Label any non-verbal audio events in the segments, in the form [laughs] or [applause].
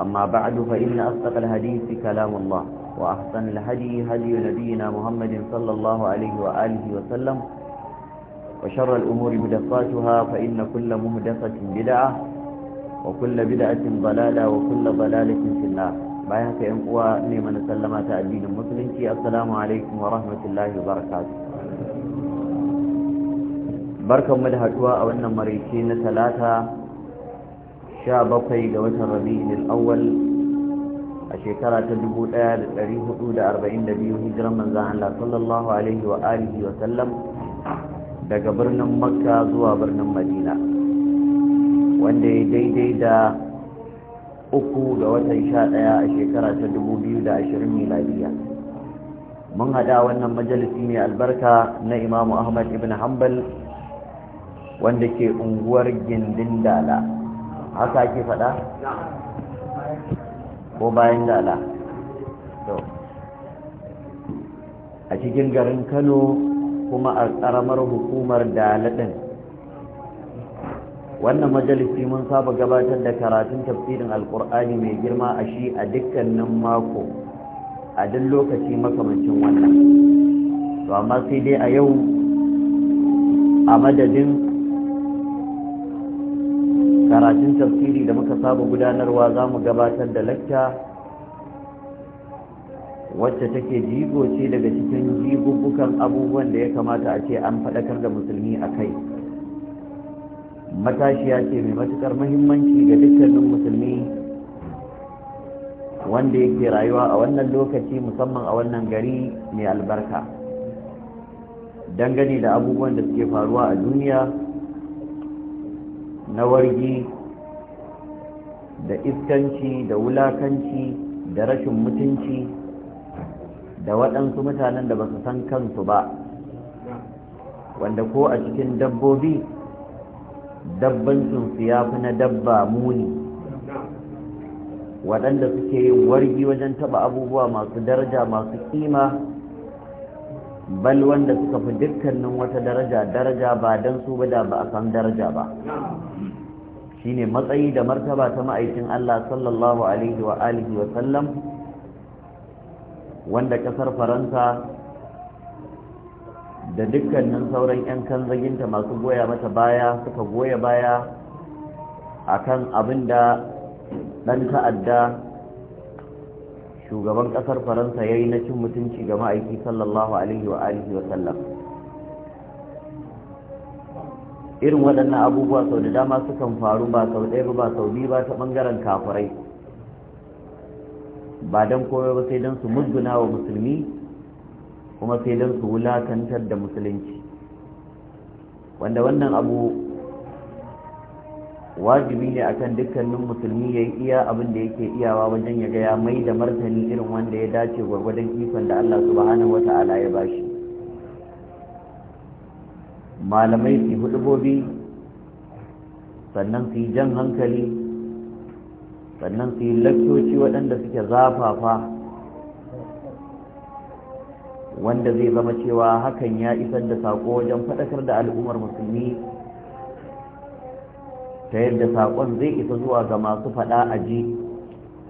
أما بعد فإن أصدق الحديث كلام الله وأحسن الهدي هدي نبينا محمد صلى الله عليه وآله وسلم وشر الأمور مهدفاتها فإن كل مهدفة بدعة وكل بدعة ضلالة وكل ضلالة في النار بايهك ينقوى نيمن سلمات الدين المسلم السلام عليكم ورحمة الله وبركاته barkan mu da haduwa a wannan maraice na talata sha bakwai ga watan rabi'in al'awwal a shekara ta dubu ɗaya da ɗari hudu da arba'in da biyu hijiran manzan Allah sallallahu alaihi wa alihi wa sallam daga birnin makka zuwa birnin madina wanda ya daidai da uku ga watan sha ɗaya a shekara ta dubu biyu da ashirin miladiya mun hada wannan majalisi mai albarka na imamu ahmad ibn hanbal wanda ke unguwar gindin dala haka ake faɗa ko bayan dala to a cikin garin kano kuma a karamar hukumar daladin wannan majalisi mun saba gabatar da karatun tafsirin alkur'ani mai girma a shi a dukkanin mako a duk lokaci makamancin wannan to amma sai dai a yau a madadin karatun tafsiri da muka saba gudanarwa za mu gabatar da lakta wacce take jigo ce daga cikin jigubbukan abubuwan da ya kamata a ce an faɗakar da musulmi a kai matashiya ce mai matuƙar mahimmanci ga dukkanin musulmi wanda yake rayuwa a wannan lokaci musamman a wannan gari mai albarka dangane da abubuwan da suke faruwa a duniya na wargi da iskanci da wulakanci da rashin mutunci da waɗansu mutanen da ba su san kansu ba wanda ko a cikin dabbobi dabbancinsu ya fi na dabba muni waɗanda suke yin wargi wajen taɓa abubuwa masu daraja masu kima bal wanda suka fi dukkanin wata daraja daraja ba don su bada ba a san daraja ba shine matsayi da martaba ta ma'aikin Allah sallallahu alaihi wa alihi wa sallam wanda kasar Faransa da dukkanin sauran 'yan kanzaginta masu goya mata baya suka goya baya akan abin da ɗan ta'adda shugaban ƙasar faransa ya yi na cin mutunci ga ma'aiki sallallahu alaihi wa alihi wa sallam irin waɗannan abubuwa sau da dama sukan faru ba sau ɗaya ba sau biyu ba ta ɓangaren kafirai ba don komai ba sai don su muzguna wa musulmi kuma sai don su wulakantar da musulunci wanda wannan abu wajibi ne akan dukkanin musulmi ya yi iya abin da yake iyawa wajen ya gaya mai da martani irin wanda ya dace gwargwadon ikon da Allah subhanahu wata'ala ya bashi malamai su hudubobi sannan su jan hankali sannan su yi lakcoci waɗanda suke zafafa wanda zai zama cewa hakan ya isar da saƙo wajen faɗakar da al'ummar musulmi ta yadda saƙon zai isa zuwa ga masu faɗa a ji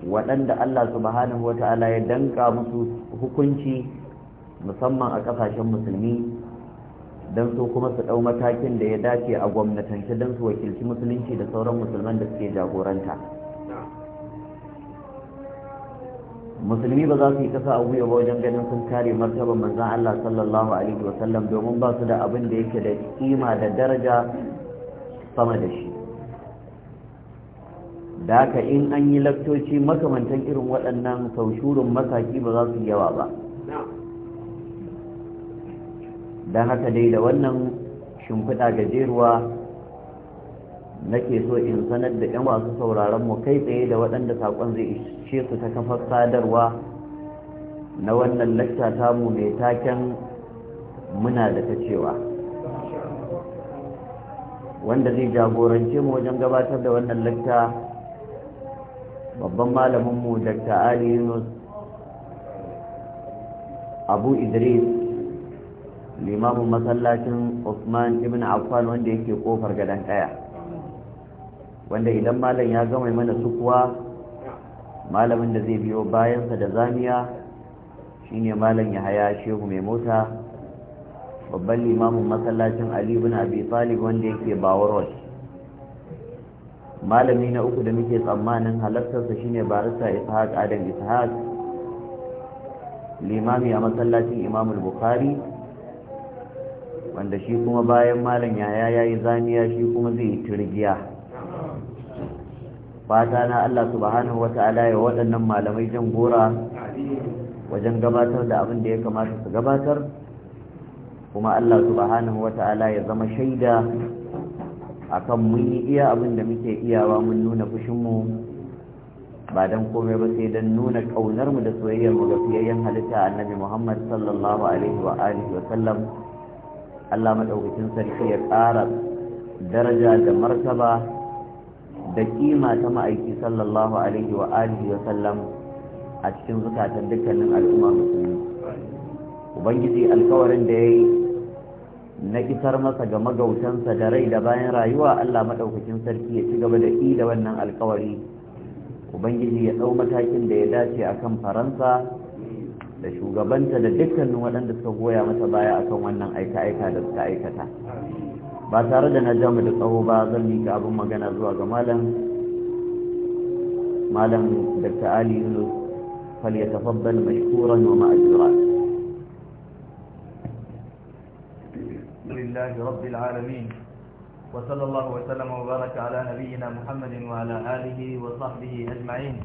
waɗanda Allah subhanahu wa ta'ala ya danka musu hukunci musamman a ƙasashen musulmi don su kuma su ɗau matakin da ya dace a gwamnatance don su wakilci musulunci da sauran musulman da suke jagoranta musulmi ba za su yi kasa a wuya ba wajen ganin sun kare martaban manzan Allah sallallahu alaihi wasallam domin ba su da abin da yake da kima da daraja sama da shi da haka in an yi laktoci makamantan irin waɗannan saushurin masaki ba za su yawa ba don haka dai da wannan shimfiɗa gajeruwa nake so in sanar da 'yan wasu sauraron mu kai tsaye da waɗanda saƙon zai ishe su ta kafar sadarwa na wannan lakta tamu mai taken muna da ta cewa wanda zai jagorance mu wajen gabatar da wannan lakta babban malaminmu dr ali yunus abu idris limamin masallacin Usman ibn Affan wanda yake kofar gadan daya wanda idan malam ya gama mana sukuwa malamin da zai biyo bayansa da zamiya shine malam Yahaya Shehu mai mota babban limamin masallacin Ali ibn Abi Talib wanda yake Bawar malami na uku da muke tsammanin halartarsa shine barista Ishaq Adam Ishaq limami a masallacin Imam Bukhari wanda shi kuma bayan malam yaya ya yi zaniya shi kuma zai yi turgiya fata na Allah subhanahu wata'ala ya waɗannan malamai jan gora wajen gabatar da abin da ya kamata su gabatar kuma Allah subhanahu wata'ala ya zama shaida akan mun yi iya abin da muke iyawa mun nuna fushinmu ba don komai ba sai don nuna ƙaunarmu da soyayyarmu ga fiyayyen halitta annabi Muhammad sallallahu alaihi wa alihi wa sallam Allah maɗaukakin sarki ya ƙara daraja da martaba da kima ta ma'aiki sallallahu alaihi wa alihi wa sallam a cikin zukatan dukkanin al'umma musulmi ubangiji alkawarin da ya yi na isar masa ga magautansa da rai da bayan rayuwa Allah maɗaukakin sarki ya ci gaba da da wannan alkawari ubangiji ya ɗau matakin da ya dace akan faransa da shugabanta da dukkanin waɗanda suka goya mata baya akan wannan aika-aika da suka aikata ba tare da na jamu da tsawo ba zan mika abin magana zuwa ga malam malam dr ali yunus falyatafabbal mashkuran wa ma'ajura لله رب العالمين وصلى الله وسلم وبارك على نبينا محمد وعلى آله وصحبه أجمعين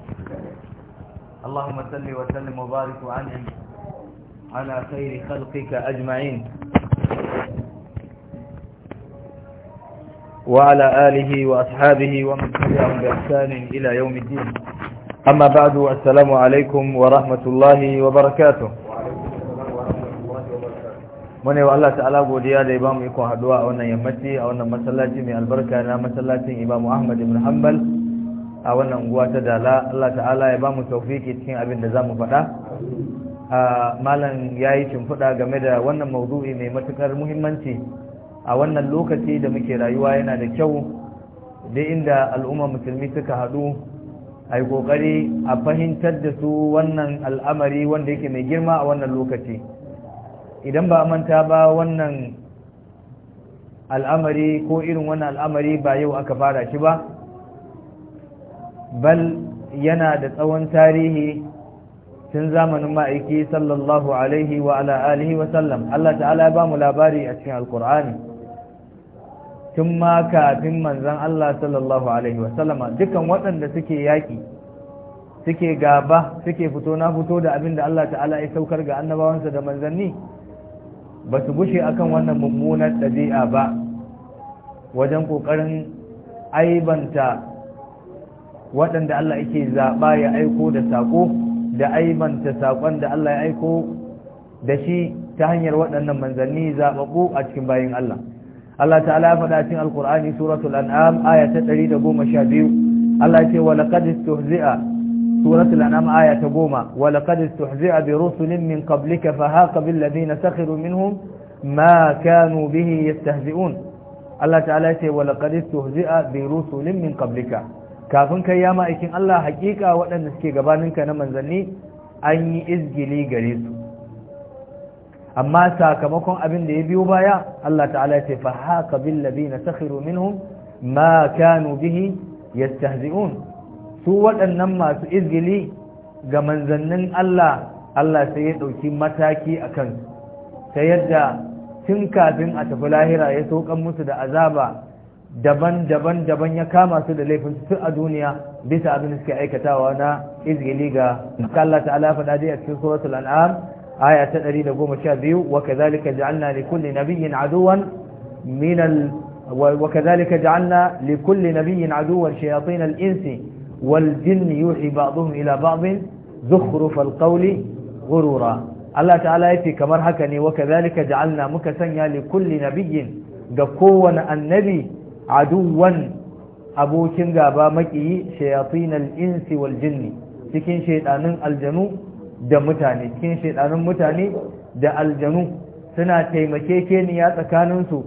اللهم سل وسلم وبارك وانعم على خير خلقك اجمعين وعلى اله واصحابه ومن تبعهم باحسان الى يوم الدين اما بعد السلام عليكم ورحمه الله وبركاته mone wa الله ta'ala godiya da ibamu iko haduwa a wannan yammaci a wannan masallaci mai albarka na masallacin Imam Ahmad a wannan unguwa ta dala Allah ta'ala ya ba mu taufiki cikin abin da za mu faɗa malam ya yi faɗa game da wannan maudu'i mai matuƙar muhimmanci a wannan lokaci da muke rayuwa yana da kyau da inda al'umma musulmi suka haɗu a yi ƙoƙari a fahimtar da su wannan al'amari wanda yake mai girma a wannan lokaci idan ba manta ba wannan al'amari ko irin wannan al'amari ba yau aka fara shi ba bal yana da tsawon tarihi tun zamanin ma'aiki sallallahu alaihi wa ala alihi wa sallam Allah ta'ala ba mu labari a cikin alkur'ani tun ma kafin manzan Allah sallallahu alaihi wa sallama dukan waɗanda suke yaƙi suke gaba suke fito na fito da abinda da Allah ta'ala ya saukar ga annabawansa da manzanni ba su gushe akan wannan mummunar ɗabi'a ba wajen ƙoƙarin aibanta waɗanda Allah yake zaɓa ya aiko da saƙo da aibanta saƙon da Allah ya aiko da shi ta hanyar waɗannan manzanni zaɓaɓɓu a cikin bayin Allah Allah ta'ala ya faɗa cikin Alƙur'ani suratul an'am aya ta ɗari 112 Allah ya ce wa laqad istuhzi'a suratul an'am aya ta goma. wa laqad istuhzi'a bi rusulin min qablika fa haqa bil ladina sakhiru minhum ma kanu bihi yastahzi'un Allah ta'ala ya ce wa laqad istuhzi'a bi rusulin min qablika kafin kai ya ma'aikin Allah hakika waɗanda suke gabaninka na manzanni an yi izgili gare su amma sakamakon abin da ya biyo baya Allah ta'ala ce fa haka bil ladina sakhiru minhum ma kanu bihi yastahzi'un su waɗannan masu izgili ga manzannin Allah Allah sai ya dauki mataki akan ta yadda tun kafin a tafi lahira ya saukan musu da azaba daban-daban daban ya kama su da laifin su a duniya bisa abin da suke aikatawa na izgili ga Allah ta'ala faɗa dai a cikin suratul an'am aya ta 112 wa kadhalika ja'alna li kulli nabiyyin aduwan min al wa kadhalika ja'alna li kulli nabiyyin aduwan shayatin al insi wal jinni yuhi ba'dhum ila ba'd zukhruf al qawli ghurura Allah ta'ala yace kamar haka ne wa kadhalika ja'alna muka sanya li kulli nabiyyin ga kowane annabi aduwan abokin gaba maƙiyi shayatinal insi wal jinni cikin shaidanin aljanu da mutane cikin shaidanin mutane da aljanu suna taimakekeniya tsakaninsu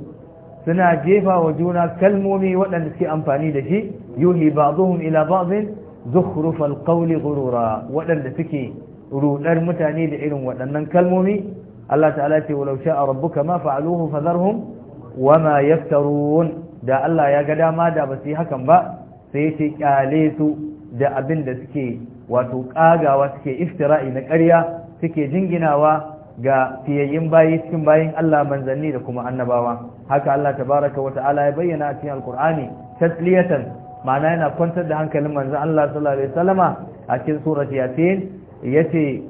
suna jefa wa juna kalmomi waɗanda suke amfani da shi yuhi ba'dhum ila ba'dhin zukhrufal qawli gurura waɗanda suke rudar mutane da irin waɗannan kalmomi Allah ta'ala ce walau sha'a rabbuka ma fa'aluhu fadharhum wama yaftarun da Allah ya ga dama da ba su yi hakan ba sai ya ce kyale su da abin da suke wato kagawa suke iftira'i na ƙarya suke jinginawa ga fiyayyin bayi cikin bayin Allah manzanni da kuma annabawa haka Allah tabaraka wa ta'ala ya bayyana a cikin alkur'ani tasliyatan ma'ana yana kwantar da hankalin manzon Allah sallallahu alaihi wasallama a cikin surat yasin yace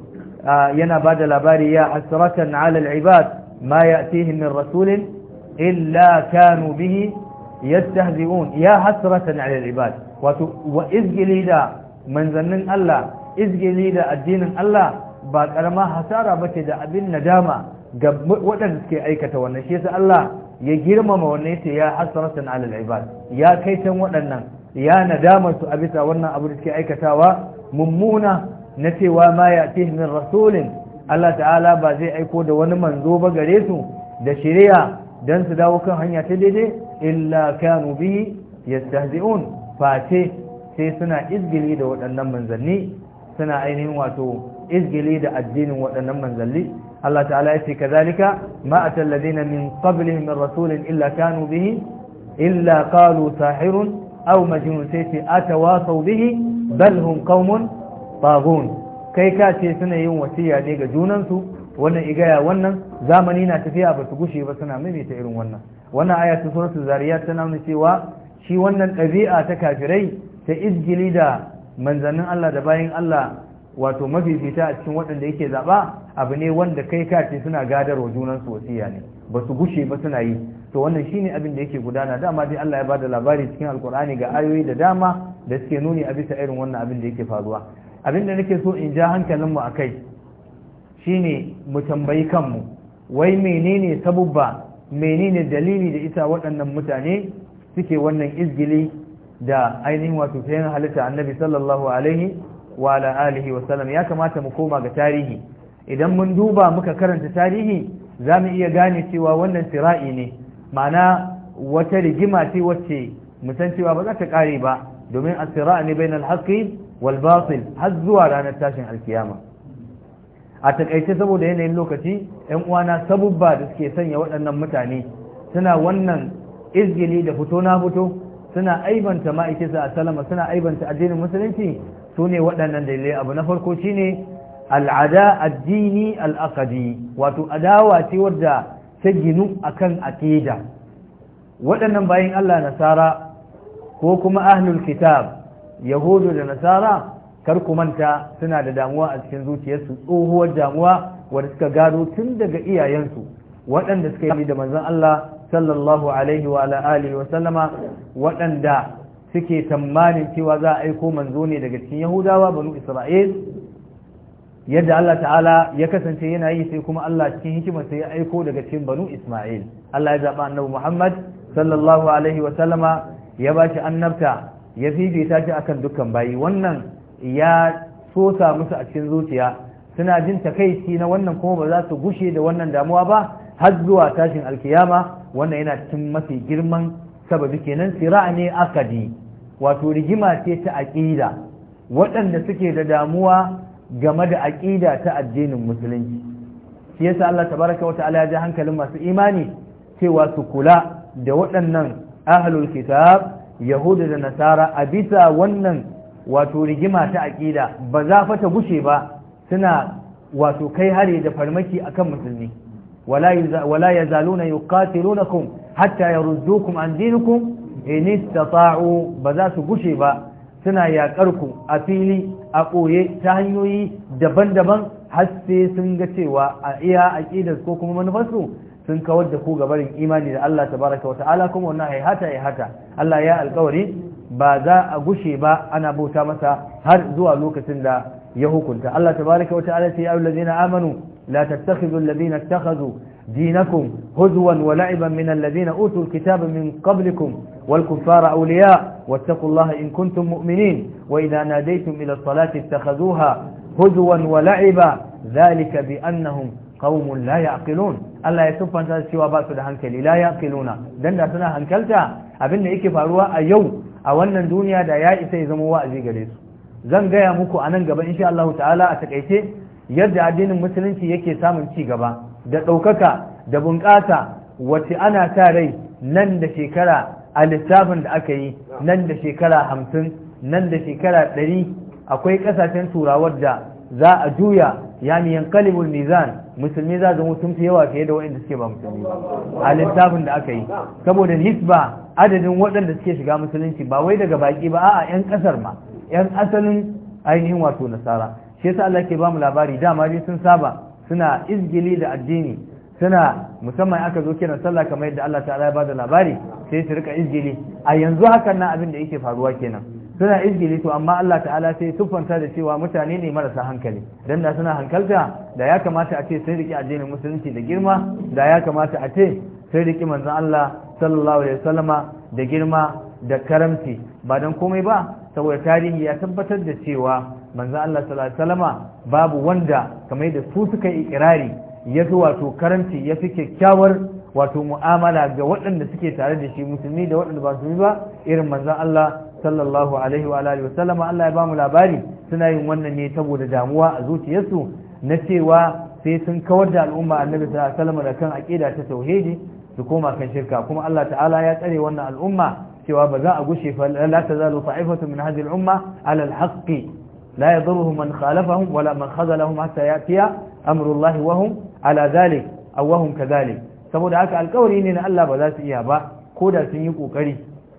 yana bada labari ya hasratan 'ala al-ibad ma ya'tihim min rasulin illa kanu bihi yastahzi'un ya hasratan 'ala al-ibad wato wa izgili da manzannin Allah izgili da addinin Allah ba karama hasara bace da abin nadama ga waɗanda suke aikata wannan shi yasa Allah ya girmama wannan yace ya hasratan 'ala al-ibad ya kaitan waɗannan ya nadama su a bisa wannan abu da suke aikatawa mummuna na cewa ma ya'tihi min rasulin Allah ta'ala ba zai aiko da wani manzo ba gare su da shari'a dan su dawo kan hanya ta daidai illa kanu bihi yastahzi'un face sai suna izgili da waɗannan manzanni suna ainihin wato izgili da addinin waɗannan manzanni Allah ta'ala ya ce kazalika ma atal ladina min qablihim min rasulin illa kanu bihi illa qalu sahirun aw majnun sai ce atawasaw bihi bal hum qaumun taghun kai ka ce suna yin wasiya ne ga junansu wannan igaya wannan zamani na tafiya ba su gushe ba suna maimaita irin wannan wannan aya ta suratul zariya tana nuna cewa shi wannan ɗabi'a ta kafirai ta izgili da manzannin Allah da bayan Allah wato mafifita a cikin waɗanda yake zaɓa abu ne wanda kai kace suna gadar wa junan su wasiya ne ba su gushe ba suna yi to wannan shine abin da yake gudana dama dai Allah ya bada labari cikin alkur'ani ga ayoyi da dama da suke nuni a bisa irin wannan abin da yake faruwa abin da nake so in ja hankalinmu a kai shine mu tambayi kanmu wai menene sabubba menene dalili da ita waɗannan mutane suke wannan izgili da ainihin wato sayan halitta annabi sallallahu alaihi wa ya kamata mu koma ga tarihi idan mun duba muka karanta tarihi za mu iya gane cewa wannan tira'i ne ma'ana wata rigima ce wacce musan cewa ba za ta kare ba domin asira ne bainal haqqi wal batil har zuwa ranar tashin alkiyama a takaice saboda yanayin lokaci yan uwana sabubba da suke sanya waɗannan mutane suna wannan izgili da fito na fito suna aibanta ma'aikisa a salama suna aibanta addinin musulunci su ne waɗannan dalilai abu na farko ne al'ada addini al'akadi wato adawa ce wadda ta ginu kan aƙida waɗannan bayan Allah nasara ko kuma ahlul kitab yahudu da nasara kar ku manta suna da damuwa a cikin zuciyarsu tsohuwar damuwa wadda suka gado tun daga iyayensu waɗanda suka yi da manzon Allah sallallahu alaihi wa alihi wa sallama waɗanda suke tsammanin cewa za a aiko manzo ne daga cikin Yahudawa banu Isra'il yadda Allah ta'ala ya kasance yana yi sai kuma Allah cikin hikimarsa ya aiko daga cikin banu Isma'il Allah ya zaba annabi Muhammad sallallahu alaihi wa sallama ya ba shi annabta ya fifita shi akan dukkan bayi wannan ya sosa musu a cikin zuciya suna jin takaici na wannan kuma ba za su gushe da wannan damuwa ba har zuwa tashin alkiyama wannan yana cikin mafi girman sababi kenan sira ne akadi wato rigima ce ta aƙida waɗanda suke da damuwa game da aƙida ta addinin musulunci shi yasa Allah tabaraka wa ta'ala ya ji hankalin masu imani cewa su kula da waɗannan ahlul kitab yahuda da nasara a bisa wannan wato rigima ta aƙida ba za fa ta gushe ba suna wato kai hare da farmaki akan musulmi wala yazaluna yuqatilunakum hatta yaruddukum an dinikum in istata'u ba za su gushe ba suna yaƙar ku a fili a ɓoye ta hanyoyi daban-daban har sai sun ga cewa a iya aƙidar ko kuma manufarsu sun kawar da ku gabarin imani da Allah tabaraka wata'ala kuma wannan haihata hata hata Allah ya alƙawari ba za a gushe ba ana bauta masa har zuwa lokacin da ya hukunta Allah tabaraka wata'ala sai ya lazina amanu la tattakhidhu allazina ittakhadhu dinakum huzwan wa la'iban min allazina utul kitaba min qablikum wal kuffara awliya wattaqullaha in kuntum mu'minin wa idha nadaytum ila as-salati ittakhadhuha huzwan wa la'iba dhalika bi annahum qaumun la ya'qilun Allah ya siffanta cewa ba su da hankali la yaqiluna dan da suna hankalta abin da yake faruwa a yau a wannan duniya da ya isa ya zama wa'azi gare su zan gaya muku a nan gaba insha Allah ta'ala a takaice yadda addinin musulunci yake samun ci gaba da ɗaukaka da bunƙasa wace ana sa rai nan da shekara a littafin da aka yi nan da shekara hamsin nan da shekara ɗari akwai ƙasashen turawar da za a juya mi yankalibul mizan musulmi za zama sun fi yawa fiye da waɗanda suke ba musulmi ba a littafin da aka yi saboda hisba adadin waɗanda suke shiga musulunci ba wai daga baki ba a'a yan kasar ma yan asalin ainihin wato nasara shi yasa Allah ke ba mu labari dama dai sun saba suna izgili da addini suna musamman aka zo kiran sallah kamar yadda Allah ta'ala ya da labari sai su rika izgili a yanzu hakan nan abin da yake faruwa kenan suna izgili to amma Allah ta'ala sai tuffanta da cewa mutane ne marasa hankali dan da suna hankalta da ya kamata a ce sun riki addinin musulunci da girma da ya kamata a ce sun riki manzon Allah sallallahu alaihi wasallama da girma da karamci ba dan komai ba saboda tarihi ya tabbatar da cewa manzon Allah sallallahu alaihi wasallama babu wanda kamar da su suka yi ikirari ya fi wato karamci ya fi kyakkyawar wato mu'amala ga waɗanda suke tare da shi musulmi da waɗanda ba su yi ba irin manzon Allah sallallahu alaihi wa alihi Allah ya bamu labari suna yin wannan ne saboda damuwa a zuciyarsu na cewa sai sun kawar da al'umma annabi sallallahu alaihi da kan aqida ta tauhidi su koma kan shirka kuma Allah ta'ala ya tsare wannan al'umma cewa ba za a gushe fa la tazalu ta'ifatu min hadhihi al'umma ala al-haqqi la yadurruhum man khalafahum wala man khazalahum hatta yatiya amru Allah wa hum ala dhalik aw hum kadhalik saboda haka alƙawari ne na Allah ba za su iya ba ko da sun yi kokari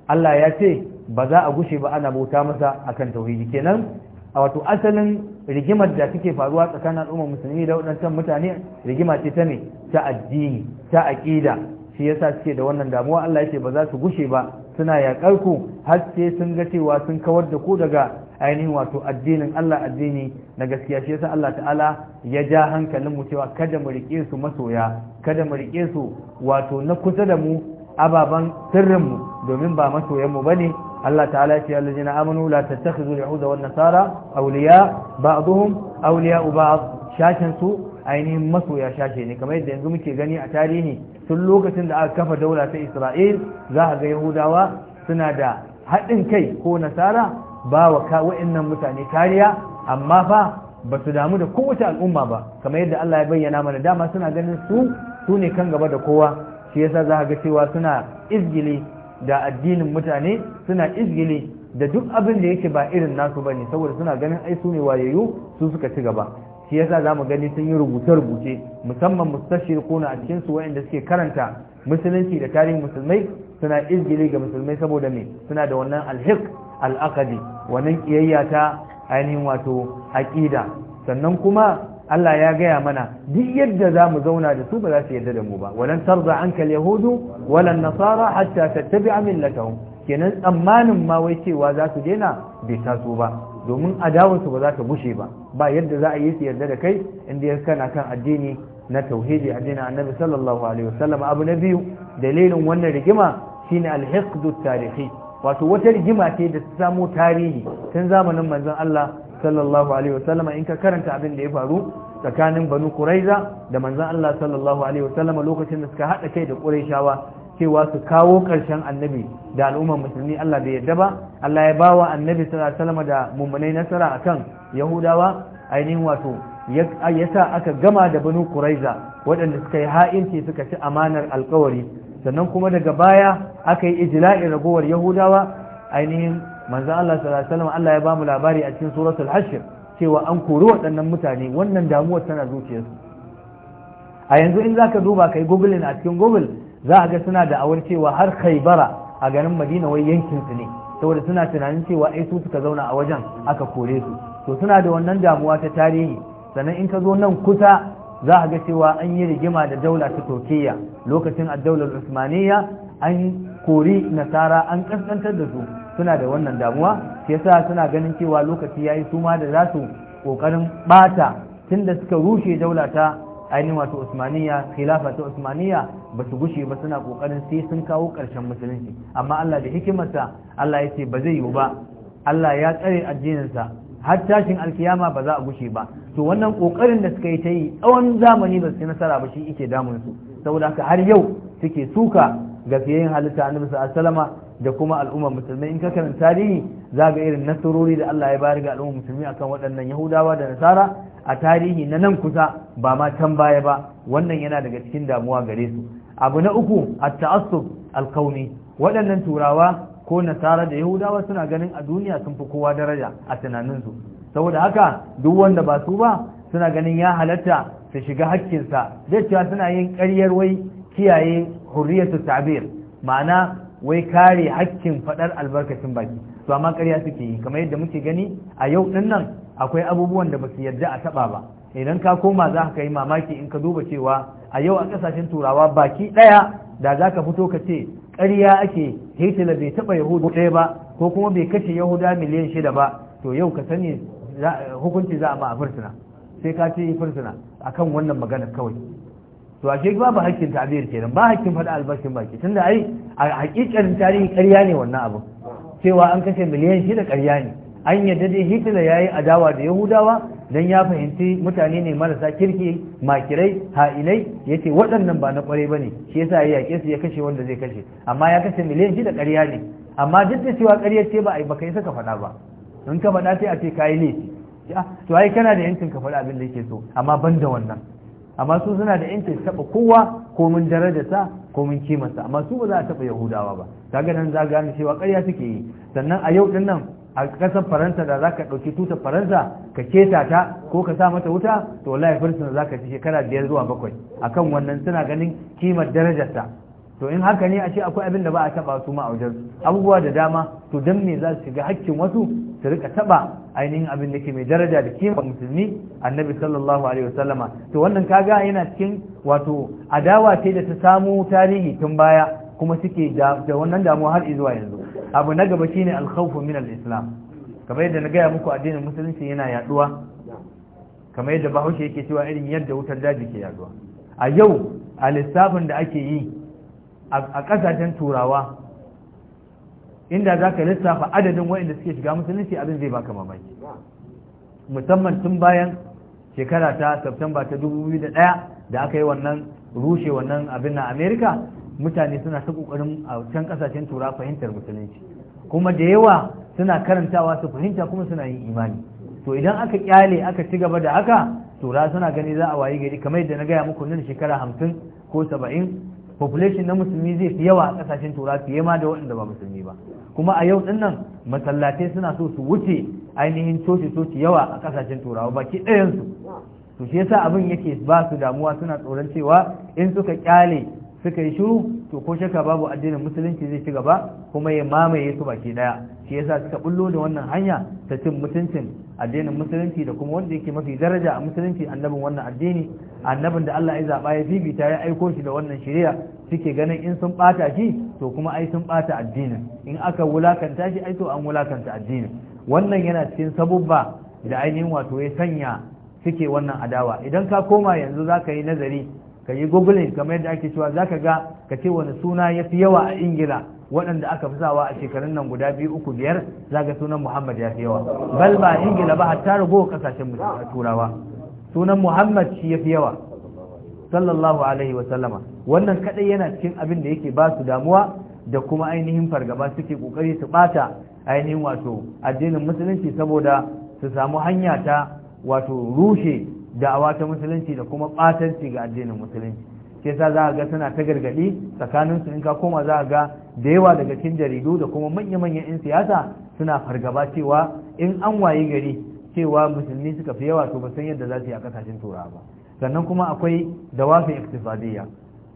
Allah ya ce ba za a gushe ba ana bauta masa a kan tauhidi kenan a wato asalin rigimar da take faruwa tsakanin al'ummar musulmi da waɗancan mutane rigima ce ta ne ta addini ta aƙida shi yasa suke da wannan damuwa Allah yake ba za su gushe ba suna yaƙar ku har sai sun ga cewa sun kawar da ku daga ainihin wato addinin Allah addini na gaskiya shi yasa Allah ta'ala ya ja hankalin mu cewa kada mu rike su masoya kada mu rike su wato na kusa da mu ababan sirrin mu domin ba masoyan mu bane Allah ta'ala ya ce allazina amanu la tattakhidhu al-yahuda wan nasara awliya ba'dhum awliya ba'd shashin su ainihin masoya shashe ne kamar yadda yanzu muke gani a tarihi tun lokacin da aka kafa daula ta Isra'il za ga Yahudawa suna da haɗin kai ko nasara ba wa wa'annan mutane kariya amma fa ba su damu da kowace al'umma ba kamar yadda Allah ya bayyana mana dama suna ganin su su ne kan gaba da kowa shi yasa za ga cewa suna izgili da addinin mutane suna izgile da duk abin da yake ba irin nasu bane saboda suna ganin ai su ne wayayyu su suka ci gaba shi yasa zamu gani sun yi rubuce-rubuce musamman mustashriquna a cikin su wayanda suke karanta musulunci da tarihin musulmai suna izgile ga musulmai saboda me suna da wannan alhiq al'aqadi wannan kiyayya ta ainihin wato aqida sannan kuma Allah ya gaya mana duk yadda za mu zauna da su ba za su yadda da mu ba walan tarza anka yahudu walan nasara hatta tattabi'a millatahum kenan tsammanin ma wai cewa za su daina bai taso ba domin adawarsu ba za ta bushe ba ba yadda za a yi su yarda da kai inda ya kan addini na tauhidi addinin annabi sallallahu alaihi wasallam abu na biyu dalilin wannan rigima shine al tarihi wato wata rigima ce da ta samo tarihi tun zamanin manzon Allah sallallahu alaihi wasallama in ka karanta abin da ya faru tsakanin banu kuraiza da manzan Allah sallallahu alaihi wasallama lokacin da suka haɗa kai da ƙurayshawa cewa su kawo ƙarshen annabi da al'ummar musulmi Allah bai yarda ba Allah ya bawa annabi sallallahu alaihi da mummunai nasara akan yahudawa ainihin wato ya sa aka gama da banu kuraiza waɗanda suka yi ha'inci suka ci amanar alkawari sannan kuma daga baya aka yi ijla'in ragowar yahudawa ainihin manzan Allah sallallahu Allah ya bamu labari a cikin suratul hashir cewa an kori waɗannan mutane wannan damuwar tana zuciyarsu a yanzu in zaka duba kai googling a cikin google za a ga suna da awar cewa har khaybara a garin madina wai yankin su ne saboda suna tunanin cewa ai su suka zauna a wajen aka kore su to suna da wannan damuwa ta tarihi sannan in ka zo nan kusa za a ga cewa an yi rigima da daula ta turkiyya lokacin addaular Usmaniyya an kori nasara an kaskantar da su suna da wannan damuwa shi yasa suna ganin cewa lokaci yayi su ma da za su kokarin bata tunda suka rushe daula ta ainihin wato Usmaniya khilafa ta Usmaniyya, ba su gushe ba suna kokarin sai sun kawo ƙarshen musulunci amma Allah da hikimarsa Allah ya ce ba zai yiwu ba Allah ya tsare addininsa har tashin alkiyama ba za a gushe ba to wannan kokarin da suka yi ta yi tsawon zamani ba su nasara ba shi yake damun su saboda haka har yau suke suka ga fiyayin halitta annabi sallallahu alaihi wasallama da kuma al'ummar musulmai in ka kan tarihi za ga irin nasarori da Allah ya bayar ga al'ummar musulmi akan waɗannan yahudawa da nasara a tarihi na nan kusa ba ma can baya ba wannan yana daga cikin damuwa gare su abu na uku at-ta'assub al waɗannan turawa ko nasara da yahudawa suna ganin a duniya sun fi kowa daraja a tunaninsu saboda haka duk wanda ba su ba suna ganin ya halatta su shiga haƙƙinsa, da cewa suna yin ƙaryar wai kiyaye hurriyatu ta'bir ma'ana wai kare hakkin faɗar albarkacin baki to amma ƙarya suke yi kamar yadda muke gani a yau ɗin nan akwai abubuwan da ba su yarda a taɓa ba idan ka koma za ka yi mamaki in ka duba cewa a yau a ƙasashen turawa baki ɗaya da za ka fito ka ce ƙarya ake hitler bai taɓa yahudu ɗaya ba ko kuma bai kashe yahuda miliyan shida ba to yau ka sani hukunci za a ma a fursuna sai ka ce fursuna akan wannan magana kawai to ba babu hakkin ta'abir kenan ba hakkin faɗa albashin baki tunda ai a hakikarin tarihi ƙarya ne wannan abu cewa an kashe miliyan shida ƙarya ne an yadda dai hitler ya yi adawa da yahudawa don ya fahimci mutane ne marasa kirki makirai ha'inai ya ce waɗannan ba na ƙwarai ba ne shi yasa ya yaƙe su ya kashe wanda zai kashe amma ya kashe miliyan shida ƙarya ne amma duk da cewa ƙarya ce ba a yi baka kai saka faɗa ba in ka faɗa sai a ce ka yi laifi to ai kana da yancin ka faɗa abin da yake so amma ban da wannan amma su suna da yanci taɓa kowa komin darajarsa komin kimarsa amma su ba za a taba yahudawa ba kaga nan za gane cewa ƙarya suke yi sannan a yau din nan a ƙasar faransa da za ka ɗauki tutar faransa ka keta ta ko ka sa mata wuta to wallahi fursuna za ka ci shekara biyar zuwa bakwai akan wannan suna ganin kimar darajarsa to in haka ne a ce akwai abin da ba a taba su ma a wajen abubuwa da dama to dan me za su shiga hakkin wasu su rika taba ainihin abin da ke mai daraja da kima musulmi annabi sallallahu alaihi wasallama to wannan kaga yana cikin wato adawa ce da ta samu tarihi tun baya kuma suke da wannan damuwa har zuwa yanzu abu na gaba shine alkhawfu min al'islam. islam kamar yadda na gaya muku addinin musulunci yana yaduwa kamar yadda bahaushe yake cewa irin yadda wutar daji ke yaduwa a yau a lissafin da ake yi a kasashen turawa inda za ka lissafa adadin waɗanda suke shiga musulunci abin zai baka mamaki musamman tun bayan shekara ta september ta 2001 da aka yi wannan rushe wannan abin na Amerika mutane suna ta kokarin a can kasashen turawa fahimtar musulunci kuma da yawa suna karantawa su fahimta kuma suna yin imani to idan aka kyale aka ci gaba da haka tura suna gani za a wayi gari kamar yadda na gaya muku nan shekara hamsin ko saba'in population na musulmi zai fi yawa a kasashen tura fiye ma da waɗanda ba musulmi ba kuma a yau din nan masallatai suna so su wuce ainihin coci coci yawa a kasashen turawa baki ɗayansu to shi yasa abin yake ba su damuwa suna tsoron cewa in suka kyale suka yi shiru to ko shaka babu addinin musulunci zai ci gaba kuma ya mamaye su baki daya shi yasa suka bullo da wannan hanya ta cin mutuncin addinin musulunci da kuma wanda yake mafi daraja a musulunci annabin wannan addini annabin da Allah ya zaba ya bibita ya aiko shi da wannan shari'a suke ganin in sun bata shi to kuma ai sun bata addinin in aka wulakanta shi ai to an wulakanta addinin wannan yana cikin sabubba da ainihin wato ya sanya suke wannan adawa idan ka koma yanzu za ka yi nazari ka yi googling kamar yadda ake cewa za ka ga ka ce wani suna ya fi yawa a ingila waɗanda aka fi sawa a shekarun nan guda biyu uku biyar za zaga sunan muhammad ya fi yawa bal ba ingila ba hatta rago kasashen turawa sunan muhammad shi ya fi yawa sallallahu alaihi wa sallama wannan kadai yana cikin abin da yake ba su damuwa da kuma ainihin fargaba suke kokari su bata ainihin wato addinin musulunci saboda su samu hanya ta wato rushe da'awa ta musulunci da kuma batanci ga addinin musulunci ke sa za a ga suna ta gargaɗi tsakanin su in ka koma za a ga da yawa daga cikin jaridu da kuma manya-manyan 'yan siyasa suna fargaba cewa in an wayi gari cewa musulmi suka fi yawa to ba san yadda za su yi a kasashen turawa ba sannan kuma akwai dawafi iktifadiyya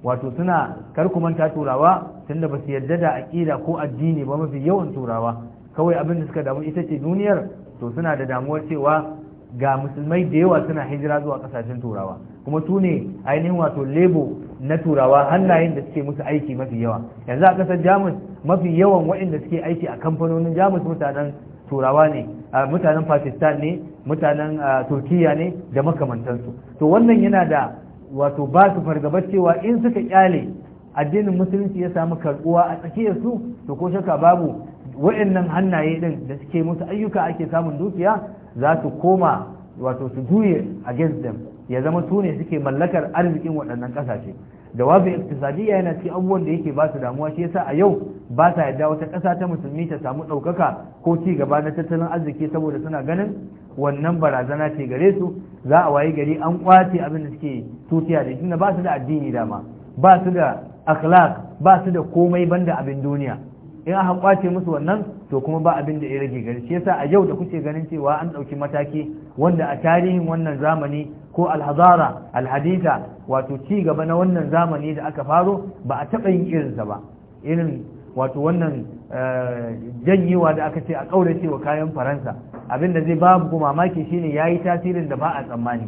wato suna kar manta turawa tunda ba su yarda da aƙida ko addini ba mafi yawan turawa kawai abin da suka damu ita ce duniyar to suna da damuwar cewa ga musulmai da yawa suna hijira zuwa kasashen turawa kuma su ne ainihin wato lebo na turawa hannayen da suke musu aiki mafi yawa yanzu a kasar jamus mafi yawan waɗanda suke aiki a kamfanonin jamus mutanen turawa ne mutanen pakistan ne mutanen turkiya ne da makamantansu to wannan yana da wato ba su fargabar cewa in suka kyale addinin musulunci ya samu karbuwa a tsakiyarsu. to ko shaka babu waɗannan hannaye din da suke musu ayyuka ake samun dukiya za su koma wato su juye against them ya zama su ne suke mallakar arzikin waɗannan ƙasashe jawabi iktisadiyya yana cikin abubuwan da yake ba su damuwa shi yasa a yau ba sa yadda wata ƙasa ta musulmi ta samu ɗaukaka ko ci gaba na tattalin arziki saboda suna ganin wannan barazana ce gare su za a wayi gari an kwace abin da suke tutiya da shi ba su da addini dama ba su da akhlaq ba su da komai banda abin duniya in aka kwace musu wannan to kuma ba abin da ya rage gari shi yasa a yau da kuke ganin cewa an ɗauki mataki wanda a tarihin wannan zamani ko alhazara alhadisa wato ci gaba na wannan zamani da aka faro ba a taɓa yin irinsa ba irin wato wannan eh, janyewa da aka ce a ƙaurace cewa kayan faransa abin da zai babu mamaki shine ya yi tasirin da ba a tsammani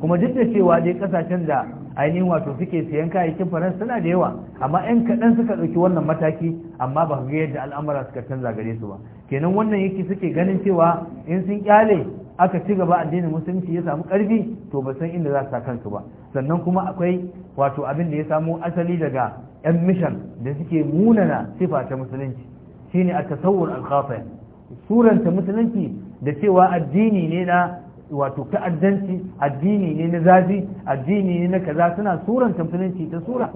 kuma duk da cewa dai ƙasashen da ainihin wato suke siyan kayayyakin faransa suna da yawa amma 'yan kaɗan suka ɗauki wannan mataki amma ba ga yadda al'amura suka canza gare su ba kenan wannan yake suke ganin cewa in sun kyale aka ci gaba addinin musulunci ya samu ƙarfi to ba san inda za su sa kansu ba sannan kuma akwai wato abin da ya samo asali daga 'yan mishan da suke munana sifa ta musulunci shine a tasawur al suranta musulunci da cewa addini ne na wato ta'addanci addini ne na zazi addini ne na kaza suna suran tamfinanci ta sura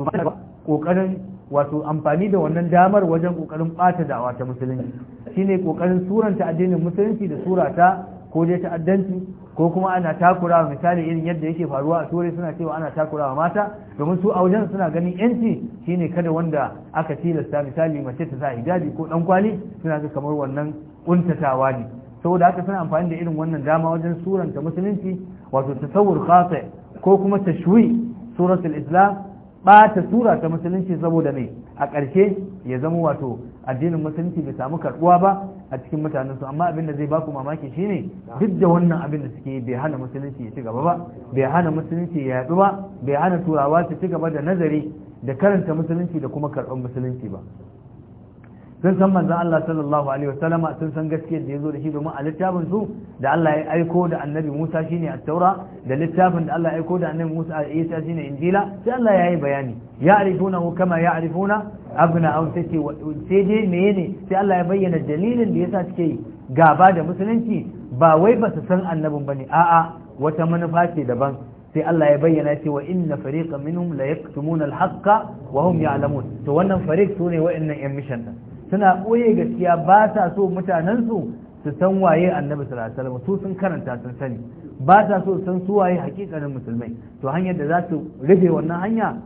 kokarin wato amfani da wannan damar wajen kokarin bata da'awa ta musulunci shine kokarin suranta addinin musulunci da sura ta ko dai ta'addanci ko kuma ana takurawa misali irin yadda yake faruwa a turai suna cewa ana takura wa mata domin su a wajen suna ganin yanci shine kada wanda aka tilasta misali mace ta sa hijabi ko dan kwali suna ga kamar wannan kuntatawa ne saboda haka suna amfani da irin wannan dama wajen suranta musulunci wato tasawur khasi ko kuma tashwi suratul islam bata sura ta musulunci saboda mai a ƙarshe ya zama wato addinin musulunci bai samu karbuwa ba a cikin mutanen su amma abin da zai baku mamaki shine duk da wannan abin da suke bai hana musulunci ya ci gaba ba bai hana musulunci ya yaɗu ba bai hana turawa su ci gaba da nazari da karanta musulunci da kuma karɓar musulunci ba sun san manzan Allah sallallahu alaihi wasallam sun san gaskiyar da ya da shi domin a littafin su da Allah ya aiko da Annabi Musa shine at-Taura da littafin da Allah ya aiko da Annabi Musa Isa ne Injila sai Allah ya yi bayani ya'rifunahu kama ya'rifuna abna'ahum sai sai dai ne sai Allah ya bayyana dalilin da yasa suke gaba da musulunci ba wai ba su san annabin ne a'a wata manufa ce daban sai Allah ya bayyana cewa inna fariqan minhum la yaktumuna al-haqqa wa hum ya'lamun to wannan fariq sune wa'annan yan mission din suna ɓoye gaskiya ba ta so mutanensu su san waye annabi sallallahu su sun karanta sun sani ba ta so san su waye hakikanin musulmai to hanyar da za su rufe wannan hanya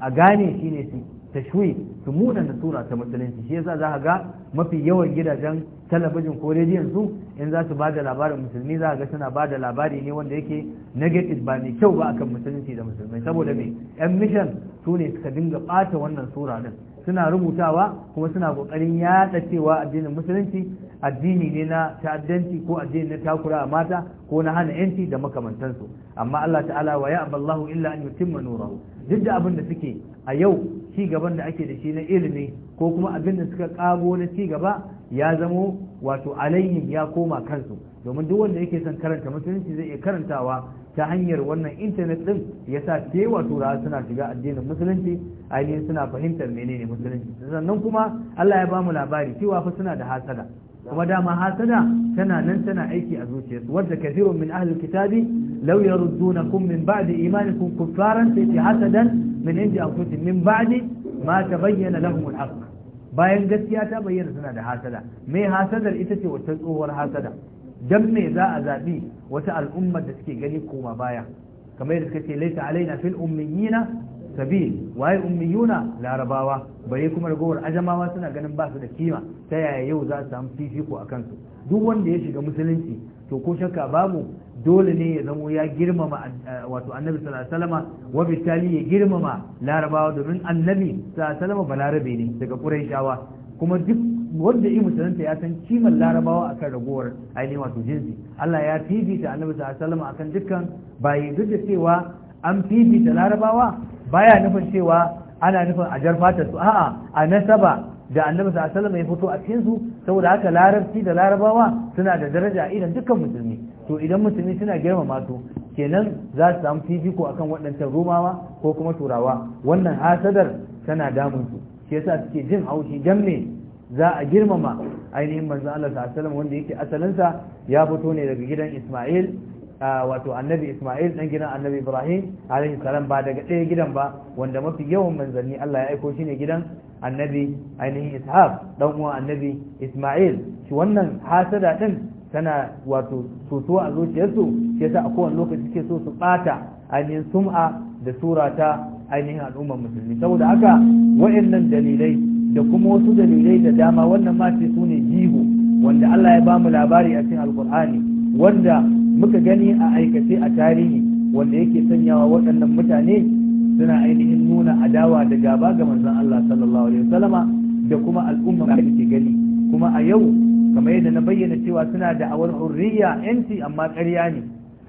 a gane shine su tashwi su munana sura ta musulunci shi yasa za a ga mafi yawan gidajen talabijin ko rediyon su in za su ba da labarin musulmi za ga suna ba da labari ne wanda yake negative ba mai kyau ba akan musulunci da musulmai saboda me yan mishan su ne suka dinga ɓata wannan sura din suna rubutawa kuma suna ƙoƙarin yada cewa addinin musulunci addini ne na ta'addanci ko addini na takura a mata ko na hana yanci da makamantansu amma Allah ta'ala wa ya'ba illa an yutimma nurahu duk da abin da suke a yau ci gaban da ake da shi na ilimi ko kuma abin da suka kago na ci gaba ya zamo wato alayhim ya koma kansu domin duk wanda yake son karanta musulunci zai iya karantawa ta hanyar wannan intanet din ya sa cewa turawa suna shiga addinin musulunci ainihin suna fahimtar menene musulunci sannan kuma Allah ya bamu labari cewa fa suna da hasada kuma dama hasada tana nan tana aiki a zuciyarsu wadda kathirun min ahli kitabi law yaruddunakum min ba'di imanikum kuffaran fi hasadan min indi anfusihim min ba'di ma tabayyana lahum al bayan gaskiya ta bayyana suna da hasada me hasadar ita ce wata tsohuwar hasada dan me za a zabi wata al'ummar da suke gani koma baya kamar yadda suka ce laita alaina fil ummiyina sabil waye ummiyuna larabawa bare kuma ragowar ajamawa suna ganin ba su da kima ta yaya yau za su samu fifiko a kansu duk wanda ya shiga musulunci to ko shakka babu dole ne ya zamo ya girmama eh, wato annabi sallallahu alaihi wasallam wa bitali ya girmama larabawa domin annabi sallallahu alaihi wasallama balarabe ne daga quraishawa kuma duk wanda yi musulunta ya san kimar larabawa akan ragowar ainihin wato jinsi Allah ya fifita annabi sallallahu alaihi wasallam akan dukkan bayi duk da cewa an fifita larabawa baya nufin cewa ana nufin a jarfatar su a'a a nasaba da annabi sallallahu alaihi ya fito a cikin su saboda haka larabci da larabawa suna da daraja a idan dukkan musulmi to idan musulmi suna girmama su kenan za su samu fifiko akan waɗancan rumawa ko kuma turawa wannan hasadar tana damun su shi yasa suke jin haushi dan me za a girmama ainihin manzo Allah sallallahu alaihi wanda yake asalin sa ya fito ne daga gidan Isma'il wato annabi Ismail dan gidan annabi Ibrahim alaihi salam ba daga ɗaya gidan ba wanda mafi yawan manzanni Allah ya aiko shi ne gidan annabi ainihin Ishaq dan uwan annabi Ismail shi wannan hasada din tana wato soso a zuciyarsu shi yasa a kowane lokaci suke so su bata ainihin sum'a da surata ainihin al'ummar musulmi saboda haka waɗannan dalilai da kuma wasu dalilai da dama wannan ma ce su ne jigo wanda Allah ya ba mu labari a cikin alkur'ani wanda muka gani a aikace a tarihi wanda yake sanyawa waɗannan mutane suna ainihin nuna adawa da gaba ga manzon Allah sallallahu alaihi wasallama da kuma al'umma da ke gani kuma a yau kamar yadda na bayyana cewa suna da awar hurriya yanci amma ƙarya ne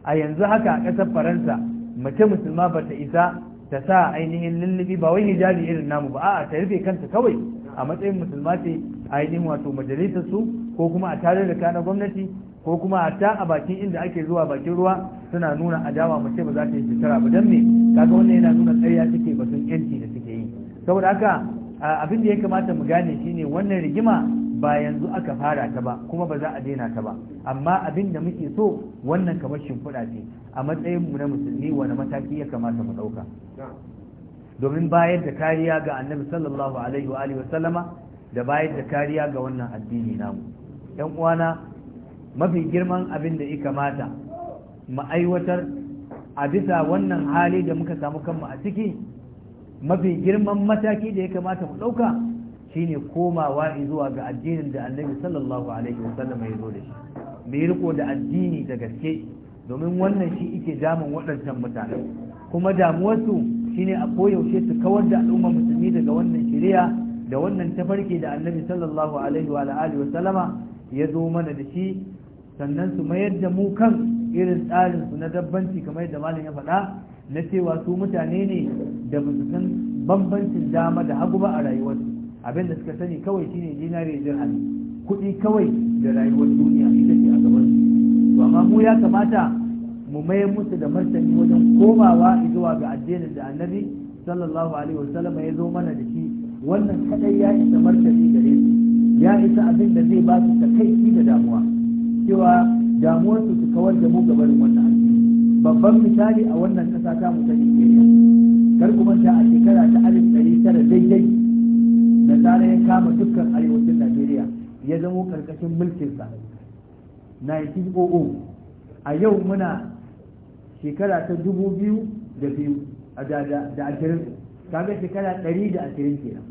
a yanzu haka a ƙasar faransa mace musulma ba ta isa ta sa ainihin lullubi ba wai hijabi irin namu ba a'a ta rufe kanta kawai a matsayin musulma ce ainihin wato majalisar su ko kuma a tare da kana gwamnati ko kuma hatta a bakin inda ake zuwa bakin ruwa suna nuna adawa mace ba za ta yi shekara ba don me kaga wannan yana nuna tsariya suke batun yanci da suke yi saboda haka abin da ya kamata mu gane shine wannan rigima ba yanzu aka fara ta ba kuma ba za a daina ta ba amma abin da muke so wannan kamar shimfiɗa ce a matsayin mu na musulmi wani mataki ya kamata mu ɗauka domin bayar da kariya ga annabi sallallahu alaihi wa alihi da bayar da kariya ga wannan addini namu yan uwana mafi girman abin da ya kamata ma'aiwatar a bisa wannan hali da muka samu kanmu a ciki mafi girman mataki da ya kamata mu ɗauka shine komawa zuwa ga addinin da annabi sallallahu alaihi wasallam ya zo da shi mai riko da addini da gaske domin wannan shi ike damun waɗancan mutane kuma damuwarsu shine a koyaushe su kawar da al'umma musulmi daga wannan shari'a da wannan tafarki da annabi sallallahu alaihi wa alihi wasallama ya zo mana da shi sannan su mayar da mu kan irin tsarin su na dabbanci kamar yadda malin ya faɗa na cewa su mutane ne da ba su san bambancin dama da hagu ba a rayuwarsu abin da suka sani kawai shine dinari dirham kuɗi kawai da rayuwar duniya ita ce a gaban to amma mu ya kamata mu mayar musu da martani wajen komawa zuwa ga addinin da annabi sallallahu alaihi wasallam ya zo mana da shi wannan kadai ya isa martani gare su ya isa abin da zai ba su takaici da damuwa cewa damuwar su kawar da mu gabarin wannan addini babban misali a wannan kasa ta mu ta Nigeria kar ku ta a shekara ta alif ɗari tara daidai da zarar ya kama dukkan arewacin Najeriya ya zamo karkashin mulkin yi 1900 a yau muna shekara ta dubu biyu da biyu da ashirin kaga shekara ɗari da ashirin kenan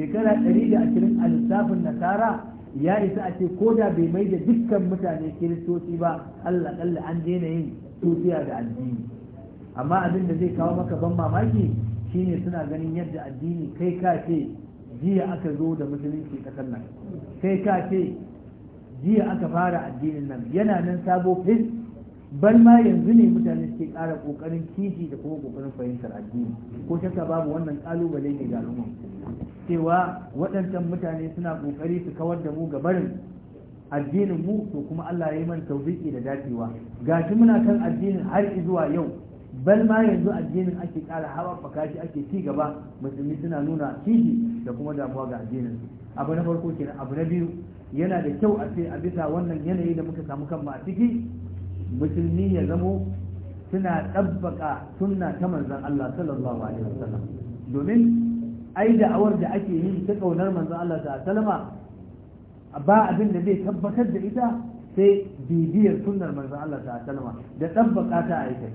shekara ɗari da ashirin a lissafin nasara ya isa a ce ko da bai mai da dukkan mutane kiristoci ba allah kalla an daina yin tutiya da addini amma abin da zai kawo maka ban mamaki shine suna ganin yadda addini kai ka ce jiya aka zo da musulunci kasar nan kai ka ce jiya aka fara addinin nan yana nan sabo fis ban ma yanzu ne mutane suke ƙara kokarin kishi da kuma kokarin fahimtar addini ko shakka babu wannan kalubale ne ga al'umma cewa waɗancan mutane suna ƙoƙari su kawar da mu ga barin addinin mu to kuma Allah ya yi man tawfiki da dacewa gashi muna kan addinin har zuwa yau bal ma yanzu addinin ake ƙara haɓaka shi ake ci gaba musulmi suna nuna kishi da kuma damuwa ga addinin abu na farko kenan abu na biyu yana da kyau a ce a bisa wannan yanayi da muka samu kanmu a ciki musulmi ya zamo suna ɗabbaka sunna ta manzon Allah sallallahu alaihi wasallam domin ai da'awar da ake yi ta kaunar manzon Allah ta salama ba abin da zai tabbatar da ita sai bibiyar sunnar manzon Allah ta salama da tabbaka ta aikata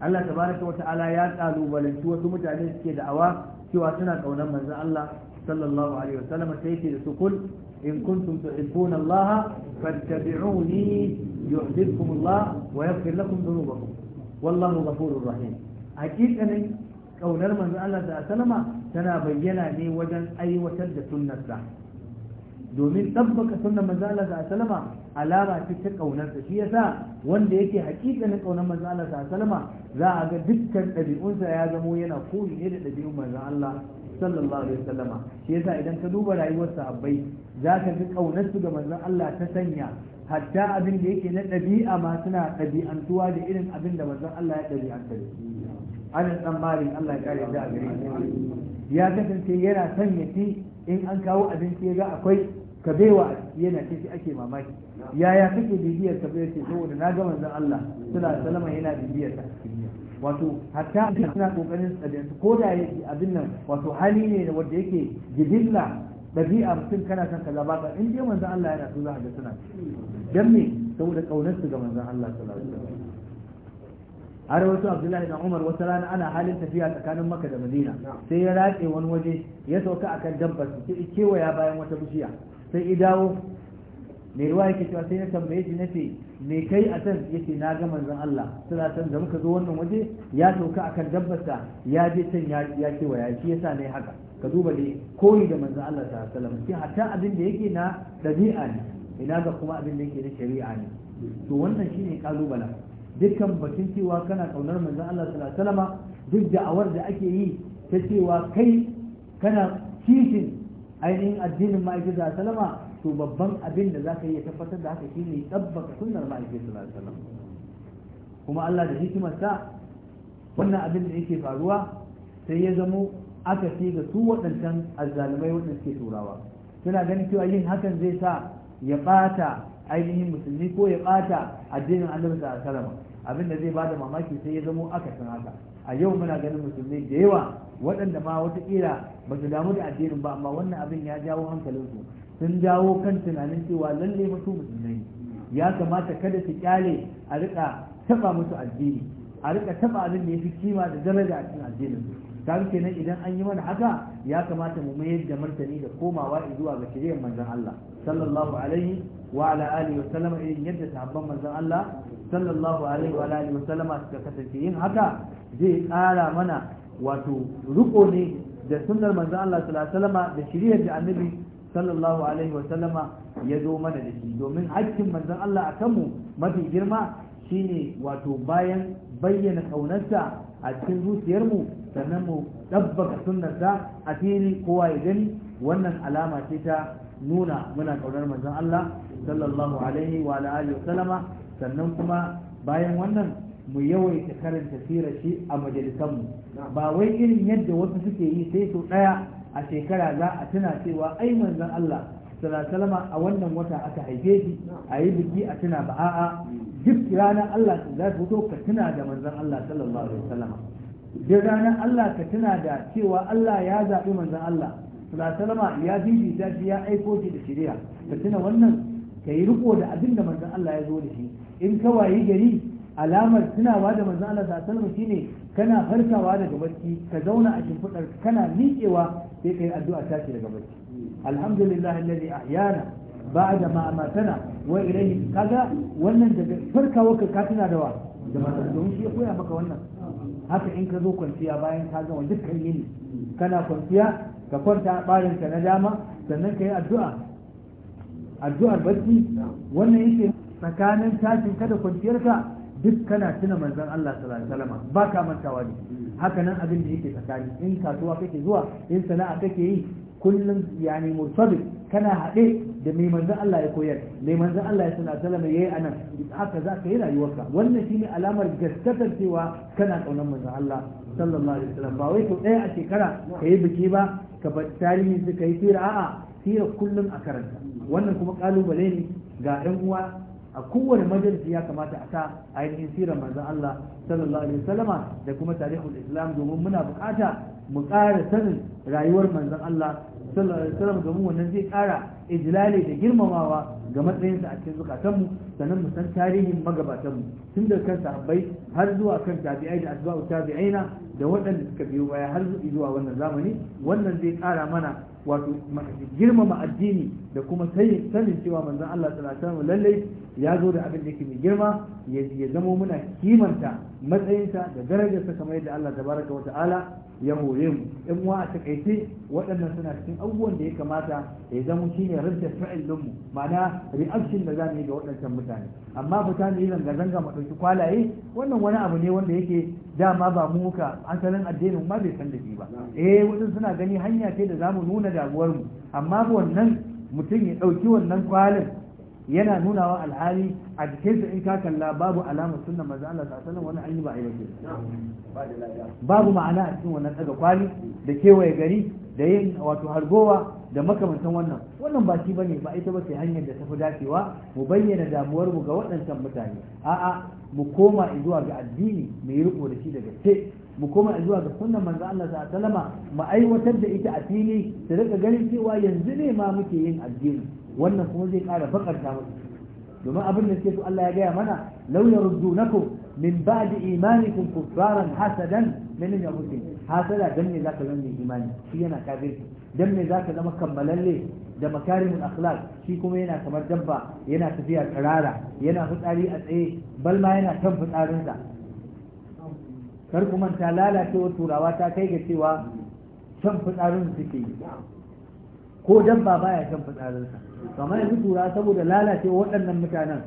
Allah tabaraka wa ta'ala ya kalubalanci wasu mutane suke da'awa cewa suna kaunar manzon Allah sallallahu alaihi wasallam sai yake da su kul in kuntum tuhibbuna Allah fattabi'uni yuhibbukum Allah wa yaghfir lakum dhunubakum wallahu ghafurur rahim hakikanin kaunar manzo Allah da sallama tana bayyana ne wajen aiwatar da sunnarsa domin tabbaka sunnar manzo Allah da sallama alama ce ta kaunarsa shi yasa wanda yake hakikanin kaunar manzo Allah da sallama za a ga dukkan ɗabi'unsa ya zamo yana koyi ne da ɗabi'un manzo Allah sallallahu alaihi wasallama shi yasa idan ka duba rayuwar sahabbai za ka ga su ga manzo Allah ta sanya hatta abin da yake na ɗabi'a ma suna ɗabi'antuwa da irin abin da manzo Allah ya dabi'anta da shi anas dan malik Allah ya kare da gare ya kasance yana son ya ci in an kawo abinci ya ga akwai kabewa yana ce shi ake mamaki yaya kake bibiyar ka bai ce saboda na ga manzon Allah suna salama yana bibiyar ta wato hatta suna kokarin tsadin ko da yake abin nan wato hali ne wanda yake jibilla dabi'a mutum kana son kaza ba in dai manzon Allah yana so za a ga suna dan me saboda kaunar su ga manzon Allah sallallahu alaihi wasallam har wasu abdullahi da umar wata rana ana halin tafiya tsakanin maka da madina sai ya rage wani waje ya sauka akan dabbar sai kewaya bayan wata bishiya sai i dawo mai ruwa yake cewa sai na tambaye shi ce me kai a can yace na ga manzon Allah suna san da muka zo wannan waje ya sauka akan sa ya je can ya kewaya shi yasa yi haka ka duba dai koyi da manzon Allah sallallahu alaihi wasallam hatta abin da yake na dabi'a ne ina ga kuma abin da yake na shari'a ne to wannan shine kalubalen dukkan bakin cewa kana kaunar manzo Allah sallallahu alaihi wasallam duk da'awar da ake yi ta cewa kai kana kishin ainihin addinin sallallahu da salama to babban abin da zaka yi tabbatar da haka shine tabbaka sunnar ma'aikata sallallahu alaihi wasallam kuma Allah da sa wannan abin da yake faruwa sai ya zamo aka ce ga su waɗancan azzalumai waɗanda suke turawa suna ganin cewa yin hakan zai sa ya ɓata ainihin musulmi ko ya bata addinin annabi sallallahu alaihi abin da zai bada mamaki sai ya zamo akasin haka a yau muna ganin musulmi da yawa waɗanda ma wata kira ba su damu da addinin ba amma wannan abin ya jawo hankalinsu sun jawo kan tunanin cewa lalle mutu musulmai ya kamata kada su kyale a rika taba musu addini a rika taba abin da ya fi kima da daraja a cikin addinin kaga kenan idan an yi mana haka ya kamata mu mayar da martani da komawa zuwa ga shirye manzon Allah sallallahu alaihi wa ala alihi wa sallama irin yadda sahabban manzon Allah sallallahu alaihi wa ala alihi wa sallama suka kasance yin haka zai kara mana wato riko ne da sunnar manzon Allah sallallahu alaihi wa sallama da shiriyar da annabi sallallahu alaihi wa sallama ya zo mana da shi domin hakkin manzon Allah akan mu mafi girma shine wato bayan bayyana kaunarsa a cikin zuciyarmu sannan mu ɗabbaka sunnarsa a fili kowa ya gani wannan alama ce ta nuna muna ƙaunar manzon Allah sallallahu alaihi wa alihi wa sallama sannan kuma bayan wannan mu yawaita karanta sirar shi a majalisanmu ba wai irin yadda wasu suke yi sai su ɗaya a shekara za a tuna cewa ai manzon Allah salama a wannan wata aka haife shi a yi biki a tuna ba a'a duk ranar Allah za ta fito ka tuna da manzon Allah sallallahu alaihi wasallam duk ranar Allah ka tuna da cewa Allah ya zaɓi manzon Allah salama ya ta shi ya aiko shi da shirya ka tuna wannan ka yi riko da abin da manzon Allah ya zo da shi in ka wayi gari alamar tunawa da manzon Allah sallallahu alaihi wasallam shine kana farkawa daga barci ka zauna a shimfiɗar kana miƙewa sai kai addu'a tashi daga barci alhamdulillah alladhi ahyana ba'da ma amatana wa ilayhi kaga wannan daga farkawa ka tana da wa da don shi ya koya maka wannan haka in ka zo kwanciya bayan ka gama dukkan yini kana kwanciya ka kwanta bayan ka na dama sannan ka yi addu'a addu'ar wannan yake tsakanin tashin da kwanciyarka duk kana tuna manzon Allah sallallahu alaihi wasallam ba ka haka nan abin da yake tsakani in kasuwa kake zuwa in sana'a kake yi kullum yani murtabi kana haɗe da mai manzan Allah ya koyar mai manzan Allah ya suna salama yayi anan haka za ka yi rayuwarka wannan shine alamar gaskatar cewa kana kaunar manzan Allah sallallahu alaihi wasallam ba wai to ɗaya a shekara ka yi biki ba ka bar tarihi su ka yi fira a'a fira kullum a karanta wannan kuma kalubale ne ga ɗan uwa a kowane majalisi ya kamata a sa ainihin sirar manzan Allah sallallahu alaihi wasallama da kuma tarihul islam domin muna bukata mu ƙara sanin rayuwar manzan Allah sallallahu alaihi wasallam mu wannan zai kara ijlali da girmamawa ga matsayinsa a cikin zukatanmu sannan mu san tarihin magabatanmu tun da kan sahabbai har zuwa kan tabi'ai da asba'u tabi'aina da waɗanda suka biyo baya har zuwa wannan zamani wannan zai kara mana wato girmama addini da kuma sanin cewa manzon Allah sallallahu alaihi wasallam lallai ya zo da abin da yake mai girma ya zama muna kimanta matsayinsa da darajarsa kamar yadda Allah tabaraka wa ta'ala ya hore mu in wa a takaice waɗannan suna cikin abubuwan da ya kamata ya zama shi ne rinta fa'ilin mu ma'ana reaction da za mu yi ga waɗancan mutane amma fita ne zanga zanga mu ɗauki kwalaye wannan wani abu ne wanda yake dama ba mu muka asalin addinin ma bai san da shi ba eh wasu suna gani hanya ce da za mu nuna damuwar mu amma wannan mutum ya ɗauki wannan kwalin yana nunawa alhali a jikinsa in ka kalla babu alamar sunna manzo Allah sallallahu alaihi an yi ba a yi babu ma'ana a cikin wannan daga kwali da kewaye gari da yin wato hargowa da makamantan wannan wannan ba shi bane ba ita ba sai hanyar da ta fi dacewa mu bayyana damuwar mu ga waɗancan mutane a'a mu koma zuwa ga addini mai riko da shi daga gaske mu koma zuwa ga sunnan manzo Allah sallallahu alaihi mu aiwatar da ita a fili ta rika ganin cewa yanzu ne ma muke yin addini wannan kuma zai ƙara bakarta musu domin abin da suke so Allah ya gaya mana na ku min da imanikum kuffaran hasadan min yawmikum hasada dan ne zaka zama imani shi yana kafirci dan ne zaka zama kammalalle da makarimun akhlaq shi kuma yana kamar dabba yana tafiya karara yana fitsari a tsaye bal ma yana kan fitsarinsa kar kuma ta wa turawa ta kai ga cewa can fitsarin suke yi ko dabba baya shan fitsarinsa kamar yanzu tura saboda lalace waɗannan mutanen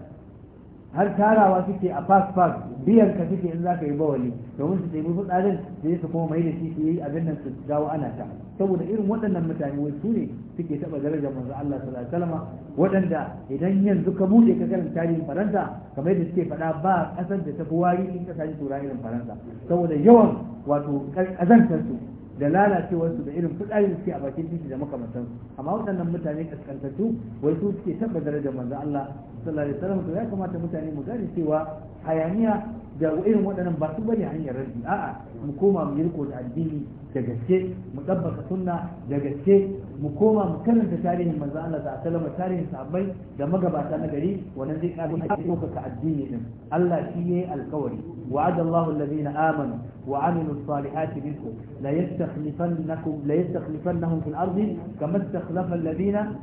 har tarawa suke a park park biyan ka suke in za ka yi bawali domin su taimi fitsarin da su kuma mai da shi su yi abin nan su dawo ana ta saboda irin waɗannan mutane wai su ne suke taɓa darajar manzo Allah sallallahu alaihi wasallam waɗanda idan yanzu ka buɗe ka karin tarihin Faransa kamar yadda suke faɗa ba ƙasar da ta fi wari in ka tashi tura irin Faransa saboda yawan wato ƙazantar su da lalacewarsu da irin fitsarin suke a bakin titi da makamantan amma waɗannan mutane kaskantattu wai su suke tabbatar da manzo Allah sallallahu alaihi wasallam to ya kamata mutane mu gane cewa hayaniya da irin waɗannan ba su bane hanyar rabbi a'a mu koma mu yirko da addini da gaske mu ɗabbaka sunna da gaske mu koma mu karanta tarihin manzo Allah da sallama tarihin sahabbai da magabata na gari wannan zai ƙara mana ka addini din Allah shi yayi alkawari wa'ada Allahu alladhina amanu wa amilus salihati minkum la yastakhlifannakum la yastakhlifannahum fil ardi kama istakhlafa alladhina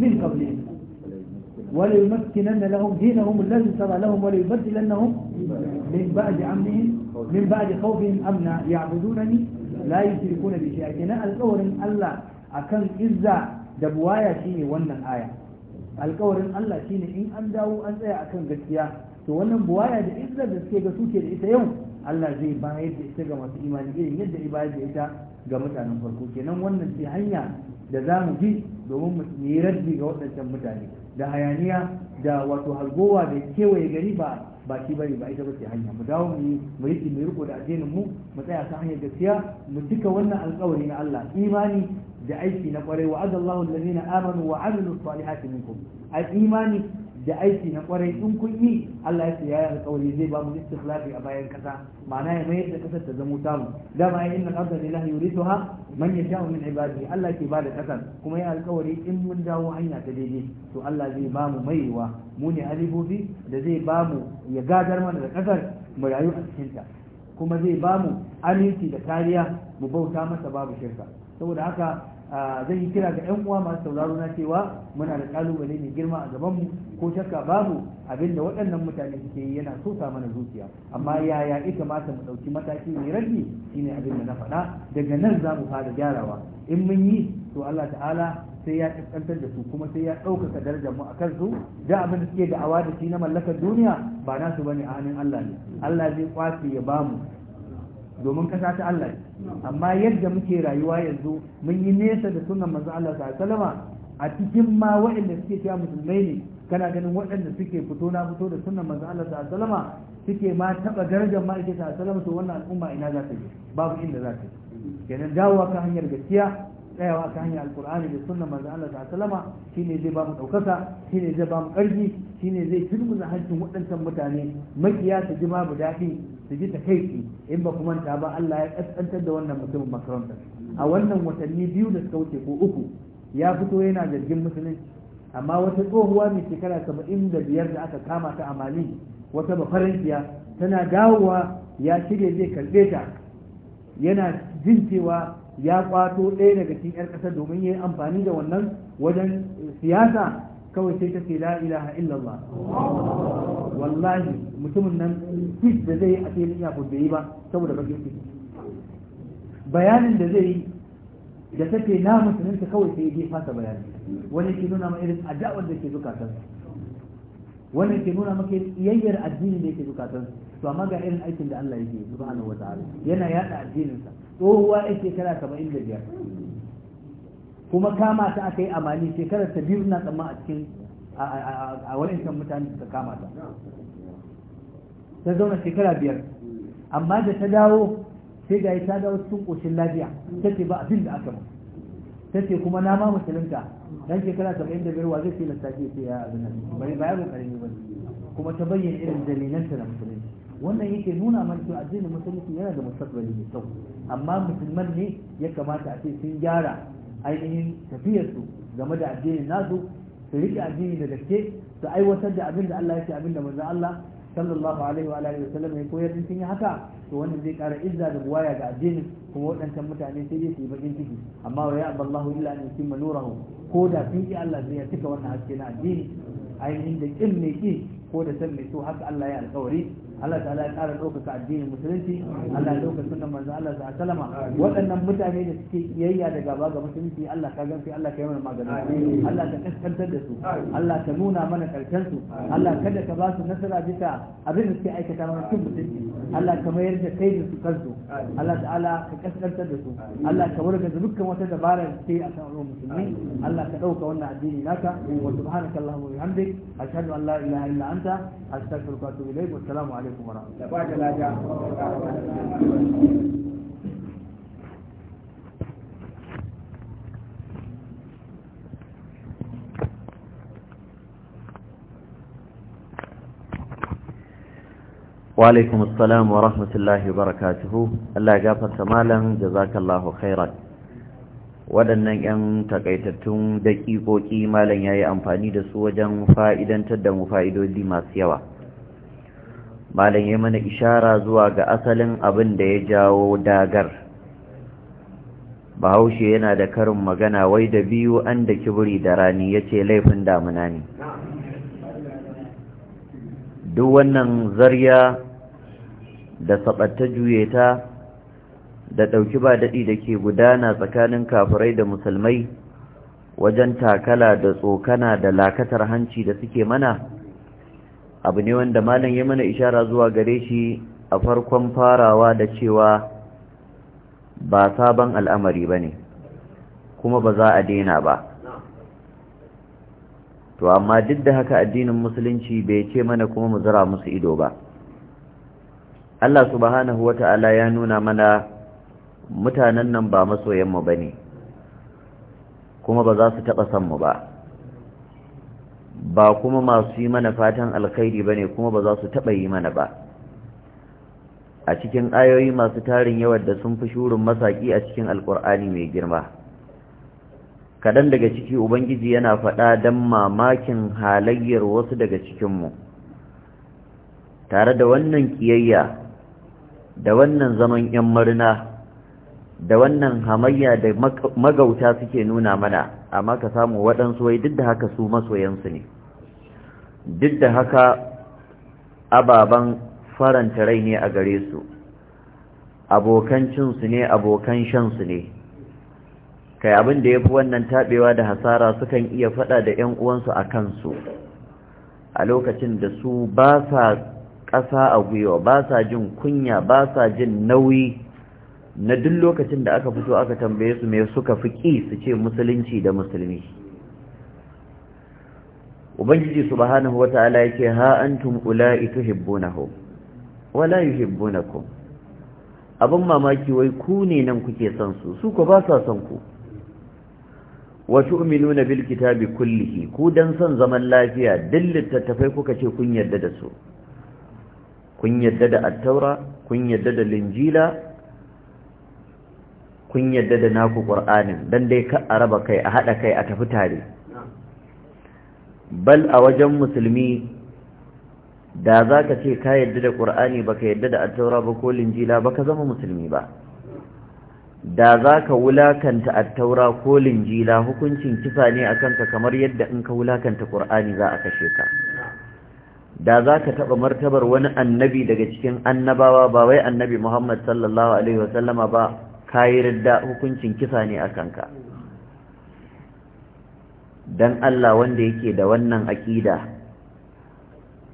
min qablihim وليمكنن لهم دينهم الذي شرع لهم وليبدلنهم من بعد امنهم من بعد خوفهم امنا يعبدونني لا يشركون بي شيئا كنا القورن الله akan izza da buwaya shine wannan aya alƙawarin Allah shine in an dawo an tsaya akan gaskiya to wannan buwaya da izza da suke ga suke da ita yau Allah zai bayar da ita ga masu imani irin yadda ya bayar da ita ga mutanen farko kenan wannan ce hanya da za mu bi domin mu yi raddi ga waɗancan mutane da hayaniya da wato hargowa da kewaye gari ba ba shi bari ba ita ce hanya mu dawo mu mu yi mu riko da addinin mu mu tsaya ta hanyar gaskiya mu cika wannan alƙawari na Allah imani da aiki na kwarai wa allazina amanu wa amilu salihati minkum al imani da aiki na kwarai in kun yi Allah ya ce ya alƙawari zai ba mu istikhlafi a bayan kasa ma'ana ya mayar da kasar ta zama tamu dama ya inna qadda lillahi yurisuha man yasha'u min ibadihi Allah ke ba da kasar kuma ya alƙawari in mun dawo hanya ta daidai to Allah zai ba mu maiwa mu ne alibobi da zai ba mu ya gadar mana da kasar mu rayu a cikin ta kuma zai ba mu aminci da kariya mu bauta masa babu shirka saboda haka ah, zan yi kira ga 'yan uwa masu sauraro na cewa muna da kalubale mai girma a gaban mu. ko shakka babu da waɗannan mutane suke yi yana sosa mana zuciya amma yaya ita kamata mu ɗauki mataki mai rabi shine abin da na faɗa daga nan za mu fara gyarawa in mun yi to Allah ta'ala sai ya kaskantar da su kuma sai ya ɗaukaka darajar mu a su da abin da suke da'awa da shi na mallakar duniya ba nasu bane a hannun Allah ne Allah zai kwace ya bamu domin kasa ta Allah ne amma yadda muke rayuwa yanzu mun yi nesa da sunan manzo Allah sallallahu alaihi wasallama a cikin ma waɗanda suke cewa musulmai ne kana ganin waɗanda suke fito na fito da sunan manzo Allah ta sallama suke ma taɓa darajar ma ita ta sallama to wannan al'umma ina za ta je babu inda za ta je kenan dawowa ka hanyar gaskiya tsayawa ta hanyar alkur'ani da sunna manzo Allah ta sallama shine zai ba mu daukaka shine zai ba mu karfi shine zai turmuza hancin waɗancan mutane makiya su ji babu daɗi su ji takaici in ba ku manta ba Allah ya kaskantar da wannan mutumin makarantar a wannan watanni biyu da suka wuce ko uku ya fito yana jirgin musulunci amma wata tsohuwa mai shekara saba'in da biyar da aka kama ta a mali wata bafaransiya tana dawowa ya shirya zai karɓe ta yana jin cewa ya kwato ɗaya daga cikin 'yar ƙasa domin ya yi amfani da wannan wajen siyasa kawai sai ta ce la ilaha illallah wallahi mutumin nan fit da zai yi a cikin ya bai yi ba saboda bakin fit bayanin da zai yi da take na musulunta kawai sai dai fasa bayani wani ke nuna ma irin adawar da ke zukatansu wani ke nuna maka yayyar addini da yake zukatan to amma ga irin aikin da Allah yake subhanahu wa ta'ala yana yada addinin sa tsohuwa yake shekara biyar. kuma kama ta akai amani shekarar ta biyu na tsamma a cikin a wani wayancan mutane suka kama ta ta zauna shekara biyar amma da ta dawo sai ga ta dawo cikin ƙoshin lafiya ta ce ba abin da aka ba ta ce kuma na ma musulunta dan shekara saba'in da biyar wa zai ce lissafi ce ya abin nan bai ba yaro karami ba kuma ta bayyana irin ta na musulunci wannan yake nuna mana cewa addinin musulunci yana da mustaqbali mai kyau amma musulman ne ya kamata a ce sun gyara ainihin tafiyarsu game da addinin nasu su riƙe addini da gaske su aiwatar da abin da Allah ya ce abin da manzon Allah sallallahu alaihi wa alihi wa sallam ya koyar sun yi haka to wanda zai kara izza da buwaya ga addinin kuma waɗancan mutane sai dai su yi bakin ciki amma wa ya'ba Allahu illa an yusimma nurahu ko da sun ki Allah zai ya cika wannan haske na addini ainihin da kin ne ki ko da san mai so haka Allah ya alƙawari Allah ta'ala ya ƙara ɗaukaka addinin musulunci Allah ya ɗaukaka sunan manzon Allah ta Salama. waɗannan mutane da suke kiyayya da gaba ga musulunci Allah ka gamfi Allah ka yi mana magana Allah ka kaskantar da su Allah ka nuna mana karshen su Allah kada ka ba su nasara bisa abin da suke aikata mana cikin musulunci Allah ka mayar da kai da su kansu Allah ta'ala ka kaskantar da su Allah ka warga da dukkan wata dabara da suke a kan al'ummar musulmi Allah ka ɗauka wannan addini naka wa subhanaka Allahumma wa bihamdik ashhadu an la ilaha illa anta astaghfiruka wa atubu ilayk wa assalamu alaikum alaikum wa rahmatullahi وعليكم السلام ورحمة الله وبركاته الله جافت مالا جزاك الله waɗannan 'yan takaitattun daƙiƙoƙi malam ya yi amfani da su wajen fa'idantar da mu fa'idodi masu yawa malam ya mana ishara zuwa ga asalin abin da ya jawo dagar bahaushe yana da karin magana wai da biyu an da kiburi da rani ya ce laifin damuna ne duk wannan zarya da sabatta juyeta da ɗauki ba daɗi da ke gudana tsakanin kafirai da musulmai wajen takala da tsokana da lakatar hanci da suke mana abu ne wanda malam ya mana ishara zuwa gare shi a farkon farawa da cewa ba sabon al'amari ba ne kuma ba za a daina ba to amma duk da haka addinin musulunci bai ce mana kuma mu zira musu ido ba Allah subhanahu wata'ala ya nuna mana mutanen nan ba masoyanmu ba ne kuma ba za su taɓa sanmu ba ba kuma masu yi mana fatan alkhairi ba ne kuma ba za su taɓa yi mana ba a cikin ayoyi masu tarin yawan da sun fi shurin masaƙi a cikin alkur'ani mai girma kaɗan daga ciki ubangiji yana faɗa don mamakin halayyar wasu daga cikinmu tare da wannan ƙiyayya da wannan zaman 'yan marina da wannan hamayya da magauta suke nuna mana amma ka samu waɗansu wai duk da haka su masoyansu ne duk da haka ababen faranta rai ne a gare su abokan cinsu ne abokan shansu ne kai abin da ya fi wannan taɓewa da hasara sukan iya faɗa da 'yan uwansu a kansu a lokacin da su ba sa ƙasa a gwiwa ba sa jin kunya ba sa jin nauyi na duk lokacin da aka fito aka tambaye su me suka fi ƙi su ce musulunci da musulmi ubangiji subhanahu wata'ala yake ha antum ula'i tuhibbunahum wala yuhibbunakum abin mamaki wai ku ne nan kuke son su su ko ba sa son ku wa tu'minuna bil kitabi kullihi ku dan son zaman lafiya duk littattafai kuka ce kun yarda da su kun yarda da Attaura kun yarda da linjila kun yadda da naku ƙur'anin don dai ka a raba kai a haɗa kai a tafi tare bal a wajen musulmi da za ka ce ka yadda da ƙur'ani ba ka yadda da attaura ba ko linjila ba ka zama musulmi ba da za ka wulakanta attaura ko linjila hukuncin kisa ne a kanka kamar yadda in ka wulakanta ƙur'ani za a kashe ka da za ka taɓa martabar wani annabi daga cikin annabawa ba wai annabi muhammad sallallahu alaihi wasallama ba Ka yi ridda hukuncin kisa ne a kanka Don Allah wanda yake da wannan aƙida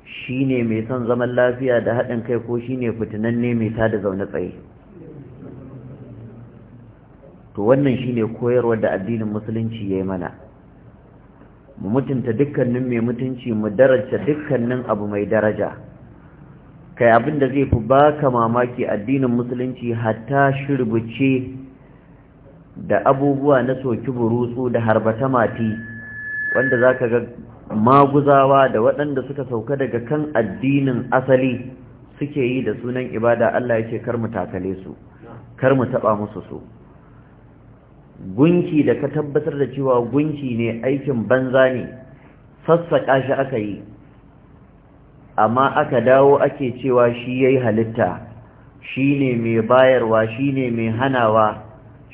shi ne mai son zaman lafiya da haɗin kai ko shi ne fitinanne mai tada zaune tsaye to wannan shi ne koyarwar da addinin musulunci ya yi mana mu mutunta dukkanin mai mutunci mu daraja dukkanin abu mai daraja kai abin da zai fi baka mamaki addinin musulunci hatta shirbuce da abubuwa na soki burutsu da harbata mati wanda za ka ga maguzawa da waɗanda suka sauka daga kan addinin asali suke yi da sunan ibada Allah yake kar mu takale su kar mu taɓa musu su gunki da ka tabbatar da cewa gunki ne aikin banza ne sassaƙa shi aka yi amma aka dawo ake cewa shi yayi halitta shine mai bayarwa shine mai hanawa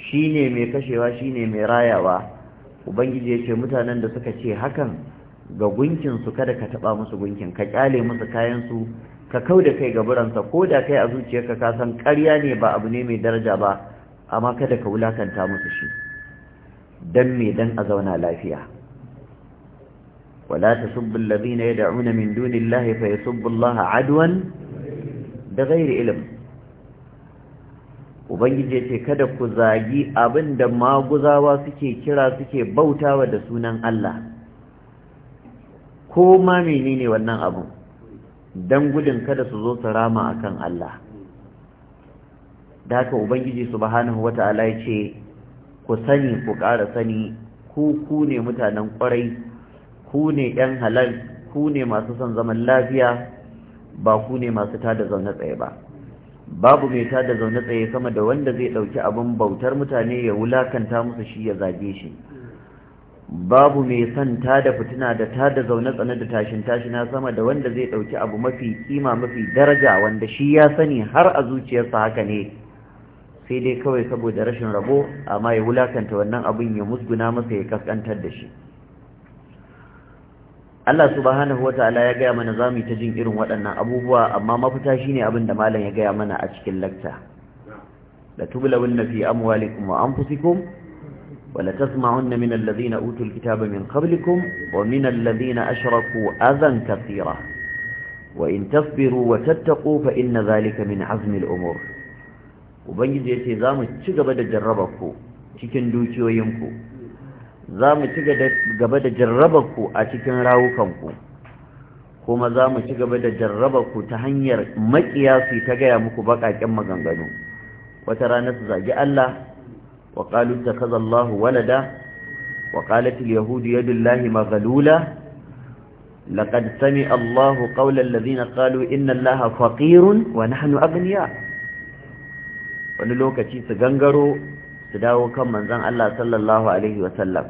shine mai kashewa shine mai rayawa ubangiji yace mutanen da suka ce hakan ga gunkinsu kada ka taba musu gunkin ka kyale musu kayan su ka kau da kai ga gaburansa ko da kai a zuciyarka ka san ƙarya ne ba abu ne mai daraja ba amma kada ka wulakanta musu shi dan me dan a zauna lafiya ولا تسبوا الذين يدعون من دون الله فيسبوا الله عدوا بغير علم ubangiji ce kada ku zagi abin da maguzawa suke kira suke bautawa da sunan Allah ko ma menene wannan abin dan gudun kada su zo su rama akan Allah da haka ubangiji subhanahu wata'ala ya ce ku sani ku ƙara sani ku ku ne mutanen ƙwarai ku ne yan halal ku ne masu son zaman lafiya ba ku ne masu tada zaune tsaye ba babu mai tada zaune tsaye sama da wanda zai ɗauki abin bautar mutane ya wulakanta musu shi ya zage shi babu mai son tada fitina da tada zaune tsane da tashin tashina sama da wanda zai ɗauki abu mafi kima mafi daraja wanda shi ya sani har a zuciyarsa haka ne sai dai kawai saboda rashin rabo amma ya wulakanta wannan abin ya musguna masa ya kaskantar da shi Allah subhanahu wataala ya gaya mana zamu ta jin irin waɗannan abubuwa amma mafita shine abin da malam ya gaya mana a cikin lakta la tublawunna fi amwalikum wa anfusikum wa la tasma'unna min alladhina utul kitaba min qablikum wa min alladhina ashraku azan kasira. wa in tasbiru wa tattaqu fa inna zalika min azmil umur ubangiji ya ce zamu ci gaba da jarraba ku cikin dukiyoyinku za mu ci gaba da jarrabarku a cikin rawukanku kuma za mu ci gaba da jarrabarku ta hanyar maƙiyasi ta gaya muku baƙaƙen maganganu wata rana su zagi Allah wa ƙalu ta kaza Allah walada wa ƙalatul yahudu yadullahi Magalula, laƙad sami Allah qawlan ladhina qalu inna Allah faqirun wa nahnu aghniya wani lokaci su gangaro su dawo kan manzon Allah sallallahu alaihi wasallam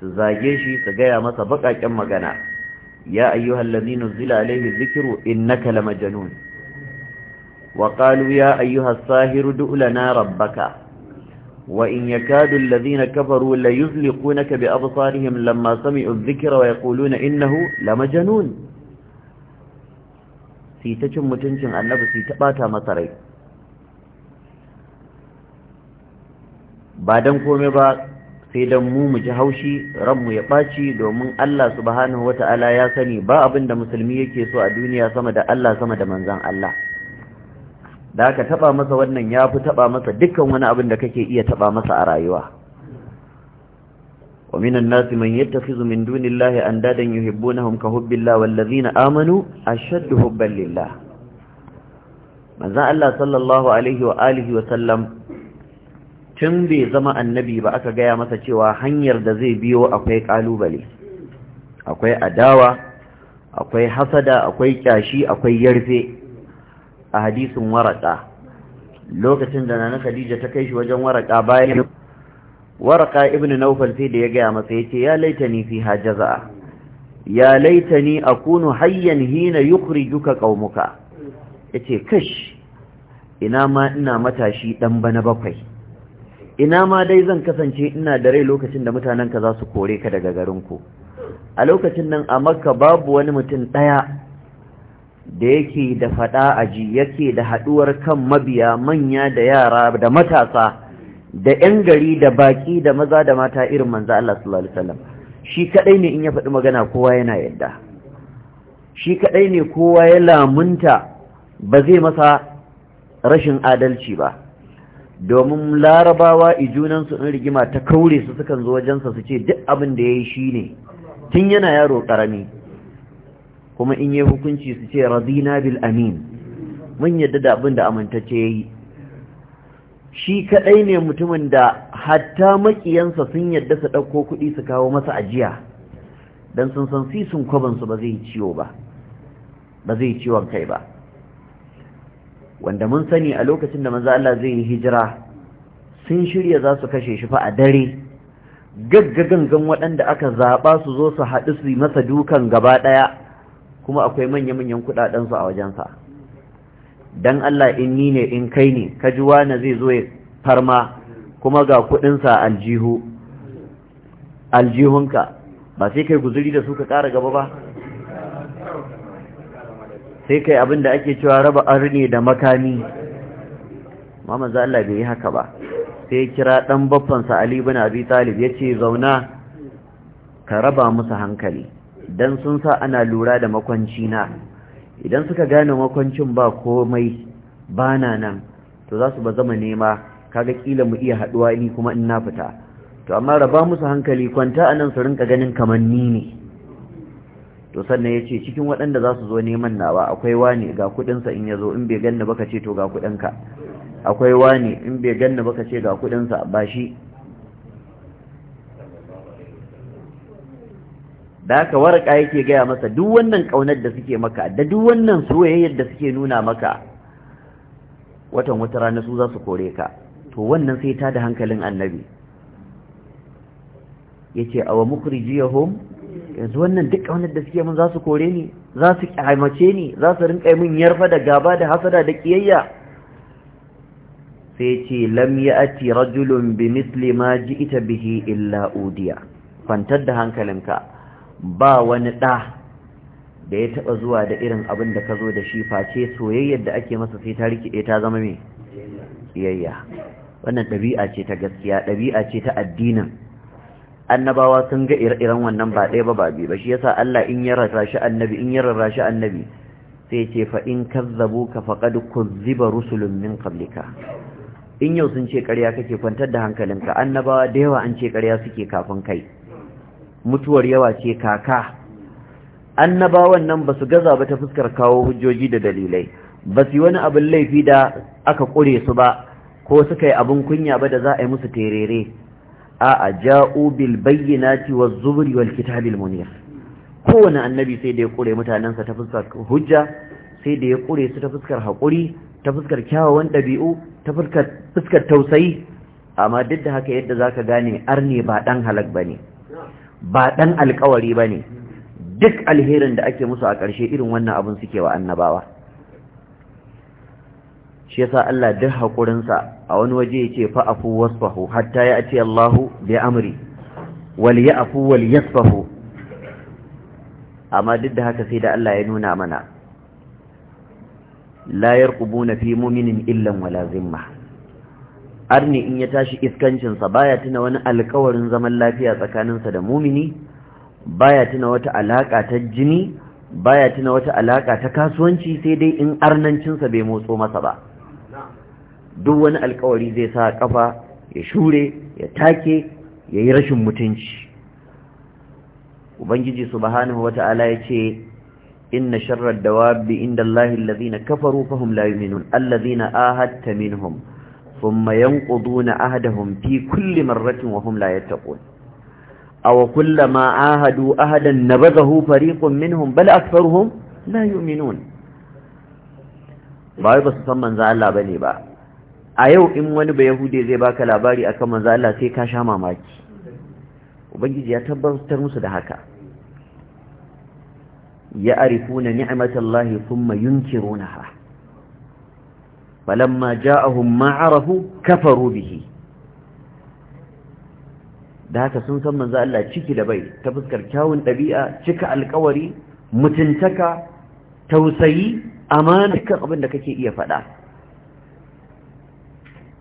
su zage shi su gaya masa baƙaƙen magana ya ayyuhal ladhina zila alaihi dhikru innaka lamajnun wa qalu ya ayyuhas sahiru du'u lana rabbaka wa in yakadu alladhina kafaru la yuzliqunaka bi absarihim lamma sami'u adh-dhikra wa yaquluna innahu lamajnun sai ta cin mutuncin annabi sai ta bata masa rai ba don kome ba sai don mu mu ji haushi ranmu ya ɓaci domin Allah subhanahu wa ta'ala ya sani ba abin da musulmi yake so a duniya sama da Allah sama da manzan Allah da ka taɓa masa wannan ya fi taɓa masa dukkan wani abin da kake iya taɓa masa a rayuwa ومن الناس من يتخذ من دون الله أندادا يحبونهم كحب الله والذين آمنوا أشد حبا لله ماذا الله صلى الله عليه وآله وسلم tun bai zama annabi ba aka gaya masa cewa hanyar da zai biyo akwai kalubale akwai adawa akwai hasada akwai kyashi akwai yarfe a hadisin waraka lokacin da nana khadija ta kai shi wajen waraka bayan waraka ibnu naufal sai da ya gaya masa yace ya laitani fi hajaza ya laitani akunu hayyan hina yukhrijuka qaumuka yace kash ina ma ina matashi dan bana bakwai ina ma dai zan kasance ina da rai lokacin da mutanen ka za su kore ka daga garinku a lokacin nan a makka babu wani mutum ɗaya da yake da faɗa aji yake da haɗuwar kan mabiya manya da yara da matasa da 'yan gari da baƙi da maza da mata irin manzo Allah sallallahu alaihi shi kadai ne in ya faɗi magana kowa yana yadda shi kaɗai ne kowa ya lamunta ba zai masa rashin adalci ba domin larabawa junansu in rigima ta kaure su sukan zo wajensa su ce duk abin da ya yi shi ne tun yana yaro ƙarami kuma in yi hukunci su ce razina bil amin mun yadda da abin da amintacce ya yi shi kaɗai ne mutumin da hatta makiyansa sun yadda su ɗauko kuɗi su kawo masa ajiya don sun san sisun kwabansu ba zai ciwo ba ba zai ciwon kai ba wanda mun sani a lokacin da manzo Allah zai yi hijira sun shirya za su kashe shi fa a dare gaggagangan waɗanda aka zaɓa su zo su haɗu su yi masa dukan gaba ɗaya kuma akwai manya-manyan kuɗaɗensu a wajensa don Allah in ni ne in kai ne ka ji wani zai zo ya farma kuma ga kuɗinsa aljihu aljihunka ba sai kai guzuri da su ka ƙara gaba ba sai kai abin da ake cewa raba arni da makami mama za Allah bai yi haka ba sai kira ɗan baffansa Ali bin Abi Talib ya ce zauna ka raba musu hankali dan sun sa ana lura da makwanci na idan suka gane makwancin ba komai ba na nan to za su ba zama nema kaga kila mu iya haɗuwa ni kuma in na fita to amma raba musu hankali kwanta a nan su rinka ganin kamanni ne to sannan ya ce cikin waɗanda za su zo neman nawa akwai wani ga kuɗinsa in ya zo in bai ganna baka ce to ga kuɗinka akwai wani in bai ganna baka ce ga kuɗinsa ba shi da aka warka yake gaya masa duk wannan ƙaunar da suke maka da duk wannan soyayyar da suke nuna maka watan wata rana su za su kore ka to wannan sai ta da hankalin annabi ya ce awa mukrijiyahum yanzu wannan duk wannan da suke mun za su kore ni za su kyamace ni za su rinka min yarfa da gaba da hasada da kiyayya sai ce lam ya'ti rajulun bi misli ma ji'ta bihi illa udiya kwantar da hankalinka ba wani ɗa da ya taba zuwa da irin abin da ka zo da shi face soyayyar da ake masa sai ta rikide ta zama me ƙiyayya. wannan ɗabi'a ce ta gaskiya ɗabi'a ce ta addinin annabawa sun ga ire-iren wannan ba ɗaya ba ba biyu ba shi yasa Allah in ya rarrashi annabi in ya rarrashi annabi sai ce fa in kazzabu ka faqad kuzziba rusulun min qablika in yau sun ce ƙarya kake kwantar da hankalinka annabawa da yawa an ce ƙarya suke kafin kai mutuwar yawa ce kaka annabawan nan ba su gaza ba ta fuskar kawo hujjoji da dalilai ba su yi wani abin laifi da aka ƙure su ba ko suka yi abin kunya ba da za a yi musu terere a'a ja'u bil bayyinati waz zubri wal kitabil munir kowane annabi sai da ya kure mutanensa ta fuskar hujja sai da ya kure su ta fuskar haƙuri ta fuskar kyawawan ɗabi'u ta fuskar tausayi amma duk da haka yadda zaka gane arne ba ɗan halak ba ne ba ɗan alƙawari ba ne duk alherin da ake musu a ƙarshe irin wannan abun suke wa annabawa shi yasa Allah duk haƙurinsa a wani waje ya ce fa'afu wasfahu hatta ya ce Allahu bi amri wal ya'fu wal yasfahu amma duk da haka sai da Allah ya nuna mana la yarqubuna fi mu'minin illan wala zimma arni in ya tashi iskancinsa baya tuna wani alƙawarin zaman lafiya tsakaninsa da mumini baya tuna wata alaka ta jini baya tuna wata alaƙa ta kasuwanci sai dai in arnancinsa bai motso masa ba duk wani alkawari zai sa kafa ya shure ya take ya yi rashin mutunci ubangiji subhanahu ta'ala ya ce inna sharar dawabi inda Allah kafaru minhum fi marratin ahadu ahadan nabadahu fariqun minhum bal la ba ba su san manza Allah ne ba a yau in wani ba yahude zai baka labari akan manzo Allah sai ka sha mamaki ubangiji ya tabbatar musu da haka ya arifuna ni'matallahi thumma yunkirunaha falamma ja'ahum ma arafu kafaru bihi da haka sun san manzo Allah ciki da bai ta fuskar kyawun ɗabi'a cika alkawari mutuntaka tausayi amana dukkan abin da kake iya faɗa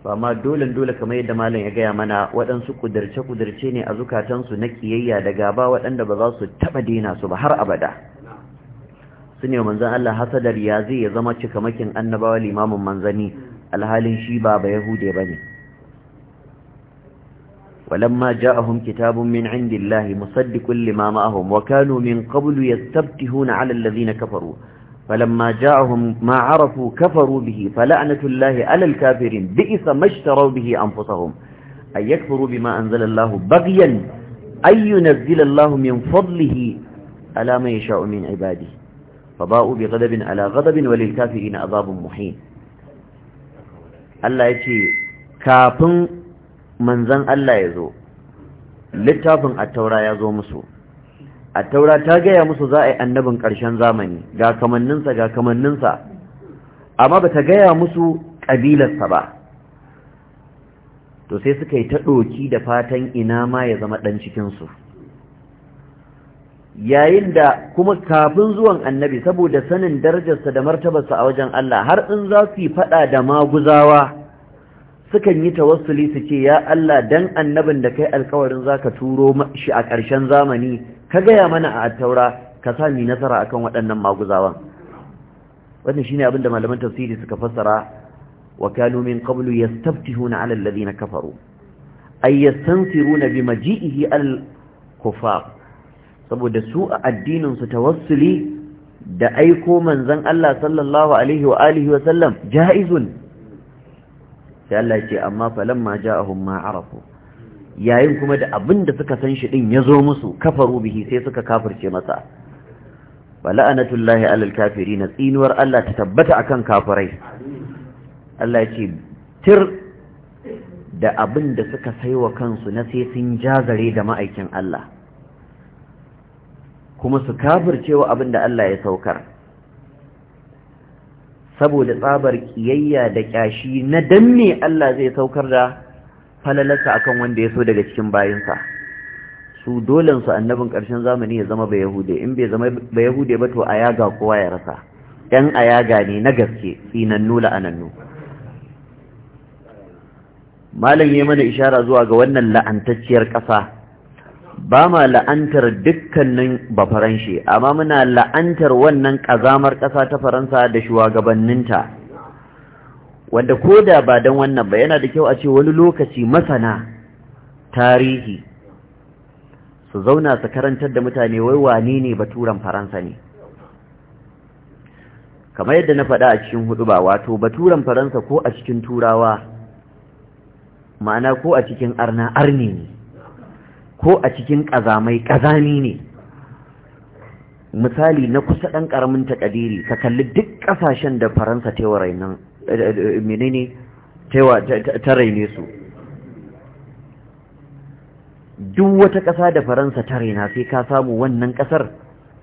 Fama amma dole dole kamar yadda malam ya gaya mana waɗansu kudirce kudirce ne a zukatansu na kiyayya da gaba waɗanda ba za su taɓa dina su ba har abada su ne manzan Allah hasadar ya zai ya zama cikamakin annabawa limamin manzani alhalin shi ba ba yahude ba ne ولما جاءهم كتاب من عند الله مصدق لما معهم وكانوا من قبل يستبتهون على الذين كفروا فلما جاءهم ما عرفوا كفروا به فلعنة الله على الكافرين بئس ما اشتروا به أنفسهم أن يكفروا بما أنزل الله بغيا أن ينزل الله من فضله على ما يشاء من عباده فضاءوا بغضب على غضب وللكافرين عذاب محين Allah ya ce kafin manzan Allah ya zo littafin attaura ya zo musu a taura ta gaya musu za a yi annabin ƙarshen zamani ga kamanninsa ga kamanninsa amma ba ta gaya musu ƙabilarsa ba to sai suka yi ta da fatan ina ma ya zama ɗan cikinsu yayin da kuma kafin zuwan annabi saboda sanin darajarsa da martabarsa a wajen Allah har in za su yi faɗa da maguzawa sukan yi tawassuli su ce ya Allah dan annabin da kai alkawarin za ka turo shi a ƙarshen zamani ka gaya mana a attaura ka sa nasara akan waɗannan maguzawan wannan shine abin da malaman tafsiri suka fassara wa kanu min qablu yastaftihuna 'ala alladhina kafaru ay yastansiruna bi maji'ihi al kufar saboda su a addinin su tawassuli da aiko manzon Allah sallallahu alaihi wa alihi wa sallam jaizun sai Allah ya ce amma falamma ja'ahum ma arafu yayin kuma da abin da suka san shi din ya zo musu kafaru bihi sai suka kafirce masa bala'anatullahi alal kafiri na tsinuwar Allah ta tabbata akan kafirai Allah ce tir da abin da suka saiwa kansu na sai sun jazare da ma'aikin Allah kuma su wa abin da Allah ya saukar saboda tsabar kiyayya da kyashi na danne Allah zai saukar da falalarsa akan wanda ya so daga cikin bayinsa su dolensu annabin ƙarshen zamani ya zama yahude in bai zama yahude ba to ayaga kowa ya rasa ɗan ayaga ne na gaske nula la'anannu malam ya mana ishara zuwa ga wannan la'antacciyar ƙasa ba ma la'antar dukkanin ba faranshe amma muna la'antar wannan ƙazamar ƙasa ta faransa da shugabanninta wanda ko da ba don wannan ba yana da kyau a ce wani lokaci masana tarihi su zauna su karantar da mutane wai wane ne baturan faransa ne kamar yadda na faɗa a cikin hudu ba wato baturan faransa ko a cikin turawa ma'ana ko a cikin arna arne ne ko a cikin ƙazamai ƙazami ne misali na kusa ɗan ƙaramin takadiri ka kalli duk ƙasashen da faransa ta yi menene ta su duk wata ƙasa da faransa ta raina sai ka samu wannan ƙasar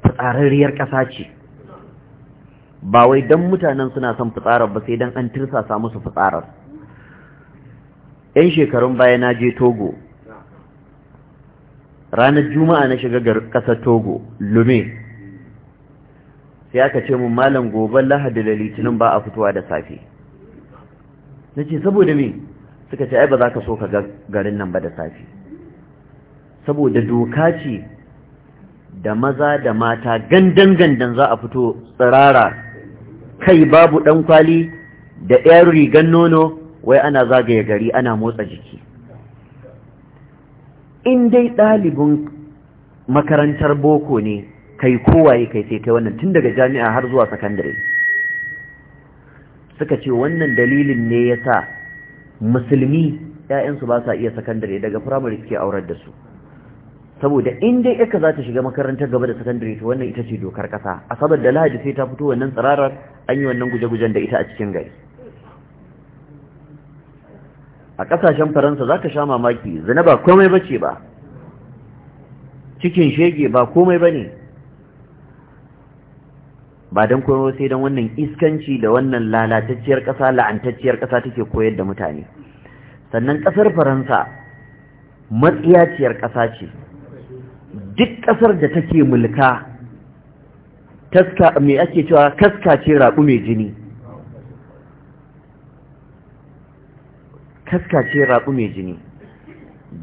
fitsararriyar ƙasa ce ba wai don mutanen suna son fitsarar ba sai don an tirsasa musu fitsarar yan shekarun baya na je togo ranar juma'a na shiga ƙasar togo lume sai aka ce mun malam gobe lahadi da litinin ba a fitowa da safe na ce saboda me suka ce ai ba za ka so ka ga garin nan ba da safe saboda doka ce da maza da mata gandan gandan za a fito tsirara kai babu dan kwali da ɗayar rigan nono wai ana zagaye gari ana motsa jiki in dai ɗalibin makarantar boko ne kai kowaye kai sai kai wannan tun daga jami'a har zuwa sakandare suka ce wannan dalilin ne ya sa musulmi ‘ya'yansu ba sa iya sakandare daga firamare suke aurar da su saboda inda yaka za ta shiga makarantar gaba da sakandare su wannan ita ce dokar ƙasa a sabar da lahadi sai ta fito wannan tsirarar an yi wannan guje-gujen da ita a cikin gari a ƙasashen faransa za ka sha mamaki zina ba komai ba ce ba cikin shege ba komai ba ne ba don koyo sai don wannan iskanci da wannan lalatacciyar ƙasa la'antacciyar ƙasa take koyar da mutane sannan ƙasar faransa matsiyaciyar ƙasa ce duk ƙasar da take mulka taska mai ake cewa kaska ce raƙu mai jini kaska ce raƙu mai jini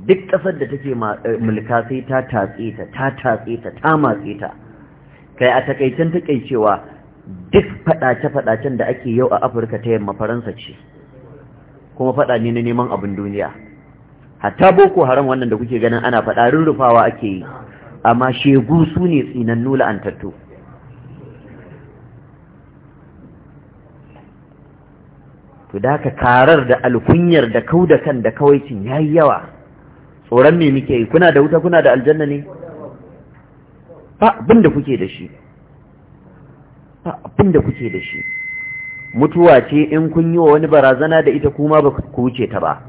duk ƙasar da take eh, mulka sai ta tatse ta ta tatse ta ta matse ta kai a takaicen takaicewa duk faɗace-faɗacen da ake yau a afirka ta yamma faransa ce kuma fada ne na neman abin duniya hatta boko haram wannan da kuke ganin ana faɗa rurrufawa ake yi amma shegu su ne an tattu to da ka karar da alkunyar da kau da kan da kawaicin ya yi yawa tsoron me muke yi kuna da wuta kuna da aljanna ne ba abin da kuke da shi ba abin da kuke da shi mutuwa ce in kun yi wa wani barazana da ita kuma ba ku wuce ta ba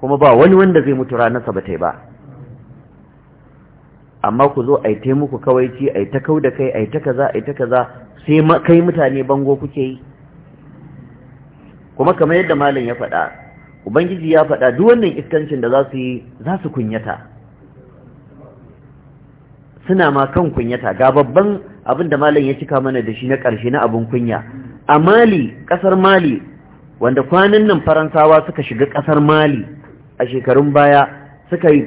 kuma ba wani wanda zai mutu ranarsa ba ta ba amma ku zo a yi taimako kawai ce a yi ta kau da kai a yi ta kaza a yi ta kaza sai kai mutane bango kuke yi kuma kamar yadda malam ya faɗa ubangiji ya faɗa duk wannan iskancin da za su yi za su kunyata suna ma kan kunyata ga babban abin da malam ya cika mana da shi na ƙarshe na abin kunya a mali ƙasar mali wanda kwanan nan faransawa suka shiga ƙasar mali a shekarun baya suka yi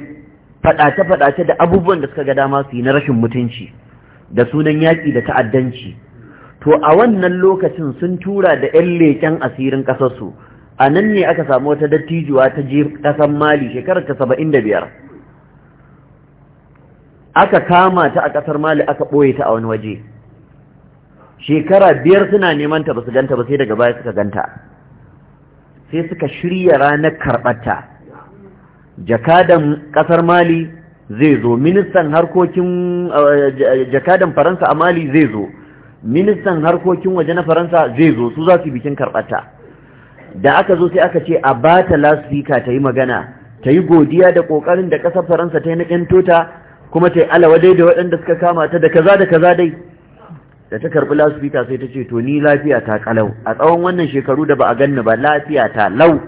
faɗace-faɗace da abubuwan da suka ga dama su yi na rashin mutunci da sunan yaƙi da ta'addanci to a wannan lokacin sun tura da 'yan leƙen asirin ƙasarsu a nan ne aka samu wata dattijuwa ta je ƙasar mali shekarar ta saba'in da biyar aka kama ta a ƙasar mali aka ɓoye ta a wani waje shekara biyar suna neman ta ba su ganta ba sai daga baya suka ganta sai suka shirya ranar karɓarta jakadan ƙasar mali zai zo ministan harkokin eh, jakadan faransa a mali zai zo ministan harkokin waje na faransa zai zo su za su bikin karɓarta da aka zo sai aka ce a ba ta lasfika ta yi magana ta yi godiya da ƙoƙarin da ƙasar faransa ta yi na tota kuma ta yi alawa dai da waɗanda suka kama ta da kaza da kaza dai da ta karɓi lasfita sai ta ce to ni lafiya ta kalau a tsawon wannan shekaru da ba a ganni ba lafiya ta lau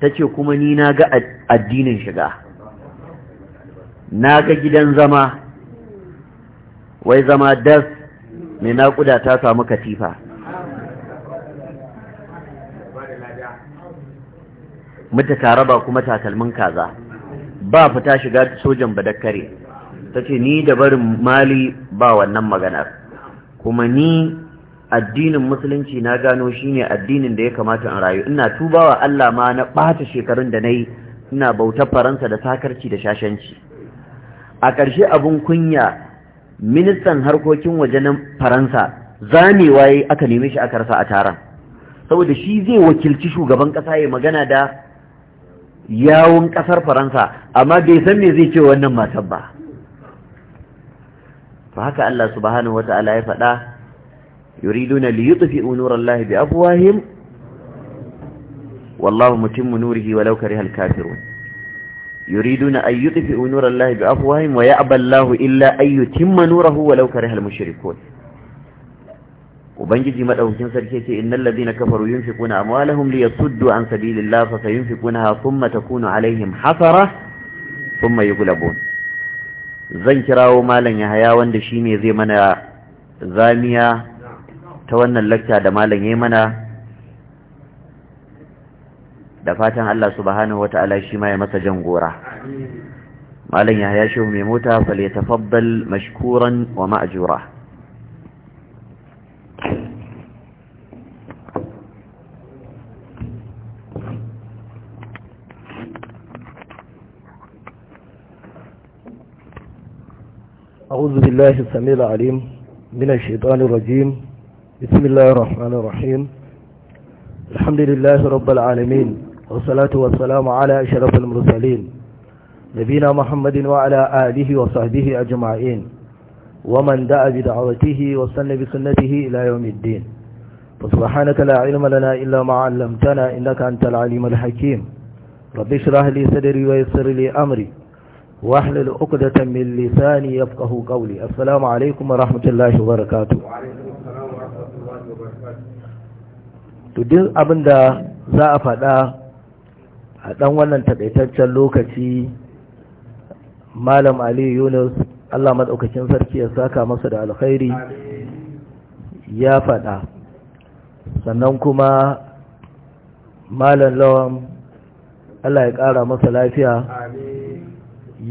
ta ce kuma ni na ga addinin shiga na ga gidan zama wai zama das mai naƙuda ta samu katifa mutu tare ba kuma takalmin kaza ba fita shiga sojan badakkare ta ce ni da barin mali ba wannan maganar kuma ni addinin musulunci na gano shine addinin da ya kamata in rayu ina tubawa Allah ma na ɓata shekarun da na yi ina bautar faransa da sakarci da shashanci a ƙarshe abun kunya ministan harkokin waje na faransa zamewa ya aka neme shi aka rasa a taron saboda shi zai wakilci shugaban ƙasa ya magana da yawon ƙasar faransa amma bai san me zai ce wannan matan ba fa haka Allah subhanahu wata'ala ya faɗa yuriduna li yutfi'u nurallahi bi afwahim wallahu mutimmu nurihi walau karihal kafirun yuriduna ay yutfi'u nurallahi bi afwahim wa ya'ba Allahu illa ay yutimma nurahu walau karihal mushrikun ubangiji madaukakin sarki ce innal ladina kafaru yunfiquna amwalahum liyasuddu an sabilillah fa sayunfiqunaha thumma takunu alaihim hasara thumma yughlabun zan kirawo malam Yahaya wanda shine zai mana zamiya ta wannan lakta da malam yayi mana da fatan Allah subhanahu wata'ala shi ma ya masa jan gora malam Yahaya shehu mai mota falyatafaddal mashkuran wa ma'jura أعوذ بالله السميع العليم من الشيطان الرجيم بسم الله الرحمن الرحيم الحمد لله رب العالمين والصلاة والسلام على أشرف المرسلين نبينا محمد وعلى آله وصحبه أجمعين ومن دعا بدعوته واستنى بسنته إلى يوم الدين فسبحانك لا علم لنا إلا ما علمتنا إنك أنت العليم الحكيم رب اشرح لي صدري ويسر لي أمري واحلل عقدة من لساني يفقه قولي السلام عليكم ورحمة الله وبركاته to abin da za a faɗa a ɗan wannan taƙaitaccen lokaci malam ali yunus allah maɗaukacin sarki ya saka masa da alkhairi ya faɗa sannan kuma malam lawan allah ya ƙara masa lafiya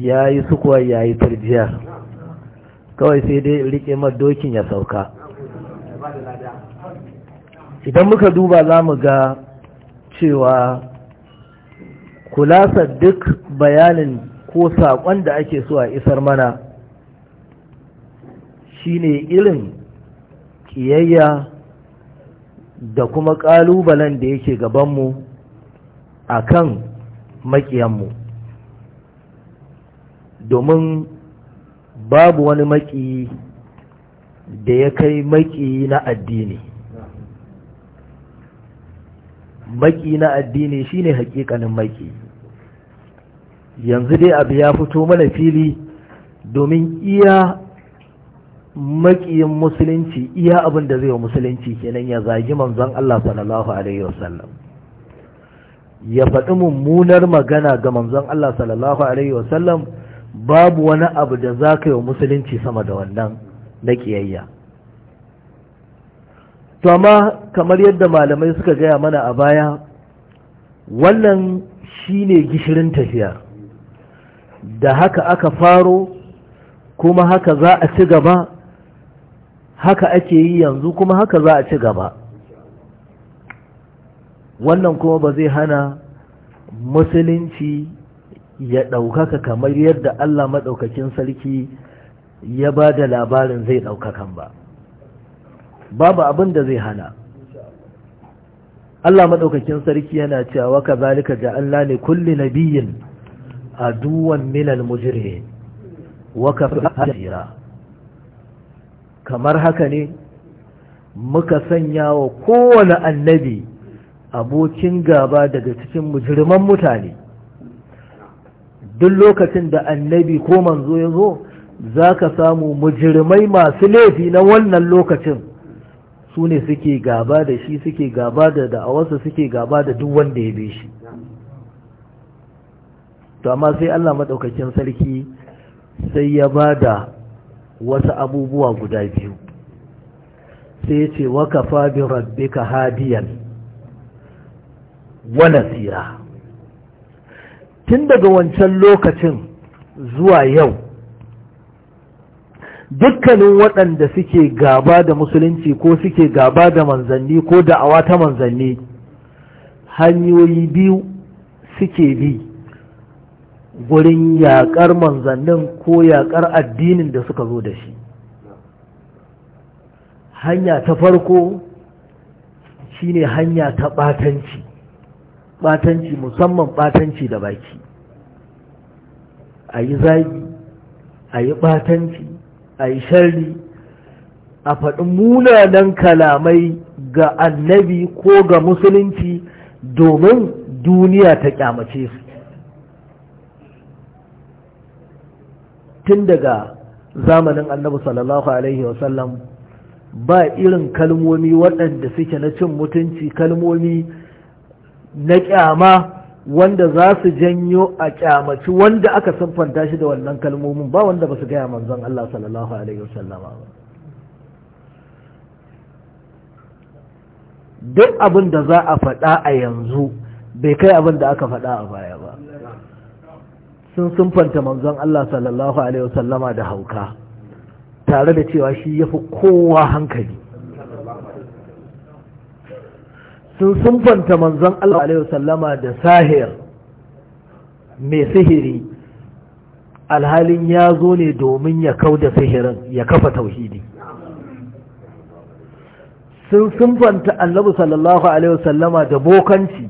ya yi sukuwa ya yi turjiyar kawai sai dai rike madokin ya sauka idan muka duba za mu ga cewa kulasa duk bayanin ko saƙon da ake so a isar mana shine irin kiyayya da kuma ƙalubalen da yake gabanmu a kan makiyanmu. domin babu wani maki da ya kai maki na addini maki na addini shine hakikanin maki yanzu dai abu ya fito mana fili domin iya makiyin musulunci iya abin da zai wa musulunci kenan ya zagi manzon Allah sallallahu alaihi wasallam ya faɗi mummunar magana ga manzon Allah sallallahu alaihi wasallam babu wani abu da za ka yi wa musulunci sama da wannan na ƙiyayya to amma kamar yadda malamai suka gaya mana a baya wannan shi ne gishirin tafiya da haka aka faro kuma haka za a ci gaba haka ake yi yanzu kuma haka za a ci gaba wannan kuma ba zai hana musulunci ya ɗaukaka kamar yadda Allah maɗaukakin sarki ya ba da labarin zai ɗaukakan ba babu abin da zai hana Allah maɗaukakin sarki yana cewa waka zalika Allah ne kulli nabiyin duwan minal mujire waka kafira kamar haka ne muka sanya wa kowane annabi abokin gaba daga cikin mujirman mutane duk lokacin da annabi ko manzo ya zo za ka samu mujirmai masu laifi na wannan lokacin su ne suke gaba da shi suke gaba da da'awarsa suke gaba da duk wanda ya bi shi to amma sai Allah maɗaukakin sarki sai ya ba da wasu abubuwa guda biyu sai ce waka fabi rabbika hadiyan wa nasira tun daga wancan lokacin zuwa yau dukkanin waɗanda suke gaba da musulunci ko suke gaba da manzanni ko da awa ta manzanni hanyoyi biyu suke bi gurin yaƙar manzannin ko yaƙar addinin da suka zo da shi hanya ta farko shine hanya ta ɓatanci batanci musamman batanci da baki a yi zagi a yi batanci a yi sharri a faɗi munanan kalamai ga annabi ko ga musulunci domin duniya ta kyamace su tun daga zamanin annabi sallallahu alaihi wasallam ba irin kalmomi waɗanda suke na cin mutunci kalmomi na kyama wanda za su janyo a kyamaci wanda aka siffanta shi da wannan kalmomin ba wanda ba su gaya manzon Allah sallallahu alaihi ba duk abin da za a faɗa a yanzu bai kai abin da aka faɗa a baya ba sun siffanta manzon Allah sallallahu alaihi wasallama da hauka tare da cewa shi ya fi kowa hankali sun sunfanta manzon Allah alaihi wasallama da sahir mai sihiri alhalin ya zo ne domin ya kau da sihirin ya kafa tauhidi sun sunfanta annabi sallallahu alaihi wasallama da bokanci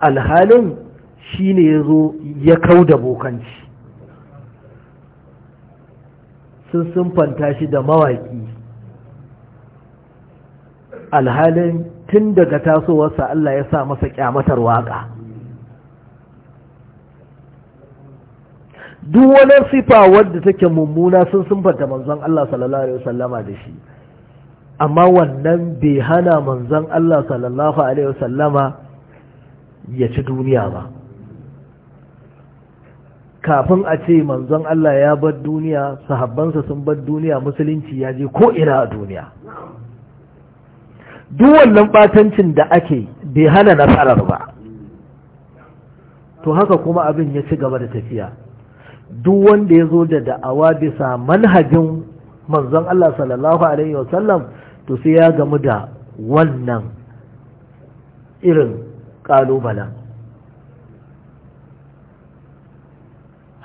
alhalin shi ne ya zo ya kau da bokanci sun sunfanta shi da mawaki alhalin tun daga tasowarsa Allah ya sa masa kyamatar waka duk wani sifa wadda take mummuna sun sunfanta manzon Allah sallallahu alaihi wasallama da shi amma wannan bai hana manzon Allah sallallahu alaihi wasallama ya ci duniya ba kafin a ce manzon Allah ya bar duniya sahabbansa sun bar duniya musulunci ya je ko'ina a duniya duk wannan batancin da ake bai hana nasarar ba to haka kuma abin ya ci gaba da tafiya duk wanda ya zo da da'awa bisa manhajin manzon Allah sallallahu alaihi wasallam to sai ya gamu da wannan irin kalubalen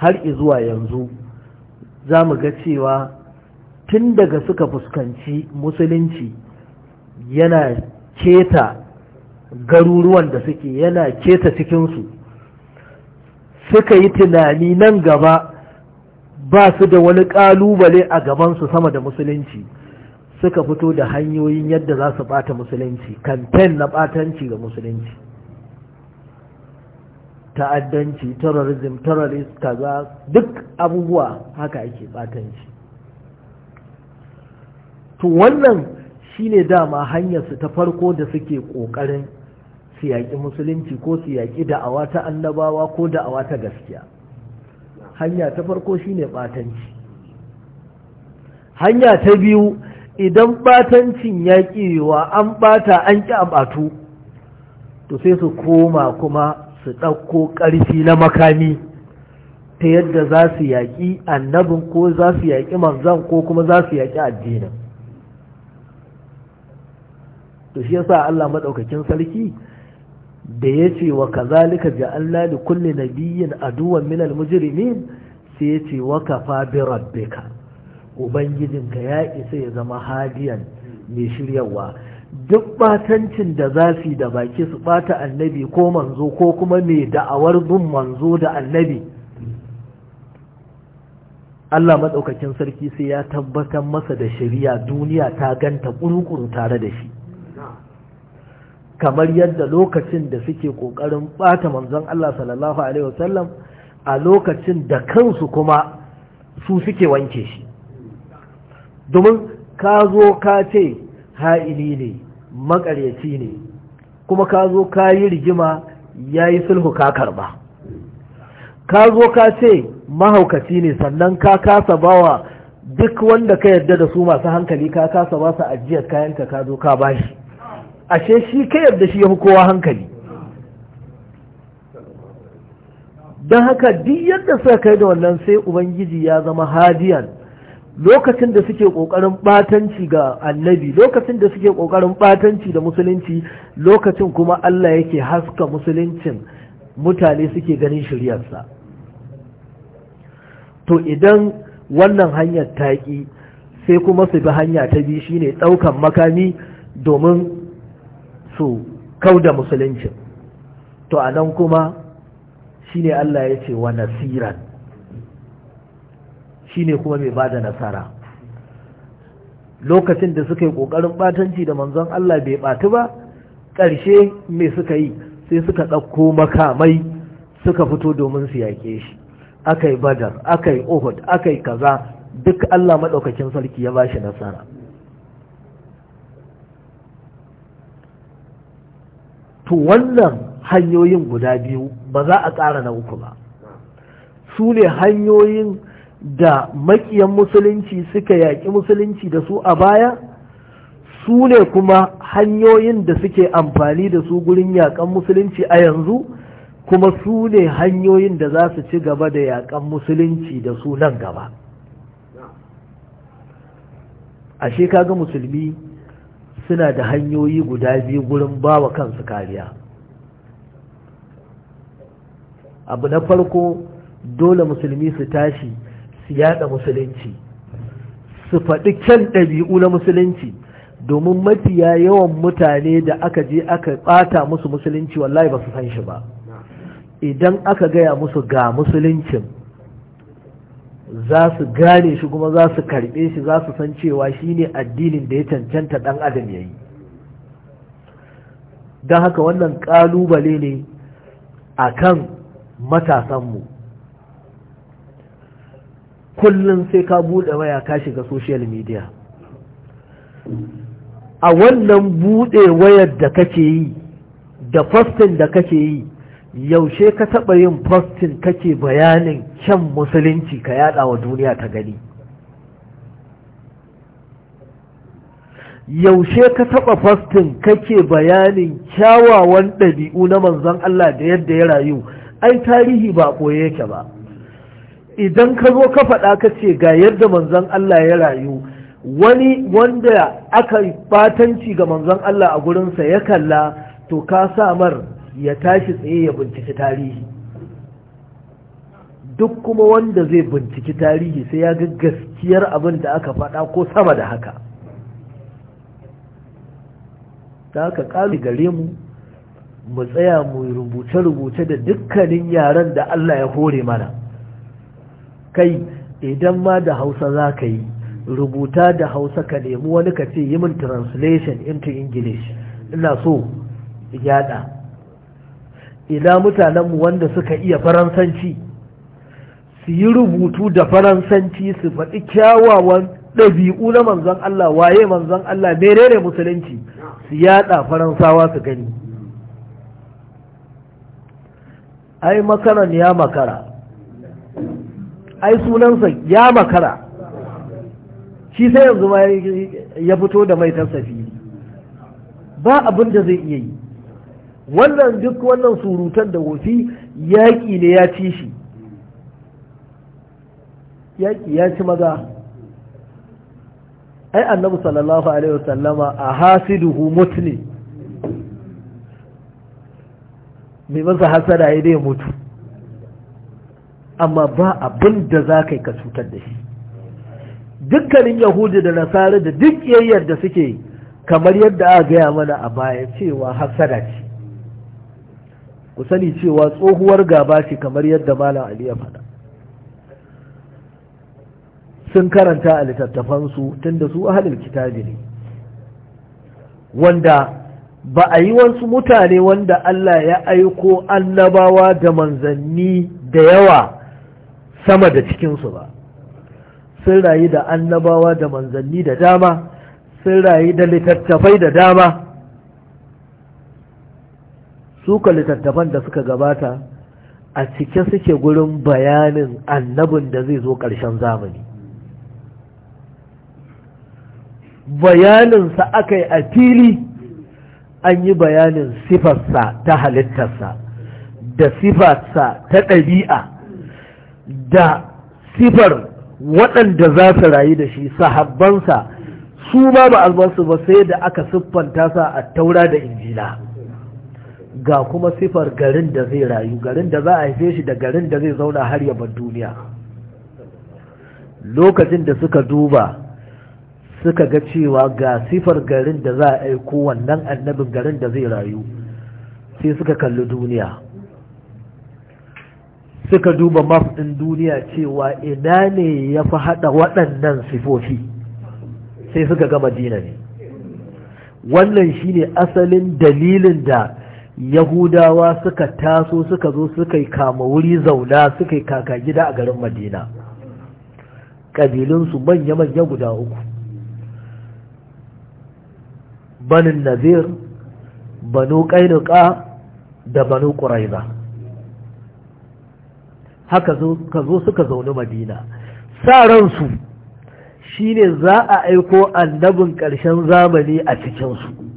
har zuwa yanzu za mu ga cewa tun daga suka fuskanci musulunci yana keta garuruwan da suke yana keta cikinsu suka yi tunani nan gaba ba su da wani ƙalubale a gabansu sama da musulunci suka fito da hanyoyin yadda za su ɓata musulunci kamfen na batanci ga musulunci ta'addanci terrorism terrorist kaza duk abubuwa haka ake ɓatanci to wannan shine dama su ta farko da suke ƙoƙarin su yaƙi musulunci ko su yaƙi da'awa ta annabawa ko da'awa ta gaskiya hanya ta farko shine batanci. hanya ta biyu idan batancin ya ƙiwa an ɓata an ƙi a batu to sai su koma kuma su ɗauko ƙarfi na makami ta yadda za su yaƙi annabin ko za su yaƙi manzan ko kuma za su yaƙi addinin to shi yasa Allah madaukakin sarki da ya ce wa kazalika ja'alna li kulli nabiyyin aduwan min al-mujrimin sai yace wa kafa bi rabbika ka ya isa ya zama hadiyan mai shiryawa duk batancin da zafi da baki su bata annabi ko manzo ko kuma mai da'awar bin manzo da annabi Allah maɗaukakin sarki sai ya tabbatar masa da shari'a duniya ta ganta kurkuru tare da shi kamar yadda lokacin da suke ƙoƙarin ɓata manzon Allah sallallahu alaihi wasallam a lokacin da kansu kuma su suke wanke shi domin ka zo ka ce ha'ili ne makaryaci ne kuma ka zo ka yi rigima ya yi sulhu ka karba ka zo ka ce mahaukaci ne sannan ka kasa bawa duk wanda ka yarda da su masu hankali ka kasa ba su ajiyar kayanka ka zo ka bashi ashe shi ka yarda shi ya fi kowa hankali don haka duk yadda suka kai da wannan sai ubangiji ya zama hadiyan lokacin da suke kokarin batanci ga annabi lokacin da suke kokarin batanci da musulunci lokacin kuma Allah yake haska musuluncin mutane suke ganin shiryarsa to idan wannan hanyar taƙi sai kuma su bi hanya ta bi shine ɗaukan makami domin su kau da musulunci to a nan kuma shi ne Allah ya ce wa nasiran shi ne kuma mai da nasara lokacin da suka yi ƙoƙarin ɓatanci da manzon Allah bai ɓatu ba ƙarshe mai suka yi sai suka ɗauko makamai suka fito domin su yaƙe shi aka yi badar aka yi uhud aka yi kaza duk Allah maɗaukakin sarki ya ba shi nasara to wannan hanyoyin guda biyu ba za a ƙara na uku ba su ne hanyoyin da makiyan musulunci suka yaƙi musulunci da su a baya su ne kuma hanyoyin da suke amfani da su gurin yaƙan musulunci a yanzu kuma su ne hanyoyin da za su ci gaba da yaƙan musulunci da su nan gaba ashe kaga musulmi suna da hanyoyi guda biyu gurin ba wa kansu kariya abu na farko dole musulmi su tashi su yada musulunci su faɗi kyan ɗabi'u na musulunci domin mafiya yawan mutane da aka je aka ɓata musu musulunci wallahi ba su san shi ba idan aka gaya musu ga musuluncin za su gane shi kuma za su karɓe shi za su san cewa shi ne addinin da ya cancanta ɗan adam ya yi don haka wannan ƙalubale ne a kan matasanmu kullum sai ka buɗe waya ka shiga social media a wannan buɗe wayar da kake yi da fastin da kake yi yaushe ka taɓa yin postin kake bayanin kyan musulunci ka yaɗa wa duniya ta gani yaushe ka taɓa fastin kake bayanin kyawawan ɗabi'u na manzon Allah da yadda ya rayu ai tarihi ba ɓoye yake ba idan ka zo ka faɗa ka ce ga yadda manzon Allah ya rayu wani wanda aka batanci ga manzon Allah a gurinsa ya kalla to ka samar ya tashi tsaye ya binciki tarihi duk kuma wanda zai binciki tarihi sai ya ga gaskiyar abin da aka faɗa ko sama da haka ta aka ƙari gare mu mu tsaya mu rubuce-rubuce da dukkanin yaren da Allah ya hore mana kai idan ma da hausa za ka yi rubuta da hausa ka nemi wani ka ce yi min translation into english ina so yada ila mutanenmu wanda suka iya faransanci su yi rubutu da faransanci su faɗi kyawawan ɗabi'u na manzon Allah waye manzon Allah menene musulunci su yaɗa faransawa su gani ai makaran ya makara ai sunansa ya makara shi sai yanzu ma ya fito da mai tasafi ba abin da zai iya yi wannan duk wannan surutan da wofi yaƙi ne ya ci shi yaƙi ya ci maza ai annabi sallallahu alaihi wasallama a hasiduhu mutli mai masa hasada ya dai mutu amma ba abin da za ka yi ka cutar da shi dukkanin yahudi da nasara da duk yayyar da suke kamar yadda a gaya mana a baya cewa hasada ce ku sani cewa tsohuwar gaba ce kamar yadda malam ali ya faɗa sun karanta a littattafansu tunda su ahalil kitabi ne wanda ba a yi wasu mutane wanda Allah ya aiko annabawa da manzanni da yawa sama da cikinsu ba sun rayu da annabawa da manzanni da dama sun rayu da littattafai da dama suka littattafan da suka gabata a cike suke gurin bayanin annabin da zai zo ƙarshen zamani bayaninsa aka yi a fili an yi bayanin sifarsa ta halittarsa da sifarsa ta ɗabi'a da sifar waɗanda za su rayu da shi sahabbansa su ba ba albansu ba sai da aka siffanta sa a taura da injila. ga kuma sifar garin da zai rayu garin da za a haife shi da garin da zai zauna har ya bar duniya lokacin da suka duba suka ga cewa ga sifar garin da za a aiko wannan annabin garin da zai rayu sai suka kalli duniya suka duba mafudin ɗin duniya cewa ina ne ya fi haɗa waɗannan sifofi sai suka ga madina ne wannan shine asalin dalilin da yahudawa suka taso suka zo suka yi kama wuri zauna suka yi kaka gida a garin madina ƙabilunsu manya-manya guda uku banin nazir banu ƙainuka da banu ƙuraiza haka ka zo suka zaune madina sa ransu shine za a aiko annabin ƙarshen zamani a cikinsu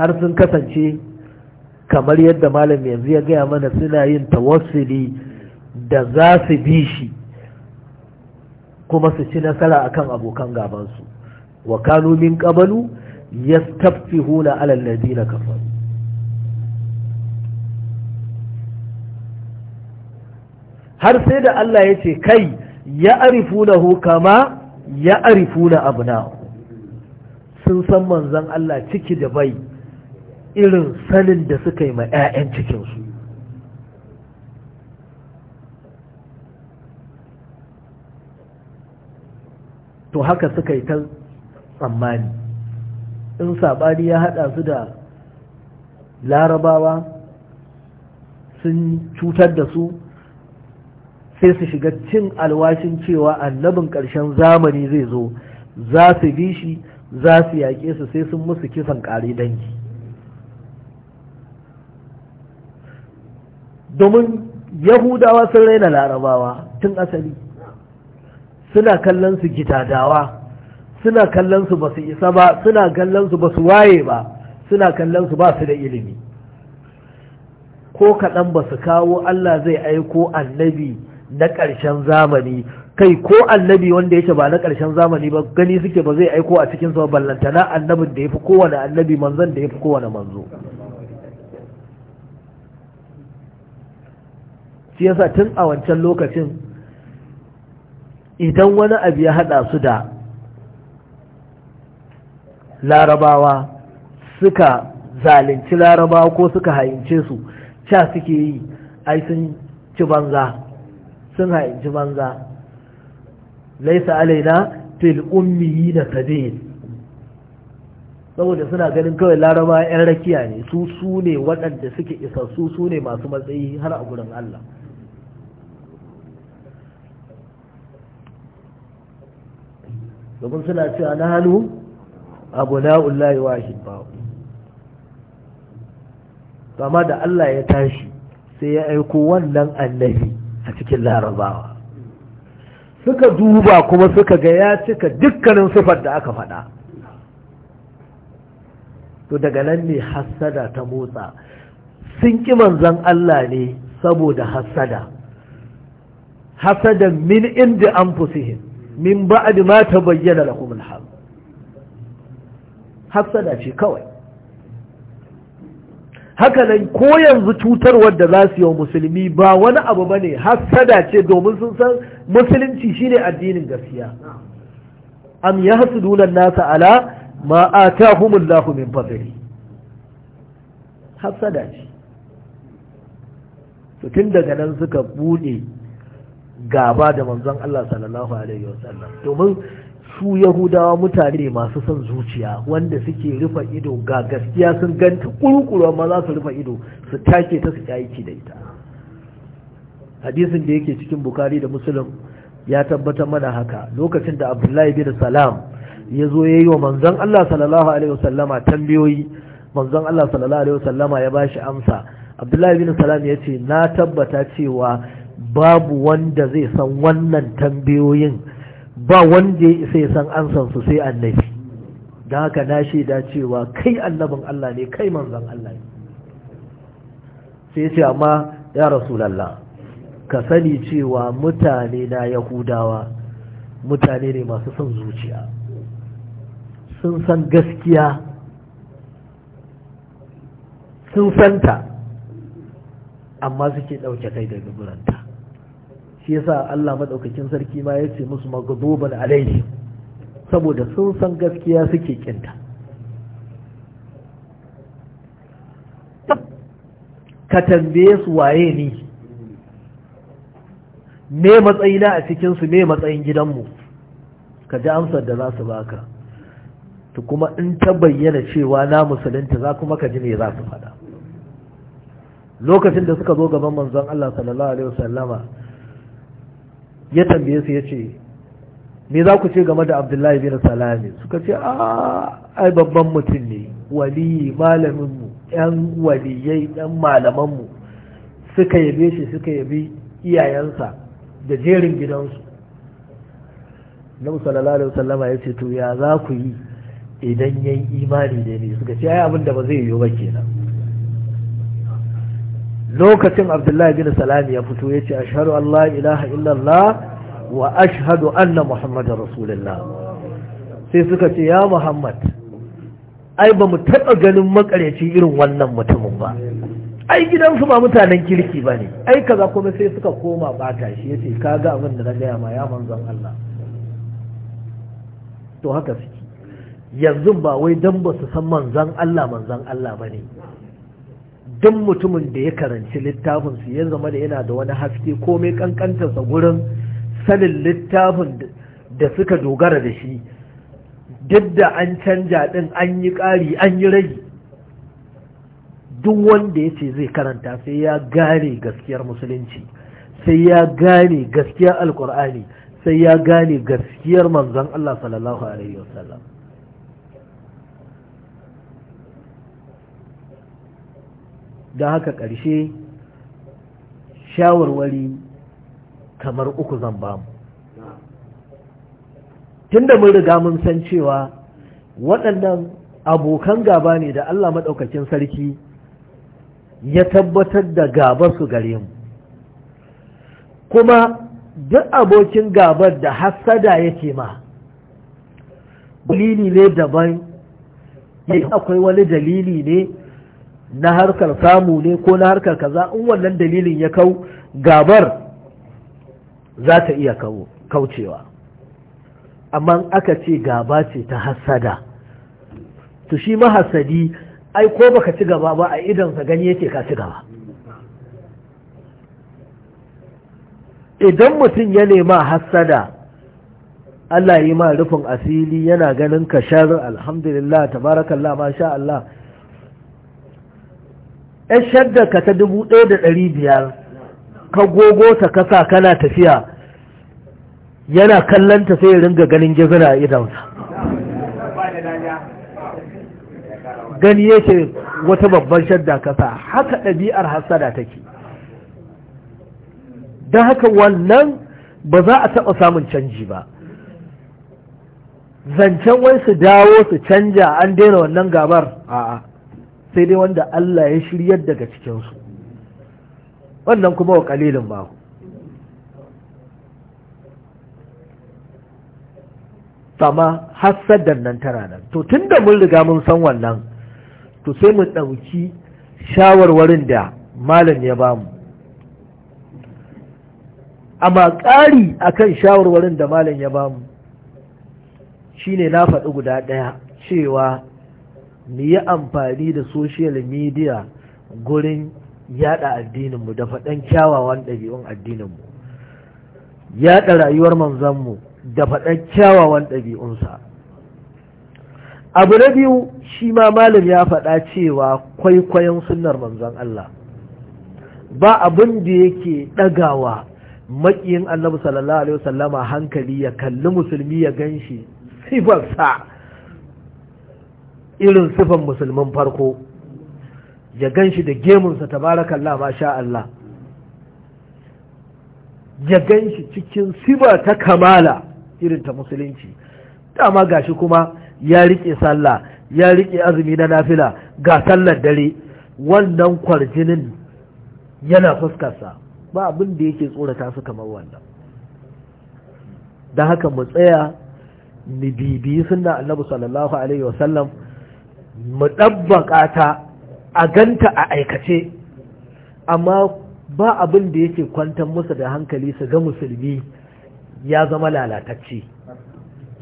har sun kasance kamar yadda malam yanzu ya gaya mana suna yin tawassuli da za su bi shi kuma su ci nasara a kan abokan gabansu wa kanu min qabalu yastaftihuna ala na kafaru har sai da Allah ya ce kai ya na hukama ya abu na, sun san manzon Allah ciki da bai irin sanin da suka yi ma 'ya'yan cikinsu to haka suka yi ta tsammani in saɓani ya haɗa su da larabawa sun cutar da su sai su shiga cin alwashin cewa annabin ƙarshen zamani zai zo za su bi shi za su yaƙe su sai sun musu kisan ƙare dangi domin yahudawa sun raina larabawa tun asali suna kallon su gitadawa, suna kallon su ba su isa ba suna kallon su ba su waye ba suna kallon su ba su da ilimi ko kaɗan ba su kawo Allah zai aiko annabi na ƙarshen zamani kai ko annabi wanda yake ba na ƙarshen zamani ba gani suke ba zai aiko a cikin sa ballantana annabin da ya fi kowane annabi manzon da ya fi kowane manzo shi yasa tun a wancan lokacin idan wani abu ya haɗa su da larabawa suka zalunci larabawa ko suka hayince su ca suke yi ai sun ci banza sun hayinci banza laisa alaina fil ummiyi na sabil saboda suna ganin kawai larabawa 'yan rakiya ne su su ne waɗanda suke isa su su ne masu matsayi har a gurin Allah domin suna cewa na hannu abu na'ullahi wahid ba amma da Allah ya tashi sai ya aiko wannan annabi a cikin larabawa suka duba kuma suka ga ya cika dukkanin sufar da aka faɗa to daga nan ne hassada ta motsa sun ƙi manzan Allah ne saboda hassada hassada min inda an fusihin min ba'd ma tabayyana lakum al-haq hafsada ce kawai haka nan ko yanzu cutarwar da za su yi wa musulmi ba wani abu ba ne hafsada ce domin sun san musulunci shine addinin gaskiya am ya dunan nasa ala ma atahumullahu min fadli hafsada ce tun daga nan suka bude gaba da manzon Allah sallallahu alaihi wasallam domin su yahudawa mutane masu son zuciya wanda suke rufe ido ga gaskiya sun ganta kurkuru amma za su rufe ido su take ta su yaki da ita hadisin da yake cikin bukari da muslim ya tabbatar mana haka lokacin da abdullahi bin salam ya zo ya yi wa manzon Allah sallallahu alaihi wasallama tambayoyi manzon Allah sallallahu alaihi wasallama ya bashi amsa abdullahi bin salam ya ce na tabbata cewa babu wanda zai san wannan tambayoyin ba wanda ya sai san ansan su sai annabi da haka na shaida cewa kai annabin Allah ne kai manzan Allah ne sai ce amma ya rasulallah ka sani cewa mutane na yahudawa mutane ne masu son zuciya sun san gaskiya sun santa amma suke ɗauke kai daga guranta shi yasa Allah madaukakin sarki ma ya ce musu maghduban alaihi saboda sun san gaskiya suke kinta ka tambaye su waye ni me matsayina a cikin su me matsayin gidanmu ka ji amsar da za su baka to kuma in ta bayyana cewa na musulunta za kuma ka ji me za su faɗa lokacin da suka zo gaban manzon Allah sallallahu alaihi wasallama ya tambaye su ya ce me za ku ce game da abdullahi bin salami suka ce a ah, ai babban mutum ne waliyi malaminmu yan waliyai yan malamanmu suka yabe shi suka yabi iyayensa da jerin gidansu na musallala da musallama ya ce to ya za ku yi idan yayi imani da ne suka ce ai abin da ba zai yiwu ba kenan lokacin abdullahi bin salami ya fito ya ce ashadu an Allah ilaha illallah wa ashhadu anna muhammadar rasulullah sai suka ce ya muhammad ai ba mu taɓa ganin makareci irin wannan mutumin ba ai gidansu ba mutanen kirki ba ne ai kaza kuma sai suka koma bata shi ya ce ka ga abin da na gaya ma ya manzon Allah to haka suke yanzu ba wai don ba su san manzon Allah manzon Allah ba ne duk mutumin da ya karanci littafin su ya zama da yana da wani haske komai kankantarsa gurin sanin littafin da suka dogara da shi duk da an canja din an yi ƙari an yi rai duk wanda ya ce zai karanta sai ya gane gaskiyar musulunci sai ya gane gaskiyar alkur'ani sai ya gane gaskiyar manzon Allah sallallahu alaihi wasallam Da haka ƙarshe shawarwari kamar uku zan bamu tun da mun riga mun san cewa waɗannan abokan gaba ne da Allah maɗaukakin sarki ya tabbatar da gabarsu gare mu kuma duk abokin gabar da hassada yake ma dalili ne daban akwai wani dalili ne na harkar samu ne ko na harkar kaza in wannan dalilin ya kau gabar za ta iya kaucewa amma aka ce gaba ce ta hasada to shi mahasadi ai ko baka ci gaba ba a idonsa gani yake ka ci gaba idan mutum ya nema hassada, Allah yi ma rufin asili yana ganin ka alhamdulillah tabarakallah masha Allah yan shaddar ka ta dubu ɗaya da ɗari biyar ka gogo ta kasa kana tafiya yana ta sai ringa ganin gizina a idansa gani yake wata babban shadda kasa haka ɗabi'ar hasada take don haka wannan ba za a taɓa samun canji ba zancen wai su dawo su canja an daina wannan gabar a'a sai dai wanda Allah ya shiryar daga cikinsu wannan kuma wa kalilin ba sama hassadar nan tara nan to tunda mun riga mun san wannan to sai mu ɗauki shawarwarin da malam ya bamu amma ƙari akan shawarwarin da malam ya bamu shine na faɗi guda ɗaya cewa mu yi amfani da social media gurin yada addininmu da faɗan kyawawan ɗabi'un addininmu yada rayuwar manzanmu da faɗan kyawawan ɗabi'unsa abu na biyu shi ma malam ya faɗa cewa kwaikwayon sunnar manzan Allah ba abin da yake ɗagawa maƙiyin annabi sallallahu alaihi wasallama hankali ya kalli musulmi ya gan shi sifarsa [laughs] irin sifan musulman farko ya gan shi da gemunsa tabarakallah masha Allah ya gan shi cikin siba ta kamala irin ta musulunci dama gashi kuma ya rike sallah ya rike azumi na nafila ga sallar dare wannan kwarjinin yana fuskarsa ba abin da yake tsorata su kamar wannan da haka mu tsaya mu bibiyi sunna annabi sallallahu alaihi wasallam mu ɗabbaƙa ta a ganta a aikace amma ba abin da yake kwantar musu da hankali su ga musulmi ya zama lalatacce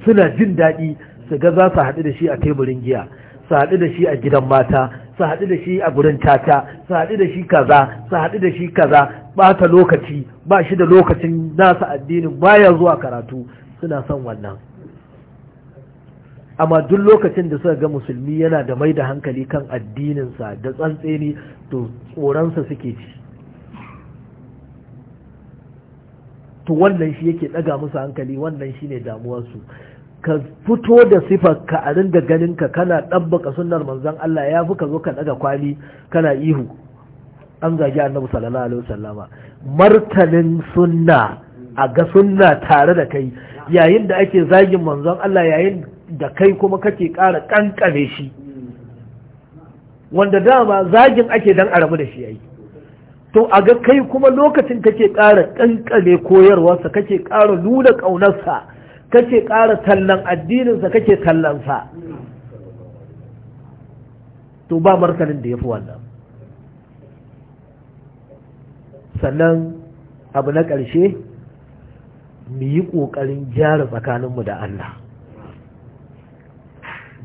suna jin daɗi su ga za su haɗu da shi a teburin giya su haɗu da shi a gidan mata su haɗu da shi a gurin tata su haɗu da shi kaza su haɗu da shi kaza ɓata lokaci ba shi da lokacin nasa addinin baya zuwa karatu suna son wannan amma duk lokacin da suka ga musulmi yana da mai da hankali kan addininsa da tsantseni to tsoronsa suke ci to wannan shi yake ɗaga musu hankali wannan shi ne damuwarsu ka fito da sifar ka a ringa ganin ka kana ɗabbaka sunnar manzon Allah ya fi ka zo ka ɗaga kwali kana ihu an zagi annabi sallallahu alaihi wasallama martanin sunna a ga sunna tare da kai yayin da ake zagin manzon Allah yayin da kai kuma kake ƙara ƙanƙare shi wanda dama zagin ake dan a rabu da shi yayi to a ga kai kuma lokacin kake ƙara ƙanƙame koyarwarsa kake ƙara nuna ƙaunarsa kake ƙara tallan addininsa kake tallansa to ba martanin da ya fi wannan sannan abu na ƙarshe mu yi ƙoƙarin gyara tsakaninmu da Allah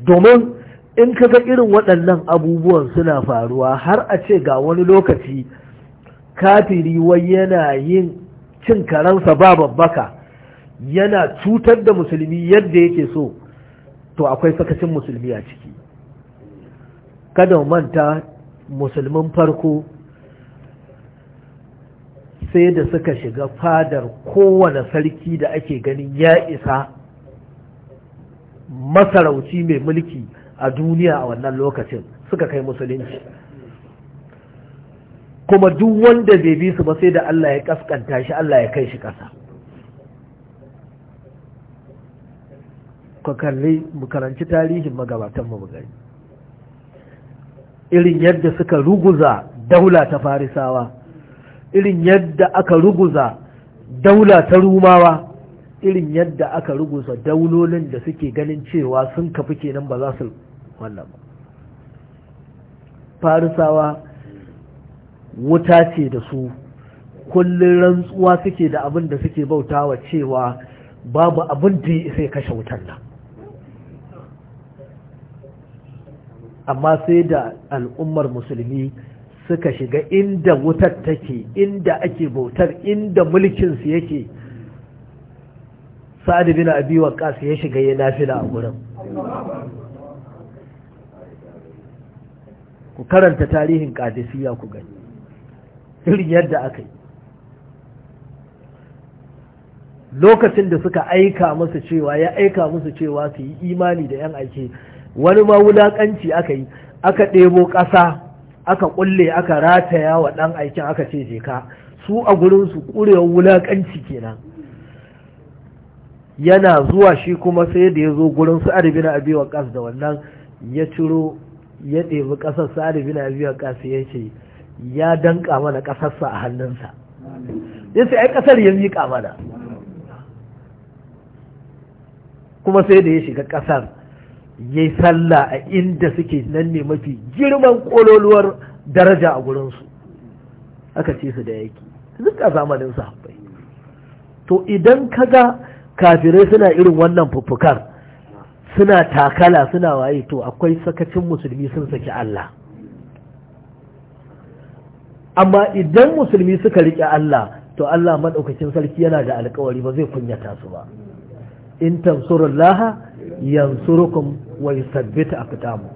domin in ka ga irin waɗannan abubuwan suna faruwa har a ce ga wani lokaci kafiri wai yana yin cin karansa ba babbaka yana cutar da musulmi yadda yake so to akwai sakacin musulmi a ciki kada manta musulmin farko sai da suka shiga fadar kowane sarki da ake ganin ya isa masarauci mai mulki a duniya a wannan lokacin suka kai musulunci kuma duk wanda bai bi su ba sai da Allah ya kaskanta shi Allah ya kai shi ƙasa ka kalli mu tarihin magabatan mu irin yadda suka ruguza daula ta farisawa irin yadda aka ruguza daula ta rumawa irin yadda aka rugusa daulolin da suke ganin cewa sun kafi kenan ba za su wannan ba farisawa wuta ce da su kullum rantsuwa suke da abin da suke bautawa cewa babu abin da sai kashe wutar nan amma sai da al'ummar musulmi suka shiga inda wutar take inda ake bautar inda mulkinsu yake sa'ad bin abi waqas ya shiga ya nafila a gurin ku karanta tarihin qadisiyya ku gani irin yadda aka yi lokacin da suka aika musu cewa ya aika musu cewa su yi imani da 'yan aike wani ma wulakanci aka yi aka ɗebo ƙasa aka ƙulle aka rataya wa ɗan aikin aka ce je ka su a gurinsu ƙurewar wulakanci kenan yana zuwa shi kuma sai da ya zo gurin sa'ad bin abi waqas da wannan ya ciro ya ɗebi ƙasar sa'ad bin abi waqas ya ce ya danka mana ƙasarsa a hannunsa ya ai ƙasar ya miƙa mana kuma sai da ya shiga ƙasar ya yi sallah a inda suke nan ne mafi girman ƙololuwar daraja a gurinsu aka ce su da yake duk a zamanin sahabbai to idan ka ga kafirai suna irin wannan fuffukar, suna takala suna waye to akwai sakacin musulmi sun saki Allah amma idan musulmi suka riƙe Allah to Allah maɗaukacin sarki yana da alkawari ba zai kunyata su ba in tansurullaha yansurukum wa yusabbita aqdamu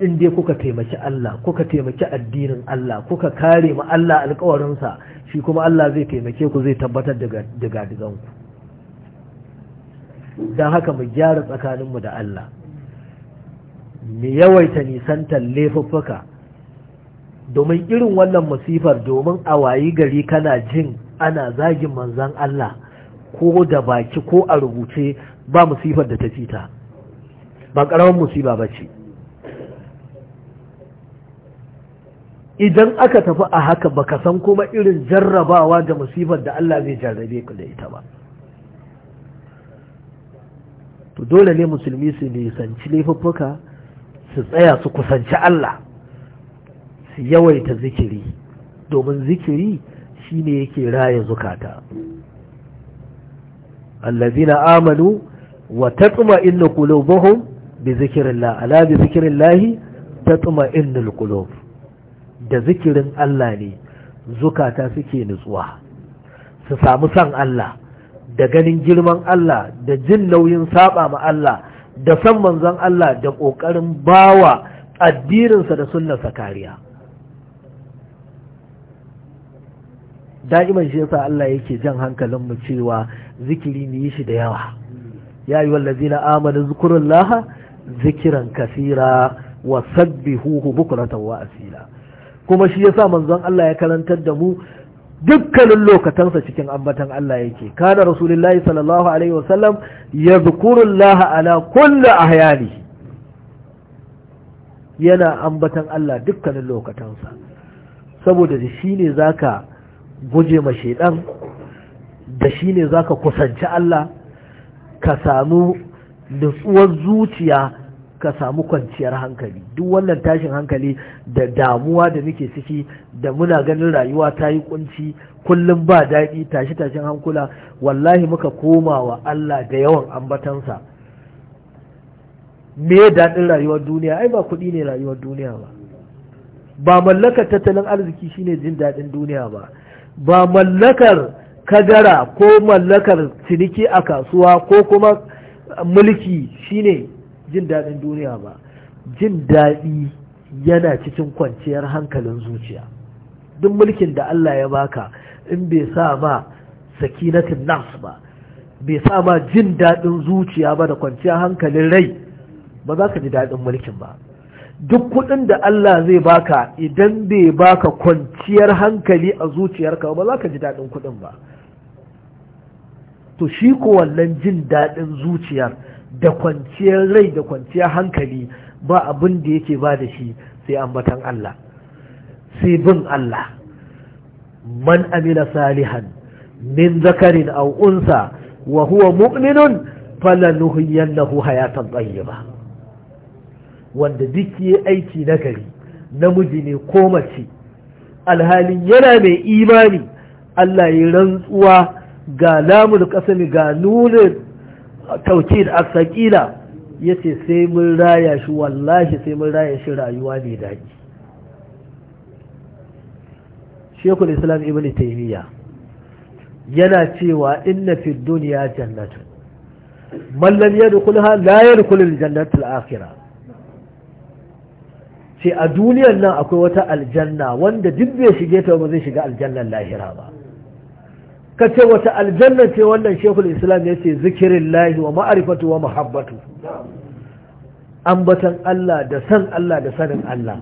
in dai kuka taimaki Allah kuka taimaki addinin Allah kuka kare ma Allah alkawarinsa shi kuma Allah zai taimake ku zai tabbatar da daga ku. don haka mu gyara tsakaninmu da Allah mu yawaita nisantar laifuffuka domin irin wannan masifar, domin a wayi gari kana jin ana zagin manzan Allah ko da baki ko a rubuce ba musifar da ta fita ba ƙaramin musiba ba ce idan aka tafi a haka baka san kuma irin jarrabawa da musibar da Allah zai jarrabe ku da ita ba to dole ne musulmi su nisanci laifuffuka su tsaya su kusanci Allah su yawaita zikiri domin zikiri shine yake raya zukata allazina amanu wa tatma'innu qulubuhum bi zikrillah ala bi zikrillah tatma'innul qulub da zikirin Allah ne zukata suke nutsuwa su samu san Allah da ganin girman Allah da jin nauyin saba ma Allah da san manzon Allah da ƙoƙarin bawa addirinsa da sunnarsa kariya da'iman shi yasa Allah yake jan hankalin mu cewa zikiri ne shi da yawa ya yi amalin amanu Laha zikiran kasira wa sabbihuhu bukratan wa asila kuma shi yasa manzon Allah ya karantar da mu dukkanin lokatansa cikin ambatan Allah yake kana rasulullahi sallallahu alaihi wasallam yadhkurullaha ala kulli ahyani yana ambatan Allah dukkanin lokatansa saboda da shi ne zaka guje ma shedan da shi ne zaka kusanci Allah ka samu nutsuwar zuciya ka samu kwanciyar hankali duk wannan tashin hankali da damuwa da muke ciki da muna ganin rayuwa ta yi kunci kullum ba daɗi tashi tashin hankula wallahi muka koma wa Allah da yawan ambatansa me daɗin rayuwar duniya ai ba kuɗi ne rayuwar duniya ba ba mallakar tattalin arziki shine jin daɗin duniya ba ba mallakar kadara ko mallakar ciniki a kasuwa ko kuma mulki shine jin daɗin duniya ba jin daɗi yana cikin kwanciyar hankalin zuciya duk mulkin da Allah ya baka in bai sa ma sakinatin nas ba bai sa ma jin daɗin zuciya ba da kwanciyar hankalin rai ba za ka ji daɗin mulkin ba duk kuɗin da Allah zai baka idan bai baka kwanciyar hankali a zuciyarka ba za ka ji daɗin kuɗin ba to shi ko wannan jin daɗin zuciyar da kwanciyar rai da kwanciyar hankali ba abin da yake ba da shi sai ambatan Allah sai bin Allah man amila salihan min zakarin au unsa wa huwa mu'minun san hayatan tayyiba wanda duk yi aiki nagari namiji ne ko mace alhali yana mai imani Allah ya rantsuwa ga lamul kasami ga nunin. tauki da yace ya sai mun raya shi wallahi sai mun raya shi rayuwa mai daji shekul islam ibn taimiyya yana cewa inna fi duniya jannatu mallan ya dukulha la ya dukulil jannatul akhira ce a duniyar nan akwai wata aljanna wanda duk bai shige ta ba zai shiga aljannar lahira ba ka ce wata aljanna ce wannan shekul islam ya ce zikirin lahi wa ma'arifatu wa mahabbatu ambatan Allah da san Allah da sanin Allah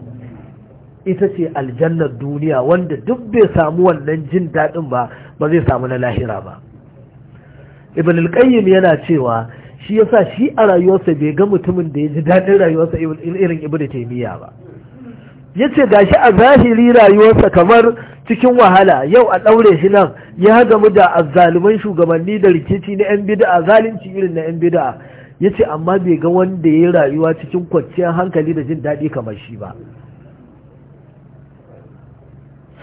ita ce aljannar duniya wanda duk bai samu wannan jin daɗin ba ba zai samu na lahira ba ibn al yana cewa shi yasa shi a rayuwarsa bai ga mutumin da ya ji daɗin rayuwarsa irin ibn taimiyya ba ya ce shi a zahiri rayuwarsa kamar cikin wahala yau a ɗaure shi nan ya gamu da azzaluman shugabanni da rikici na 'yan bida'a zalunci irin na 'yan bida'a ya ce amma bai ga wanda ya yi rayuwa cikin kwanciyar hankali da jin daɗi kamar shi ba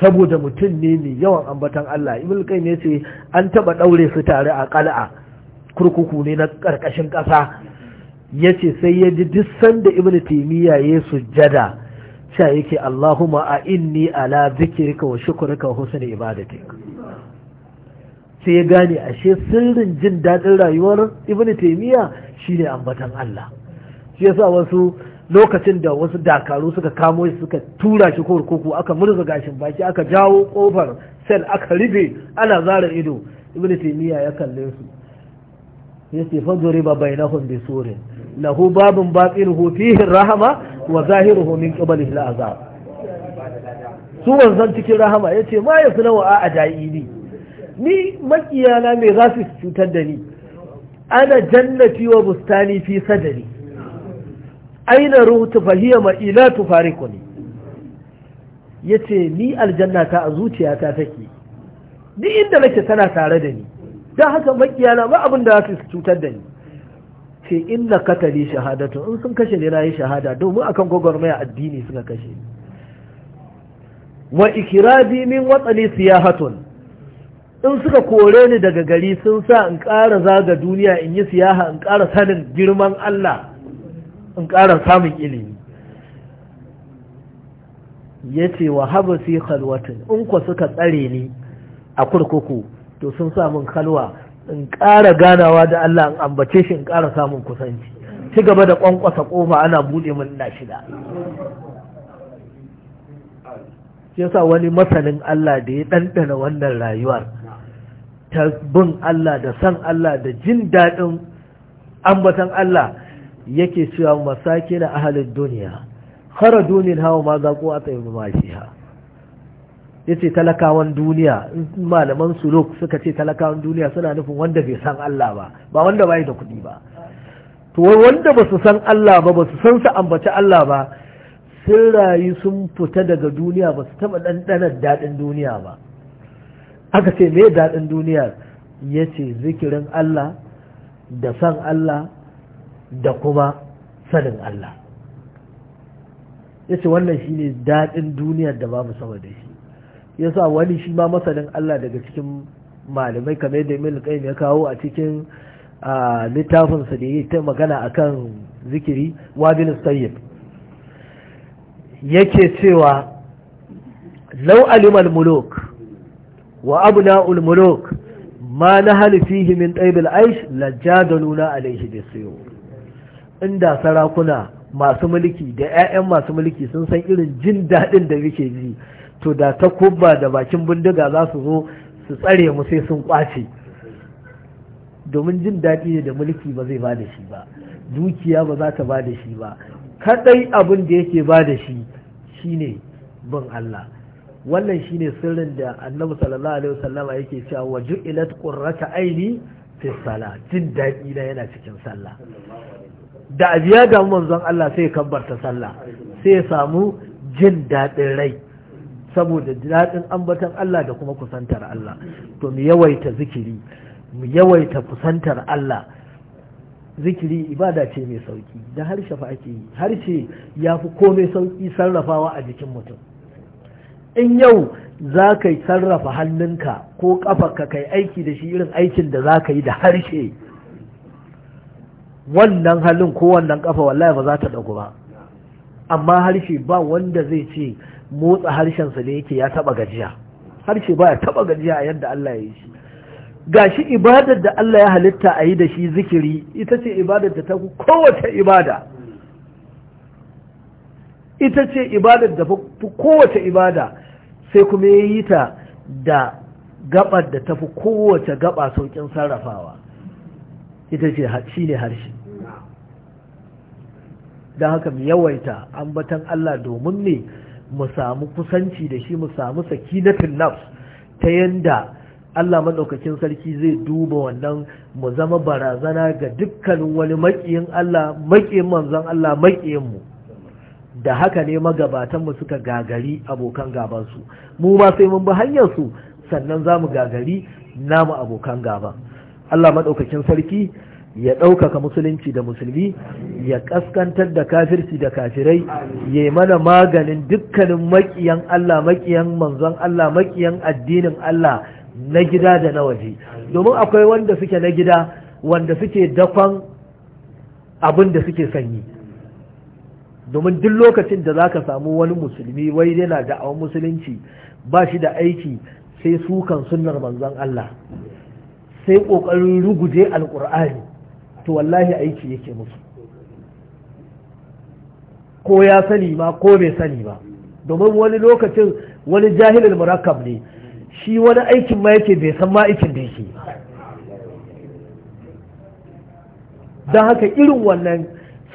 saboda mutum ne mai yawan ambatan Allah ibn kai ne ce an taɓa ɗaure su tare a ƙal'a kurkuku ne na ƙarƙashin ƙasa ya ce sai ya ji duk sanda ibn ya sujjada sha yake Allahumma a inni ala zikirka wa shukurka wa husni ibadatik sai ya gane ashe sirrin jin daɗin rayuwar ibnu taymiya shine ambatan Allah shi yasa wasu lokacin da wasu dakaru suka kamo shi suka tura shi kurkuku aka murza gashin baki aka jawo kofar sel aka rife ana zara ido ibnu taymiya ya kalle su yace fa ba bainahum bi surin lahu babun batinuhu fihi rahama wa zahiruhu min qablihi al'azab su wanzan cikin rahama yace ma yasna wa ajaibi ni makiyana me za su cutar da ni ana jannati wa bustani fi sadari aina ruhutu fahiya ma'ila tufariku ne ya ce ni aljanna ta a zuciyata take ni inda nake tana tare da ni don haka makiyana ba abinda da za su cutar da ni na inna katali shahadatu in sun kashe ne na yi shahada domin akan gwagwarmaya addini suka kashe wa ikirazi min watsali siyahatun in suka kore ni daga gari sun sa in ƙara zaga duniya in yi siyaha in ƙara sanin girman Allah in ƙara samun ilimi ya ce wa haɓa sai khalwatin in kwa suka tsare ni a kurkuku to sun sa min khalwa in ƙara ganawa da Allah in ambace shi in ƙara samun kusanci ci gaba da ƙwanƙwasa ƙofa ana buɗe min ina shida yasa wani masanin Allah da ya ɗanɗana wannan rayuwar ta bin Allah da san Allah da jin daɗin ambatan Allah yake cewa masakina ahalin duniya kharaju min hawa ma zaqu a ma mashiha yace talakawan duniya malaman suluk suka ce talakawan duniya suna nufin wanda bai san Allah ba ba wanda bai da kuɗi ba to wanda ba su san Allah ba ba su san su ambaci Allah ba sun rayu sun fita daga duniya ba su taɓa ɗanɗanar daɗin duniya ba aka ce me daɗin duniya yace zikirin Allah da san Allah da kuma sanin Allah yace ce wannan shine daɗin duniya da babu sama da shi Ya sa wani shi ma masanin Allah daga cikin malamai kamar yadda mil Qayyim ya kawo a cikin littafin sa da yake ta magana akan zikiri wadin sayyid yake cewa law alima muluk wa abna'ul muluk ma na fihi min tayyib al-aish lajadaluna alayhi siyo. inda sarakuna masu mulki da 'ya'yan masu mulki sun san irin jin daɗin da yake ji to da ta kubba da bakin bindiga za su zo su tsare mu sai sun kwace domin jin daɗi da mulki ba zai ba da shi ba dukiya ba za ta ba da shi ba kaɗai abin da yake ba da shi shine bin Allah wannan shine sirrin da annabi sallallahu alaihi wasallama yake cewa wa ju'ilat qurrata aini fi salat jin daɗi na yana cikin sallah da abiya ga manzon Allah sai ya kabbarta sallah sai ya samu jin daɗin rai saboda daɗin ambatan Allah da kuma kusantar Allah to mu yawaita zikiri mu yawaita kusantar Allah zikiri ibada ce mai sauki da harshe fa ake yi harshe ya fi komai sauki sarrafawa a jikin mutum in yau za ka yi sarrafa hannunka ko ka kai aiki da shi irin aikin da za ka yi da harshe wannan halin ko wannan ƙafa wallahi ba za ta ɗagu ba amma harshe ba wanda zai ce motsa harshensa da yake ya taba gajiya harshe ba ya taba gajiya a yadda Allah ya yi shi gashi ibadar da Allah ya halitta a yi da shi zikiri ita ce ibadar da ta kowace ibada ita ce ibadar da fi kowace ibada sai kuma ya yi ta da gabar da ta fi kowace gaba saukin sarrafawa ita ce shi ne harshe don haka mu yawaita batan Allah domin ne mu samu kusanci da shi mu samu sakinatin nafs ta yanda Allah maɗaukakin sarki zai duba wannan mu zama barazana ga dukkanin wani maƙiyin Allah maƙiyin manzon Allah maƙiyin mu da haka ne magabatan mu suka gagari abokan gabansu mu ma sai mun bi hanyar su sannan za mu gagari namu abokan gaba Allah maɗaukakin sarki ya ɗaukaka musulunci da musulmi ya ƙaskantar da kafirci da kafirai ya yi mana maganin dukkanin maƙiyan Allah maƙiyan manzon Allah maƙiyan addinin Allah na gida da na waje domin akwai wanda suke na gida wanda suke dakon abin da suke sanyi domin duk lokacin da za ka samu wani musulmi wai yana da da'awar musulunci ba shi da aiki sai sukan sunnar manzon Allah sai ƙoƙarin ruguje alƙur'ani to wallahi aiki yake musu ko ya sani ma ko bai sani ba domin wani lokacin wani jahilin murakkab ne shi wani aikin ma yake bai san ma aikin da yake don haka irin wannan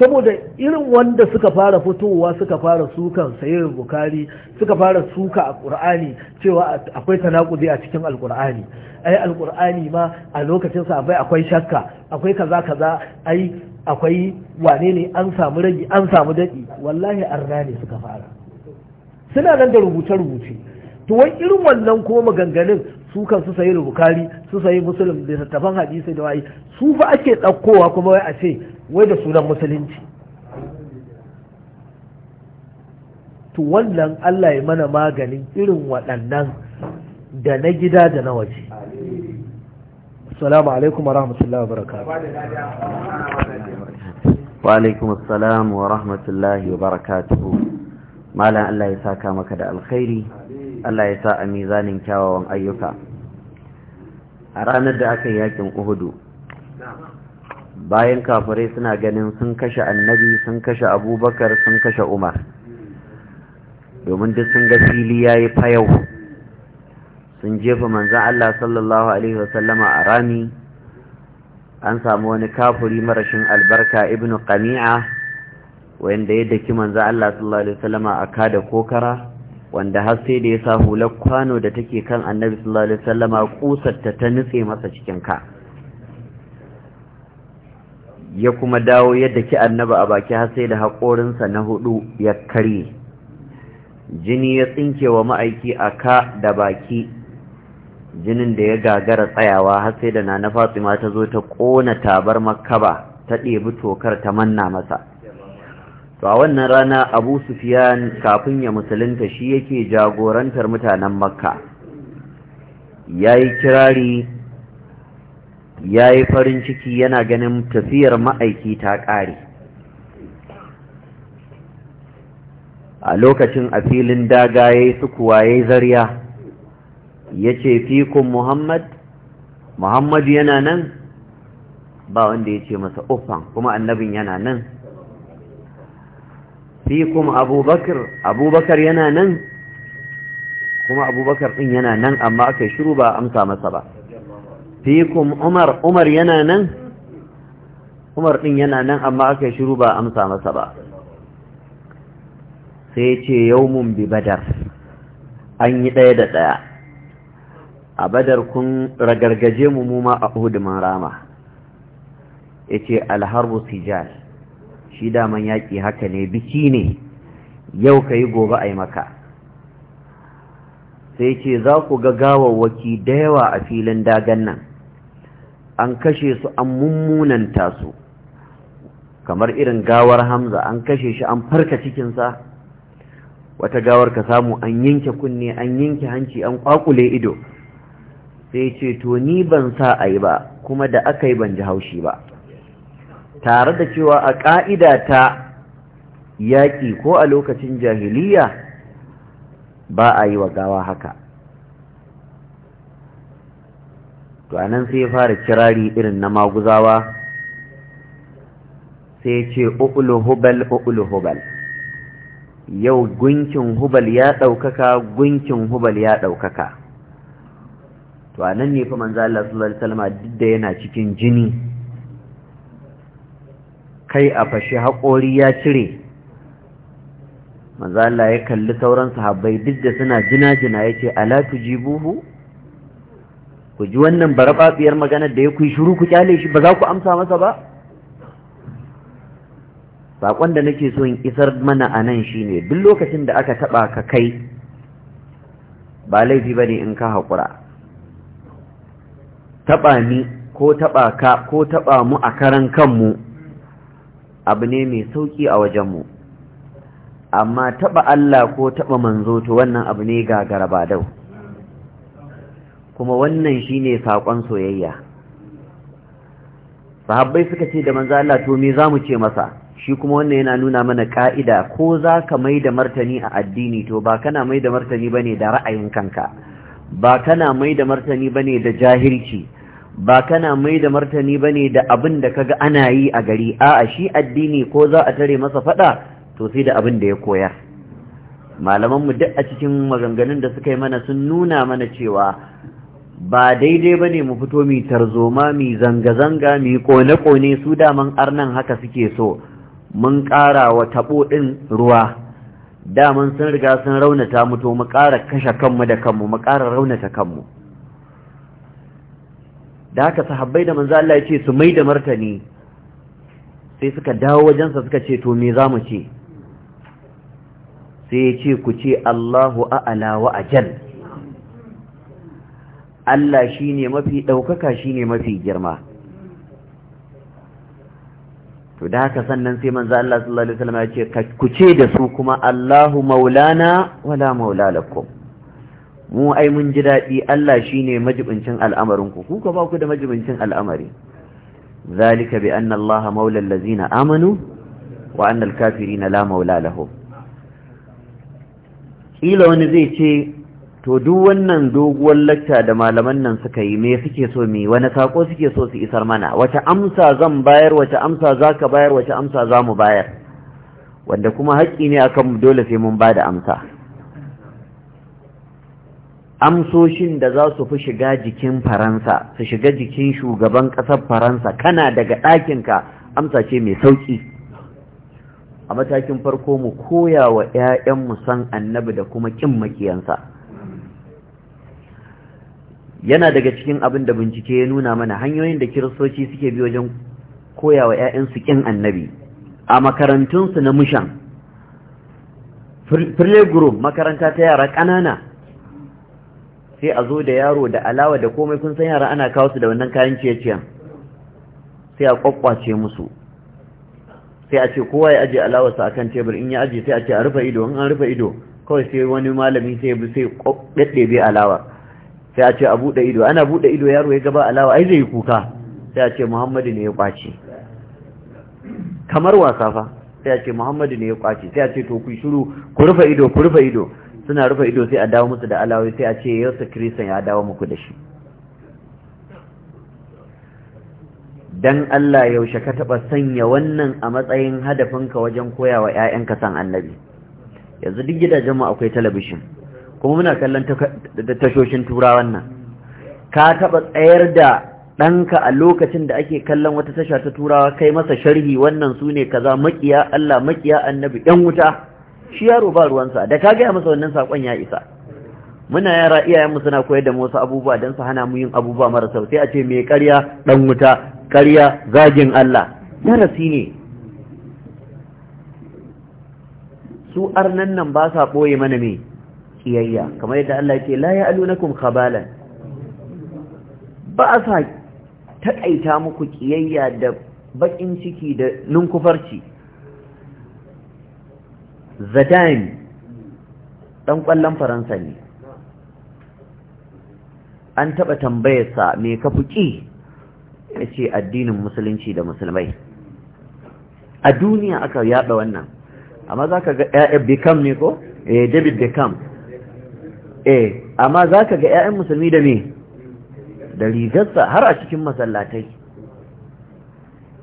saboda irin wanda suka fara fitowa suka fara sukan sayar bukari suka fara suka a ƙur'ani cewa akwai tanakudi a cikin alƙur'ani ai alƙur'ani ma a lokacin sahabbai akwai shakka akwai kaza kaza ai akwai wane ne an samu ragi an samu daɗi wallahi arna ne suka fara suna nan da rubuce-rubuce to wai irin wannan ko maganganun su kan su sayi bukari su sayi musulun da tattafan hadisi da wayi su fa ake ɗaukowa kuma wai a ce wai da sunan musulunci to wannan Allah ya mana maganin irin waɗannan da na gida da na waje assalamu alaikum wa rahmatullahi wa barakatuh wa alaikum assalam wa rahmatullahi wa barakatuh malam Allah ya saka maka da alkhairi Allah ya sa a mizanin kyawawan ayyuka a ranar da aka yi yakin uhudu bayan kafirai suna ganin sun kashe annabi sun kashe abubakar sun kashe umar domin duk sun ga fili ya yi fayau sun jefa manzan Allah sallallahu Alaihi wasallama a rami an samu wani kafuri marashin albarka Ibn kami'a wanda ya daki manzan Allah sallallahu Alaihi wasallama a kada kokara wanda har sai da ya sa hular kwano da take kan annabi sallallahu alaihi wasallama kusarta ta nitse masa cikin ka ya kuma dawo yadda ki annaba a baki har sai da haƙorinsa na hudu ya karye jini ya tsinke wa ma'aiki a ka da baki jinin da ya gagara tsayawa har sai da nana fatima ta zo ta ƙona tabar makaba ta ɗebi tokar ta manna masa to a wannan rana abu sufiyan kafin ya musulunta shi yake jagorantar mutanen makka ya yi kirari ya yi farin ciki yana ganin tafiyar ma'aiki ta ƙare a lokacin a filin daga ya yi sukuwa ya yi zariya ya ce fikun muhammad muhammad yana nan ba wanda ya ce masa Uffan, kuma annabin yana nan fikum abubakar abubakar yana nan kuma abubakar din yana nan amma aka shiru ba amsa masa ba fikum umar umar yana nan umar din yana nan amma aka shiru ba amsa masa ba sai ce yawmun bi badar an yi ɗaya da ɗaya a badar kun ragargaje mu mu ma a hudumin rama ya ce alharbu sijal shi daman yaƙi haka ne biki ne yau ka yi gobe a yi maka sai ce za ku ga gawawwaki da yawa a filin dagan nan an kashe su an mummunanta su kamar irin gawar hamza an kashe shi an farka cikinsa wata gawar ka samu an yanke kunne an yanke hanci an kwakule ido sai ce to ni ban sa a yi ba kuma da aka yi ban ji haushi ba tare da cewa a ƙa'ida ta yaƙi ko a lokacin jahiliya ba a yi wa gawa haka to a nan sai ya fara kirari irin na maguzawa sai ya ce u'ulu hubal u'ulu hubal yau gunkin hubal ya ɗaukaka gunkin hubal ya ɗaukaka to a nan ne fa manzo Allah sallallahu alaihi wasallam duk da yana cikin jini kai a fashe haƙori ya cire maza Allah ya kalli sauran sahabbai duk da suna jina-jina ya ce ala tujibuhu ku ji wannan barababiyar maganar da ya ku shiru ku kyale shi ba za ku amsa masa ba saƙon da nake so in isar mana a nan shi ne duk lokacin da aka taɓa ka kai ba laifi ba ne in ka haƙura taɓa ni ko taɓa ka ko taɓa mu a karan kanmu abu ne mai sauki a wajenmu amma taɓa Allah ko taɓa manzo to wannan abu ne ga garaba dau kuma wannan shine saƙon soyayya sahabbai suka ce da manzo Allah to me za mu ce masa shi kuma wannan yana nuna mana ƙa'ida. ko za ka mai da martani a addini to ba kana mai da martani ba ne da ra'ayin kanka ba kana mai da martani ba ne da jahilci ba kana mai da martani ba ne da abin da kaga ana yi a gari a'a shi addini ko za a tare masa faɗa to sai da abin da ya koyar malamanmu duk a cikin maganganun da suka yi mana sun nuna mana cewa ba daidai ba ne mu fito mi tarzoma mi zanga-zanga mi kone-kone su daman arnan haka suke so mun ƙara wa taɓo ɗin ruwa daman sun riga sun raunata mu to mu kara kashe kanmu da kanmu mu kara raunata kanmu da haka sahabbai da manzo Allah yace su mai da martani sai suka dawo wajensa suka ce to me za mu ce sai yace ku ce Allahu a'ala wa ajal Allah shi ne mafi ɗaukaka shi ne mafi girma to da haka sannan sai manzo Allah sallallahu alaihi wasallam ya ce ku ce da su kuma Allahu maulana wala maula lakum mu ai mun ji daɗi Allah shine majibincin al'amarin ku ba ku da majibincin al'amari zalika bi anna Allah maula amanu wa anna al na la maula Ƙila wani zai ce to duk wannan doguwar lacca da malaman nan suka yi me suke so mi wani sako suke so su isar mana wace amsa zan bayar wace amsa ka bayar wace amsa zamu bayar wanda kuma haƙƙi ne akan dole sai mun bada amsa amsoshin da za su fi shiga jikin faransa su shiga jikin shugaban ƙasar faransa kana daga ɗakinka amsa ce mai sauƙi a matakin farko mu koya wa 'ya'yanmu san annabi da kuma ƙin makiyansa yana daga cikin abin da bincike ya nuna mana hanyoyin da kiristoci suke bi wajen koya wa 'ya'yansu ƙin annabi a makarantunsu na mushan Free group makaranta ta yara ƙanana sai a zo da yaro da alawa da komai kun san yara ana kawo su da wannan kayan ciye-ciyen sai a kwakwace musu sai a ce kowa ya aje alawarsa akan tebur in ya aje sai a ce a rufe ido in an rufe ido kawai sai wani malami sai bi sai daddebe alawa sai a ce a bude ido ana bude ido yaro ya gaba alawa ai zai kuka sai a ce Muhammadu ne ya kwace kamar wasa fa sai a ce Muhammadu ne ya kwace sai a ce to ku shiru ku rufe ido ku rufe ido suna rufe ido sai a dawo musu da alawi sai a ce yesu Kirista ya dawo muku da shi dan Allah yaushe ka taba sanya wannan a matsayin hadafinka wajen koyawa 'ya'yanka san annabi yanzu duk gidajenmu akwai talabishin kuma muna kallon tashoshin tura wannan. ka taɓa tsayar da ɗanka a lokacin da ake kallon wata tasha ta turawa kai masa sharhi wannan su ne kaza makiya Allah makiya annabi ɗan wuta shi yaro ba ruwansa da ka gaya masa wannan sakon ya isa muna yara iyayenmu suna koyar da wasu abubuwa don su hana mu yin abubuwa marasa sai a ce mai karya ɗan wuta ƙarya zagin Allah darasi ne su arnan nan ba sa ɓoye mana mai ƙiyayya. kamar yadda Allah ce, la ya alunakum khabalan ba sa taƙaita muku ƙiyayya da baƙin ciki da ninkufarci zatani ɗan ƙwallon faransa ne an taɓa tambayarsa me ka fuki ya ce addinin musulunci da musulmai a duniya aka yaɗa wannan amma za ka ga ‘ya'yan bikam ne ko? eh david bikam. eh amma za ka ga ‘ya'yan musulmi da me da rigarsa har a cikin masallatai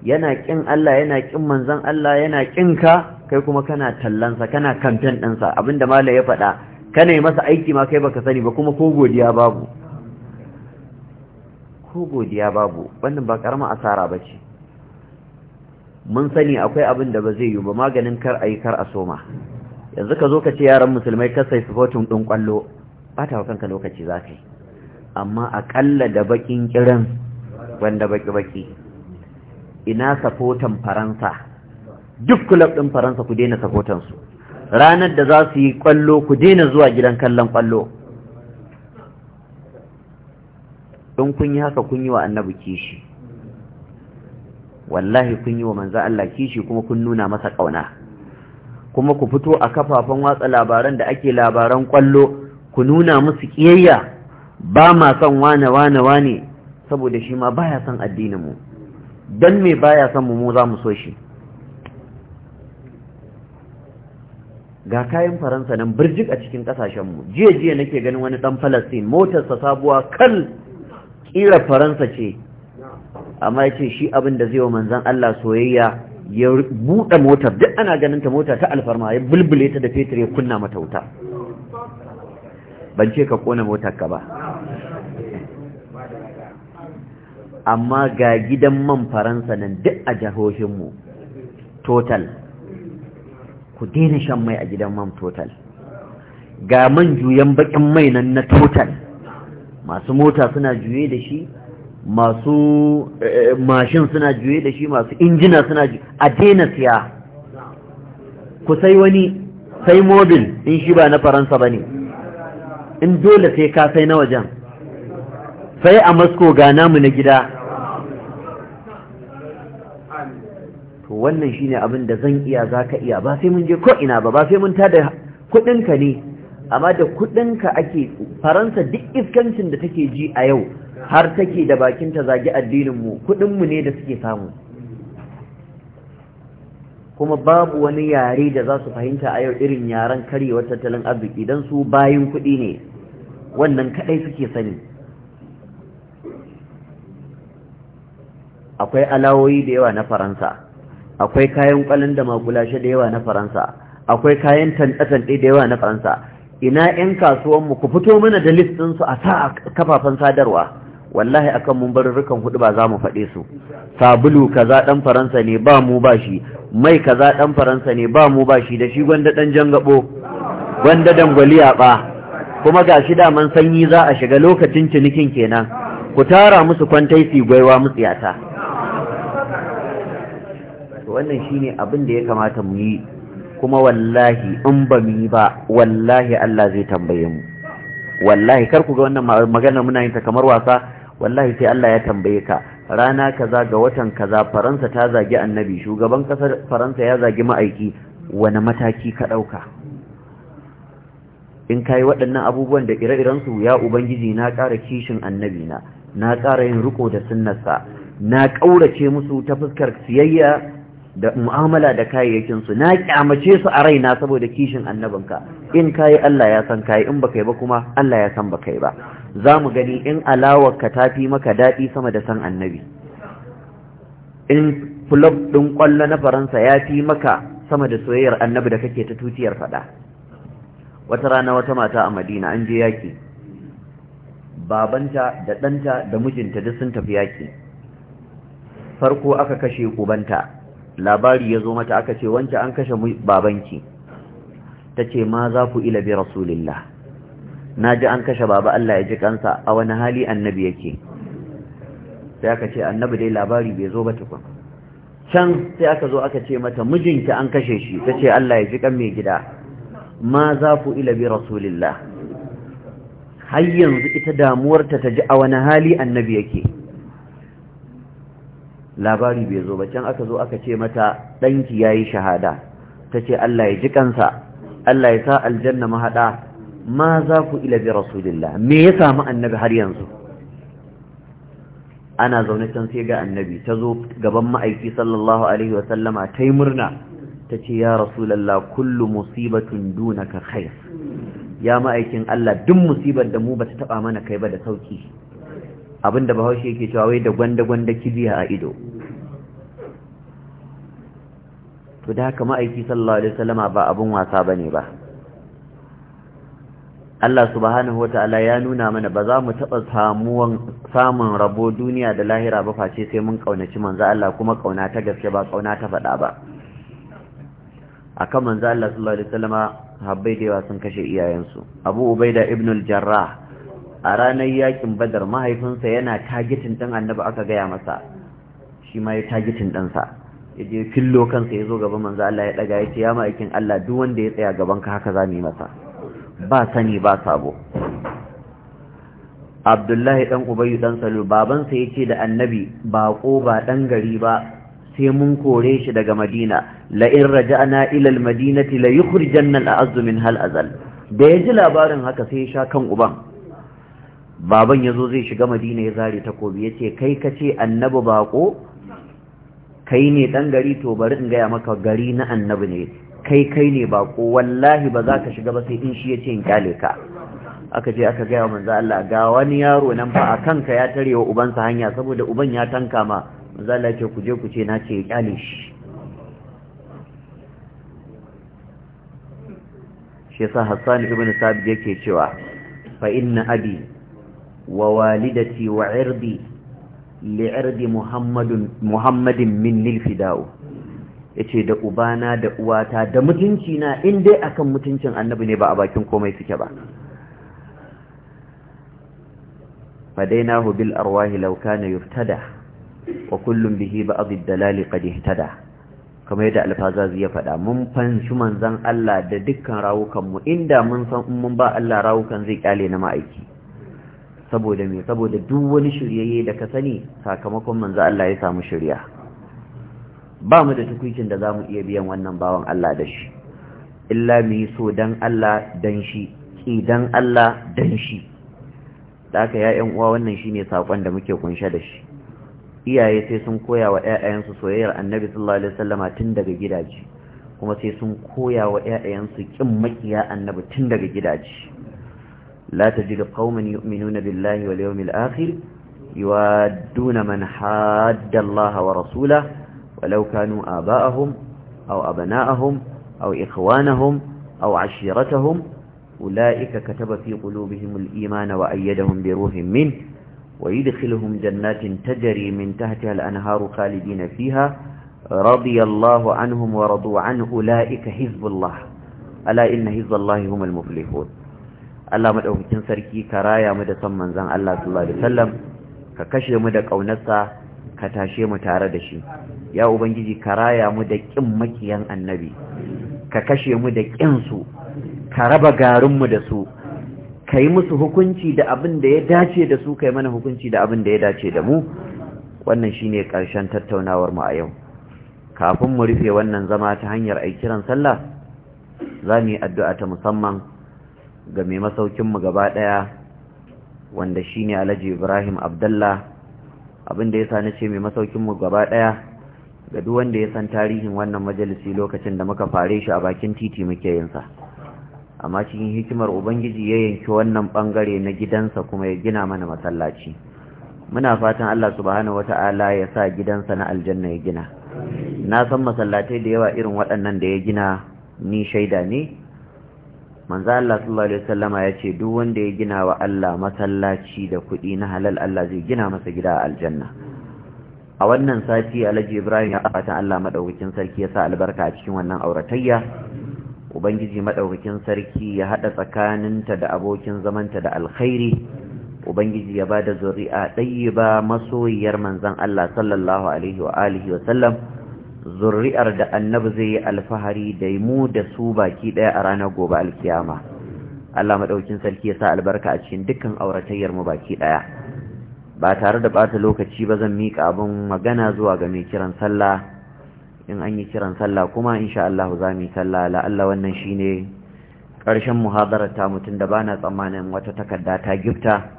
yana ƙin Allah yana ƙin manzan Allah yana ƙin ka kai kuma kana tallansa kana kamfen ɗinsa abinda malam ya faɗa kana yi masa aiki ma kai baka sani ba kuma ko godiya babu ko godiya babu wannan ba karama asara ba ce mun sani akwai abin da ba zai yi ba maganin kar a yi kar a soma yanzu ka zo ka ce yaran musulmai ka sai sifotin ɗin ƙwallo ba ta kanka lokaci za ka yi amma aƙalla da baƙin kirin wanda baki-baki. ina safotan faransa duk kulab ɗin faransa ku daina sakotansu ranar da za su yi kwallo ku daina zuwa gidan kallon kwallo in kun yi haka kun yi wa annabi kishi wallahi kun yi wa manza, Allah kishi kuma kun nuna masa ƙauna kuma ku fito a kafafen watsa labaran da ake labaran kwallo ku nuna musu kiyayya ba ma son wane wane wane saboda shi ma baya son addinin mu dan me baya son mu mu za mu so shi ga kayan faransa nan birjik a cikin kasashenmu jiya jiya nake ganin wani dan falastin motarsa sabuwa kan kira faransa ce amma ya ce shi abin da zai wa manzan Allah soyayya ya buɗe motar duk ana ganin ta mota ta alfarma ya bulbule ta da fetur ya kunna mata wuta ban ce ka kona motar ka ba amma ga gidan man faransa nan duk a mu total ku daina shan mai a gidan man total ga man juyan bakin mai nan na total masu mota suna juye da shi masu eh, mashin suna juye da shi masu injina suna juye a daina siya ku sai wani sai mobil in shi ba na faransa ba ne in dole sai ka sai na wajen sai a masko ga namu na gida to wannan shine abin da zan iya zaka iya ba sai mun je ko ina ba ba sai mun tada kudinka ne amma da kudinka ake faransa duk iskancin da take ji a yau har take da bakin ta zagi addinin mu kudin mu ne da suke samu kuma babu wani yare da za su fahimta a yau irin yaren karyewar tattalin arziki don su bayan kuɗi ne wannan kaɗai suke sani akwai alawoyi da yawa na faransa akwai kayan kwalin da magulashe da yawa na faransa akwai kayan tantsantsi da yawa na faransa ina 'yan kasuwanmu ku fito mana da list su a sa a kafafen sadarwa wallahi akan mun bar rukan hudu ba za mu faɗe su sabulu kaza ɗan faransa ne ba mu ba shi mai kaza ɗan faransa ne ba mu ba shi da shi gwanda ɗan jangabo gwanda dangwaliya ba kuma ga shi daman sanyi za a shiga lokacin cinikin kenan ku tara musu kwantai su gwaiwa mutsiyata wannan shine abin da ya kamata mu yi kuma wallahi in ba mu yi ba wallahi Allah zai tambaye mu wallahi kar ku ga wannan maganar muna yin ta kamar wasa wallahi sai Allah ya tambaye ka rana kaza ga watan kaza Faransa ta zagi annabi shugaban kasar Faransa ya zagi ma'aiki wani mataki ka dauka in kai waɗannan abubuwan da ire-iren su ya ubangiji na ƙara kishin annabi na na ƙara yin riko da sunnarsa na ƙaurace musu ta fuskar siyayya da mu'amala da kayayyakin su na kyamace su a raina saboda kishin annabinka in kayi Allah ya san kayi in ba kai ba kuma Allah ya san ba kai ba za mu gani in alawar ka tafi maka daɗi sama da san annabi in kulob ɗin ƙwallo na faransa ya fi maka sama da soyayyar annabi da kake ta tutiyar faɗa wata rana wata mata a madina an je yaƙi babanta da ɗanta da mijinta duk sun tafi yaƙi farko aka kashe kubanta labari ya zo mata aka ce wance an kashe babanki ta ce ma za ku ila bi rasulillah na ji an kashe baba Allah ya ji kansa a wani hali annabi yake sai aka ce annabi dai labari bai zo ba tukun can sai aka zo aka ce mata mijinki an kashe shi ta ce Allah ya ji kan mai gida ma za ku ila bi rasulillah har yanzu ita damuwarta ta ji a wani hali annabi yake labari bai zo ba can aka zo aka ce mata ɗanki ya yi shahada ta ce Allah ya ji kansa Allah ya sa aljanna mahaɗa ma za ku ila bi rasulillah me ya samu annabi har yanzu ana zaune can sai ga annabi ta zo gaban ma'aiki sallallahu alaihi wa sallama ta yi murna ta ce ya rasulallah kullu musibatun dunaka khair ya ma'aikin Allah duk musibar da mu bata taɓa mana kai ba da sauki abinda bahaushe yake cewa wai da gwanda-gwanda kibiya a ido to da haka ma'aiki sallallahu alaihi wasallama ba abin wasa bane ba Allah subhanahu wata'ala ya nuna mana ba za mu taɓa samun rabo duniya da lahira ba face sai mun ƙaunaci manzo Allah kuma ƙauna ta gaske ba ƙauna ta faɗa ba akan manzo Allah sallallahu alaihi wasallama habbai da yawa sun kashe iyayensu Abu Ubaida ibn al-Jarrah a ranar yakin badar mahaifinsa yana tagitin ɗin annabi aka gaya masa shi ma ya tagitin ɗansa ya je fillo kansa ya zo gaba manzo Allah ya ɗaga ya ce ya ma'aikin Allah duk wanda ya tsaya gaban ka haka za yi masa ba sani ba sabo abdullahi dan ubayu dan salo babansa ya ce da annabi ba ko ba ɗan gari ba sai mun kore shi daga madina la'in ila ilal madinati la yukhrijanna al-azmu min hal azal da ya ji labarin haka sai ya sha kan uban baban yazo zai shiga madina ya zare takobi ya ce kai ka ce annabi bako kai ne ɗan gari to bari in gaya maka gari na annabi ne kai kai ne bako wallahi ba za ka shiga ba sai in shi ya ce in kyale ka aka je aka gaya manzo Allah ga wani yaro nan fa a ka ya tarewa ubansa hanya saboda uban ya tanka ma manzo Allah ce ku je ku ce na ce ya kyale shi shi yasa Hassan ibn Sabit yake cewa fa inna abi ووالدتي وعرضي لعرض محمد محمد مني الفداء yace da ubana da uwata da mutunci na in dai akan mutuncin annabi ne ba a bakin komai suke ba fadainahu bil arwahi law kana yuftada wa kullum bihi ba'd ad dalali qad ihtada kamar yadda alfazazi ya faɗa mun fanshi manzon Allah da dukkan rawukan mu inda mun san mun ba Allah rawukan zai kyale na ma'aiki saboda me saboda duk wani shiryayye da ka sani sakamakon manzo Allah ya samu shirya ba mu da tukuicin da za mu iya biyan wannan bawan Allah da shi illa mu so dan Allah dan shi ki Allah dan shi da aka ya uwa wannan shine sakon da muke kunshe da shi iyaye sai sun koya wa 'ya'yansu soyayyar Annabi sallallahu alaihi wasallama tun daga gidaje kuma sai sun koya wa 'ya'yansu kin makiya Annabi tun daga gidaje لا تجد قوما يؤمنون بالله واليوم الآخر يوادون من حاد الله ورسوله ولو كانوا آباءهم أو أبناءهم أو إخوانهم أو عشيرتهم أولئك كتب في قلوبهم الإيمان وأيدهم بروح منه ويدخلهم جنات تجري من تحتها الأنهار خالدين فيها رضي الله عنهم ورضوا عنه أولئك حزب الله ألا إن حزب الله هم المفلحون Allah madaukakin sarki ka raya mu da son manzon Allah sallallahu alaihi wasallam ka kashe mu da kaunarsa ka tashe mu tare da shi ya ubangiji ka raya mu da kin makiyan annabi ka kashe mu da kin su ka raba garin mu da su ka yi musu hukunci da abin da ya dace da su kai mana hukunci da abin da ya dace da mu wannan shine karshen tattaunawar mu a yau kafin mu rufe wannan zama ta hanyar aikiran sallah za mu yi addu'a ta musamman ga mai masaukinmu gaba ɗaya wanda shi ne alhaji ibrahim abdallah abinda ya sa na ce mai masaukinmu gaba ɗaya ga duk wanda ya san tarihin wannan majalisi lokacin da muka fare shi a bakin titi muke yinsa amma cikin hikimar ubangiji ya yanke wannan bangare na gidansa kuma ya gina mana masallaci muna fatan allah subhanahu wata'ala ya sa gidansa na aljanna ya gina na san masallatai da yawa irin waɗannan da ya gina ni shaida ne manzo Allah sallallahu alaihi wasallama yace duk wanda ya gina wa Allah masallaci da kuɗi na halal Allah zai gina masa gida a aljanna a wannan sati Alhaji Ibrahim ya fata Allah madaukakin sarki ya sa albarka a cikin wannan auratayya ubangiji madaukakin sarki ya hada tsakaninta da abokin zamanta da alkhairi ubangiji ya bada zuri'a ɗayyiba masoyiyar manzon Allah sallallahu alaihi wa alihi wa sallam zurri'ar da annabi zai yi alfahari da mu da su baki ɗaya a ranar gobe alkiyama Allah maɗaukin sarki ya sa albarka a cikin dukkan auratayyar mu baki ɗaya ba tare da bata lokaci ba zan miƙa abin magana zuwa ga mai kiran sallah in an yi kiran sallah kuma insha Allah za mu yi sallah la'alla wannan shine ƙarshen muhadarar ta mutum da bana tsammanin wata takarda ta gifta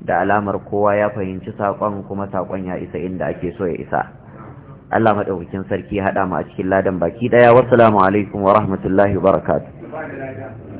da alamar kowa ya fahimci sakon kuma sakon ya isa inda ake so ya isa Allah maɗaukakin sarki ya hada mu a cikin ladan baki ɗaya wassalamu alaikum wa rahmatullahi wa barakatuh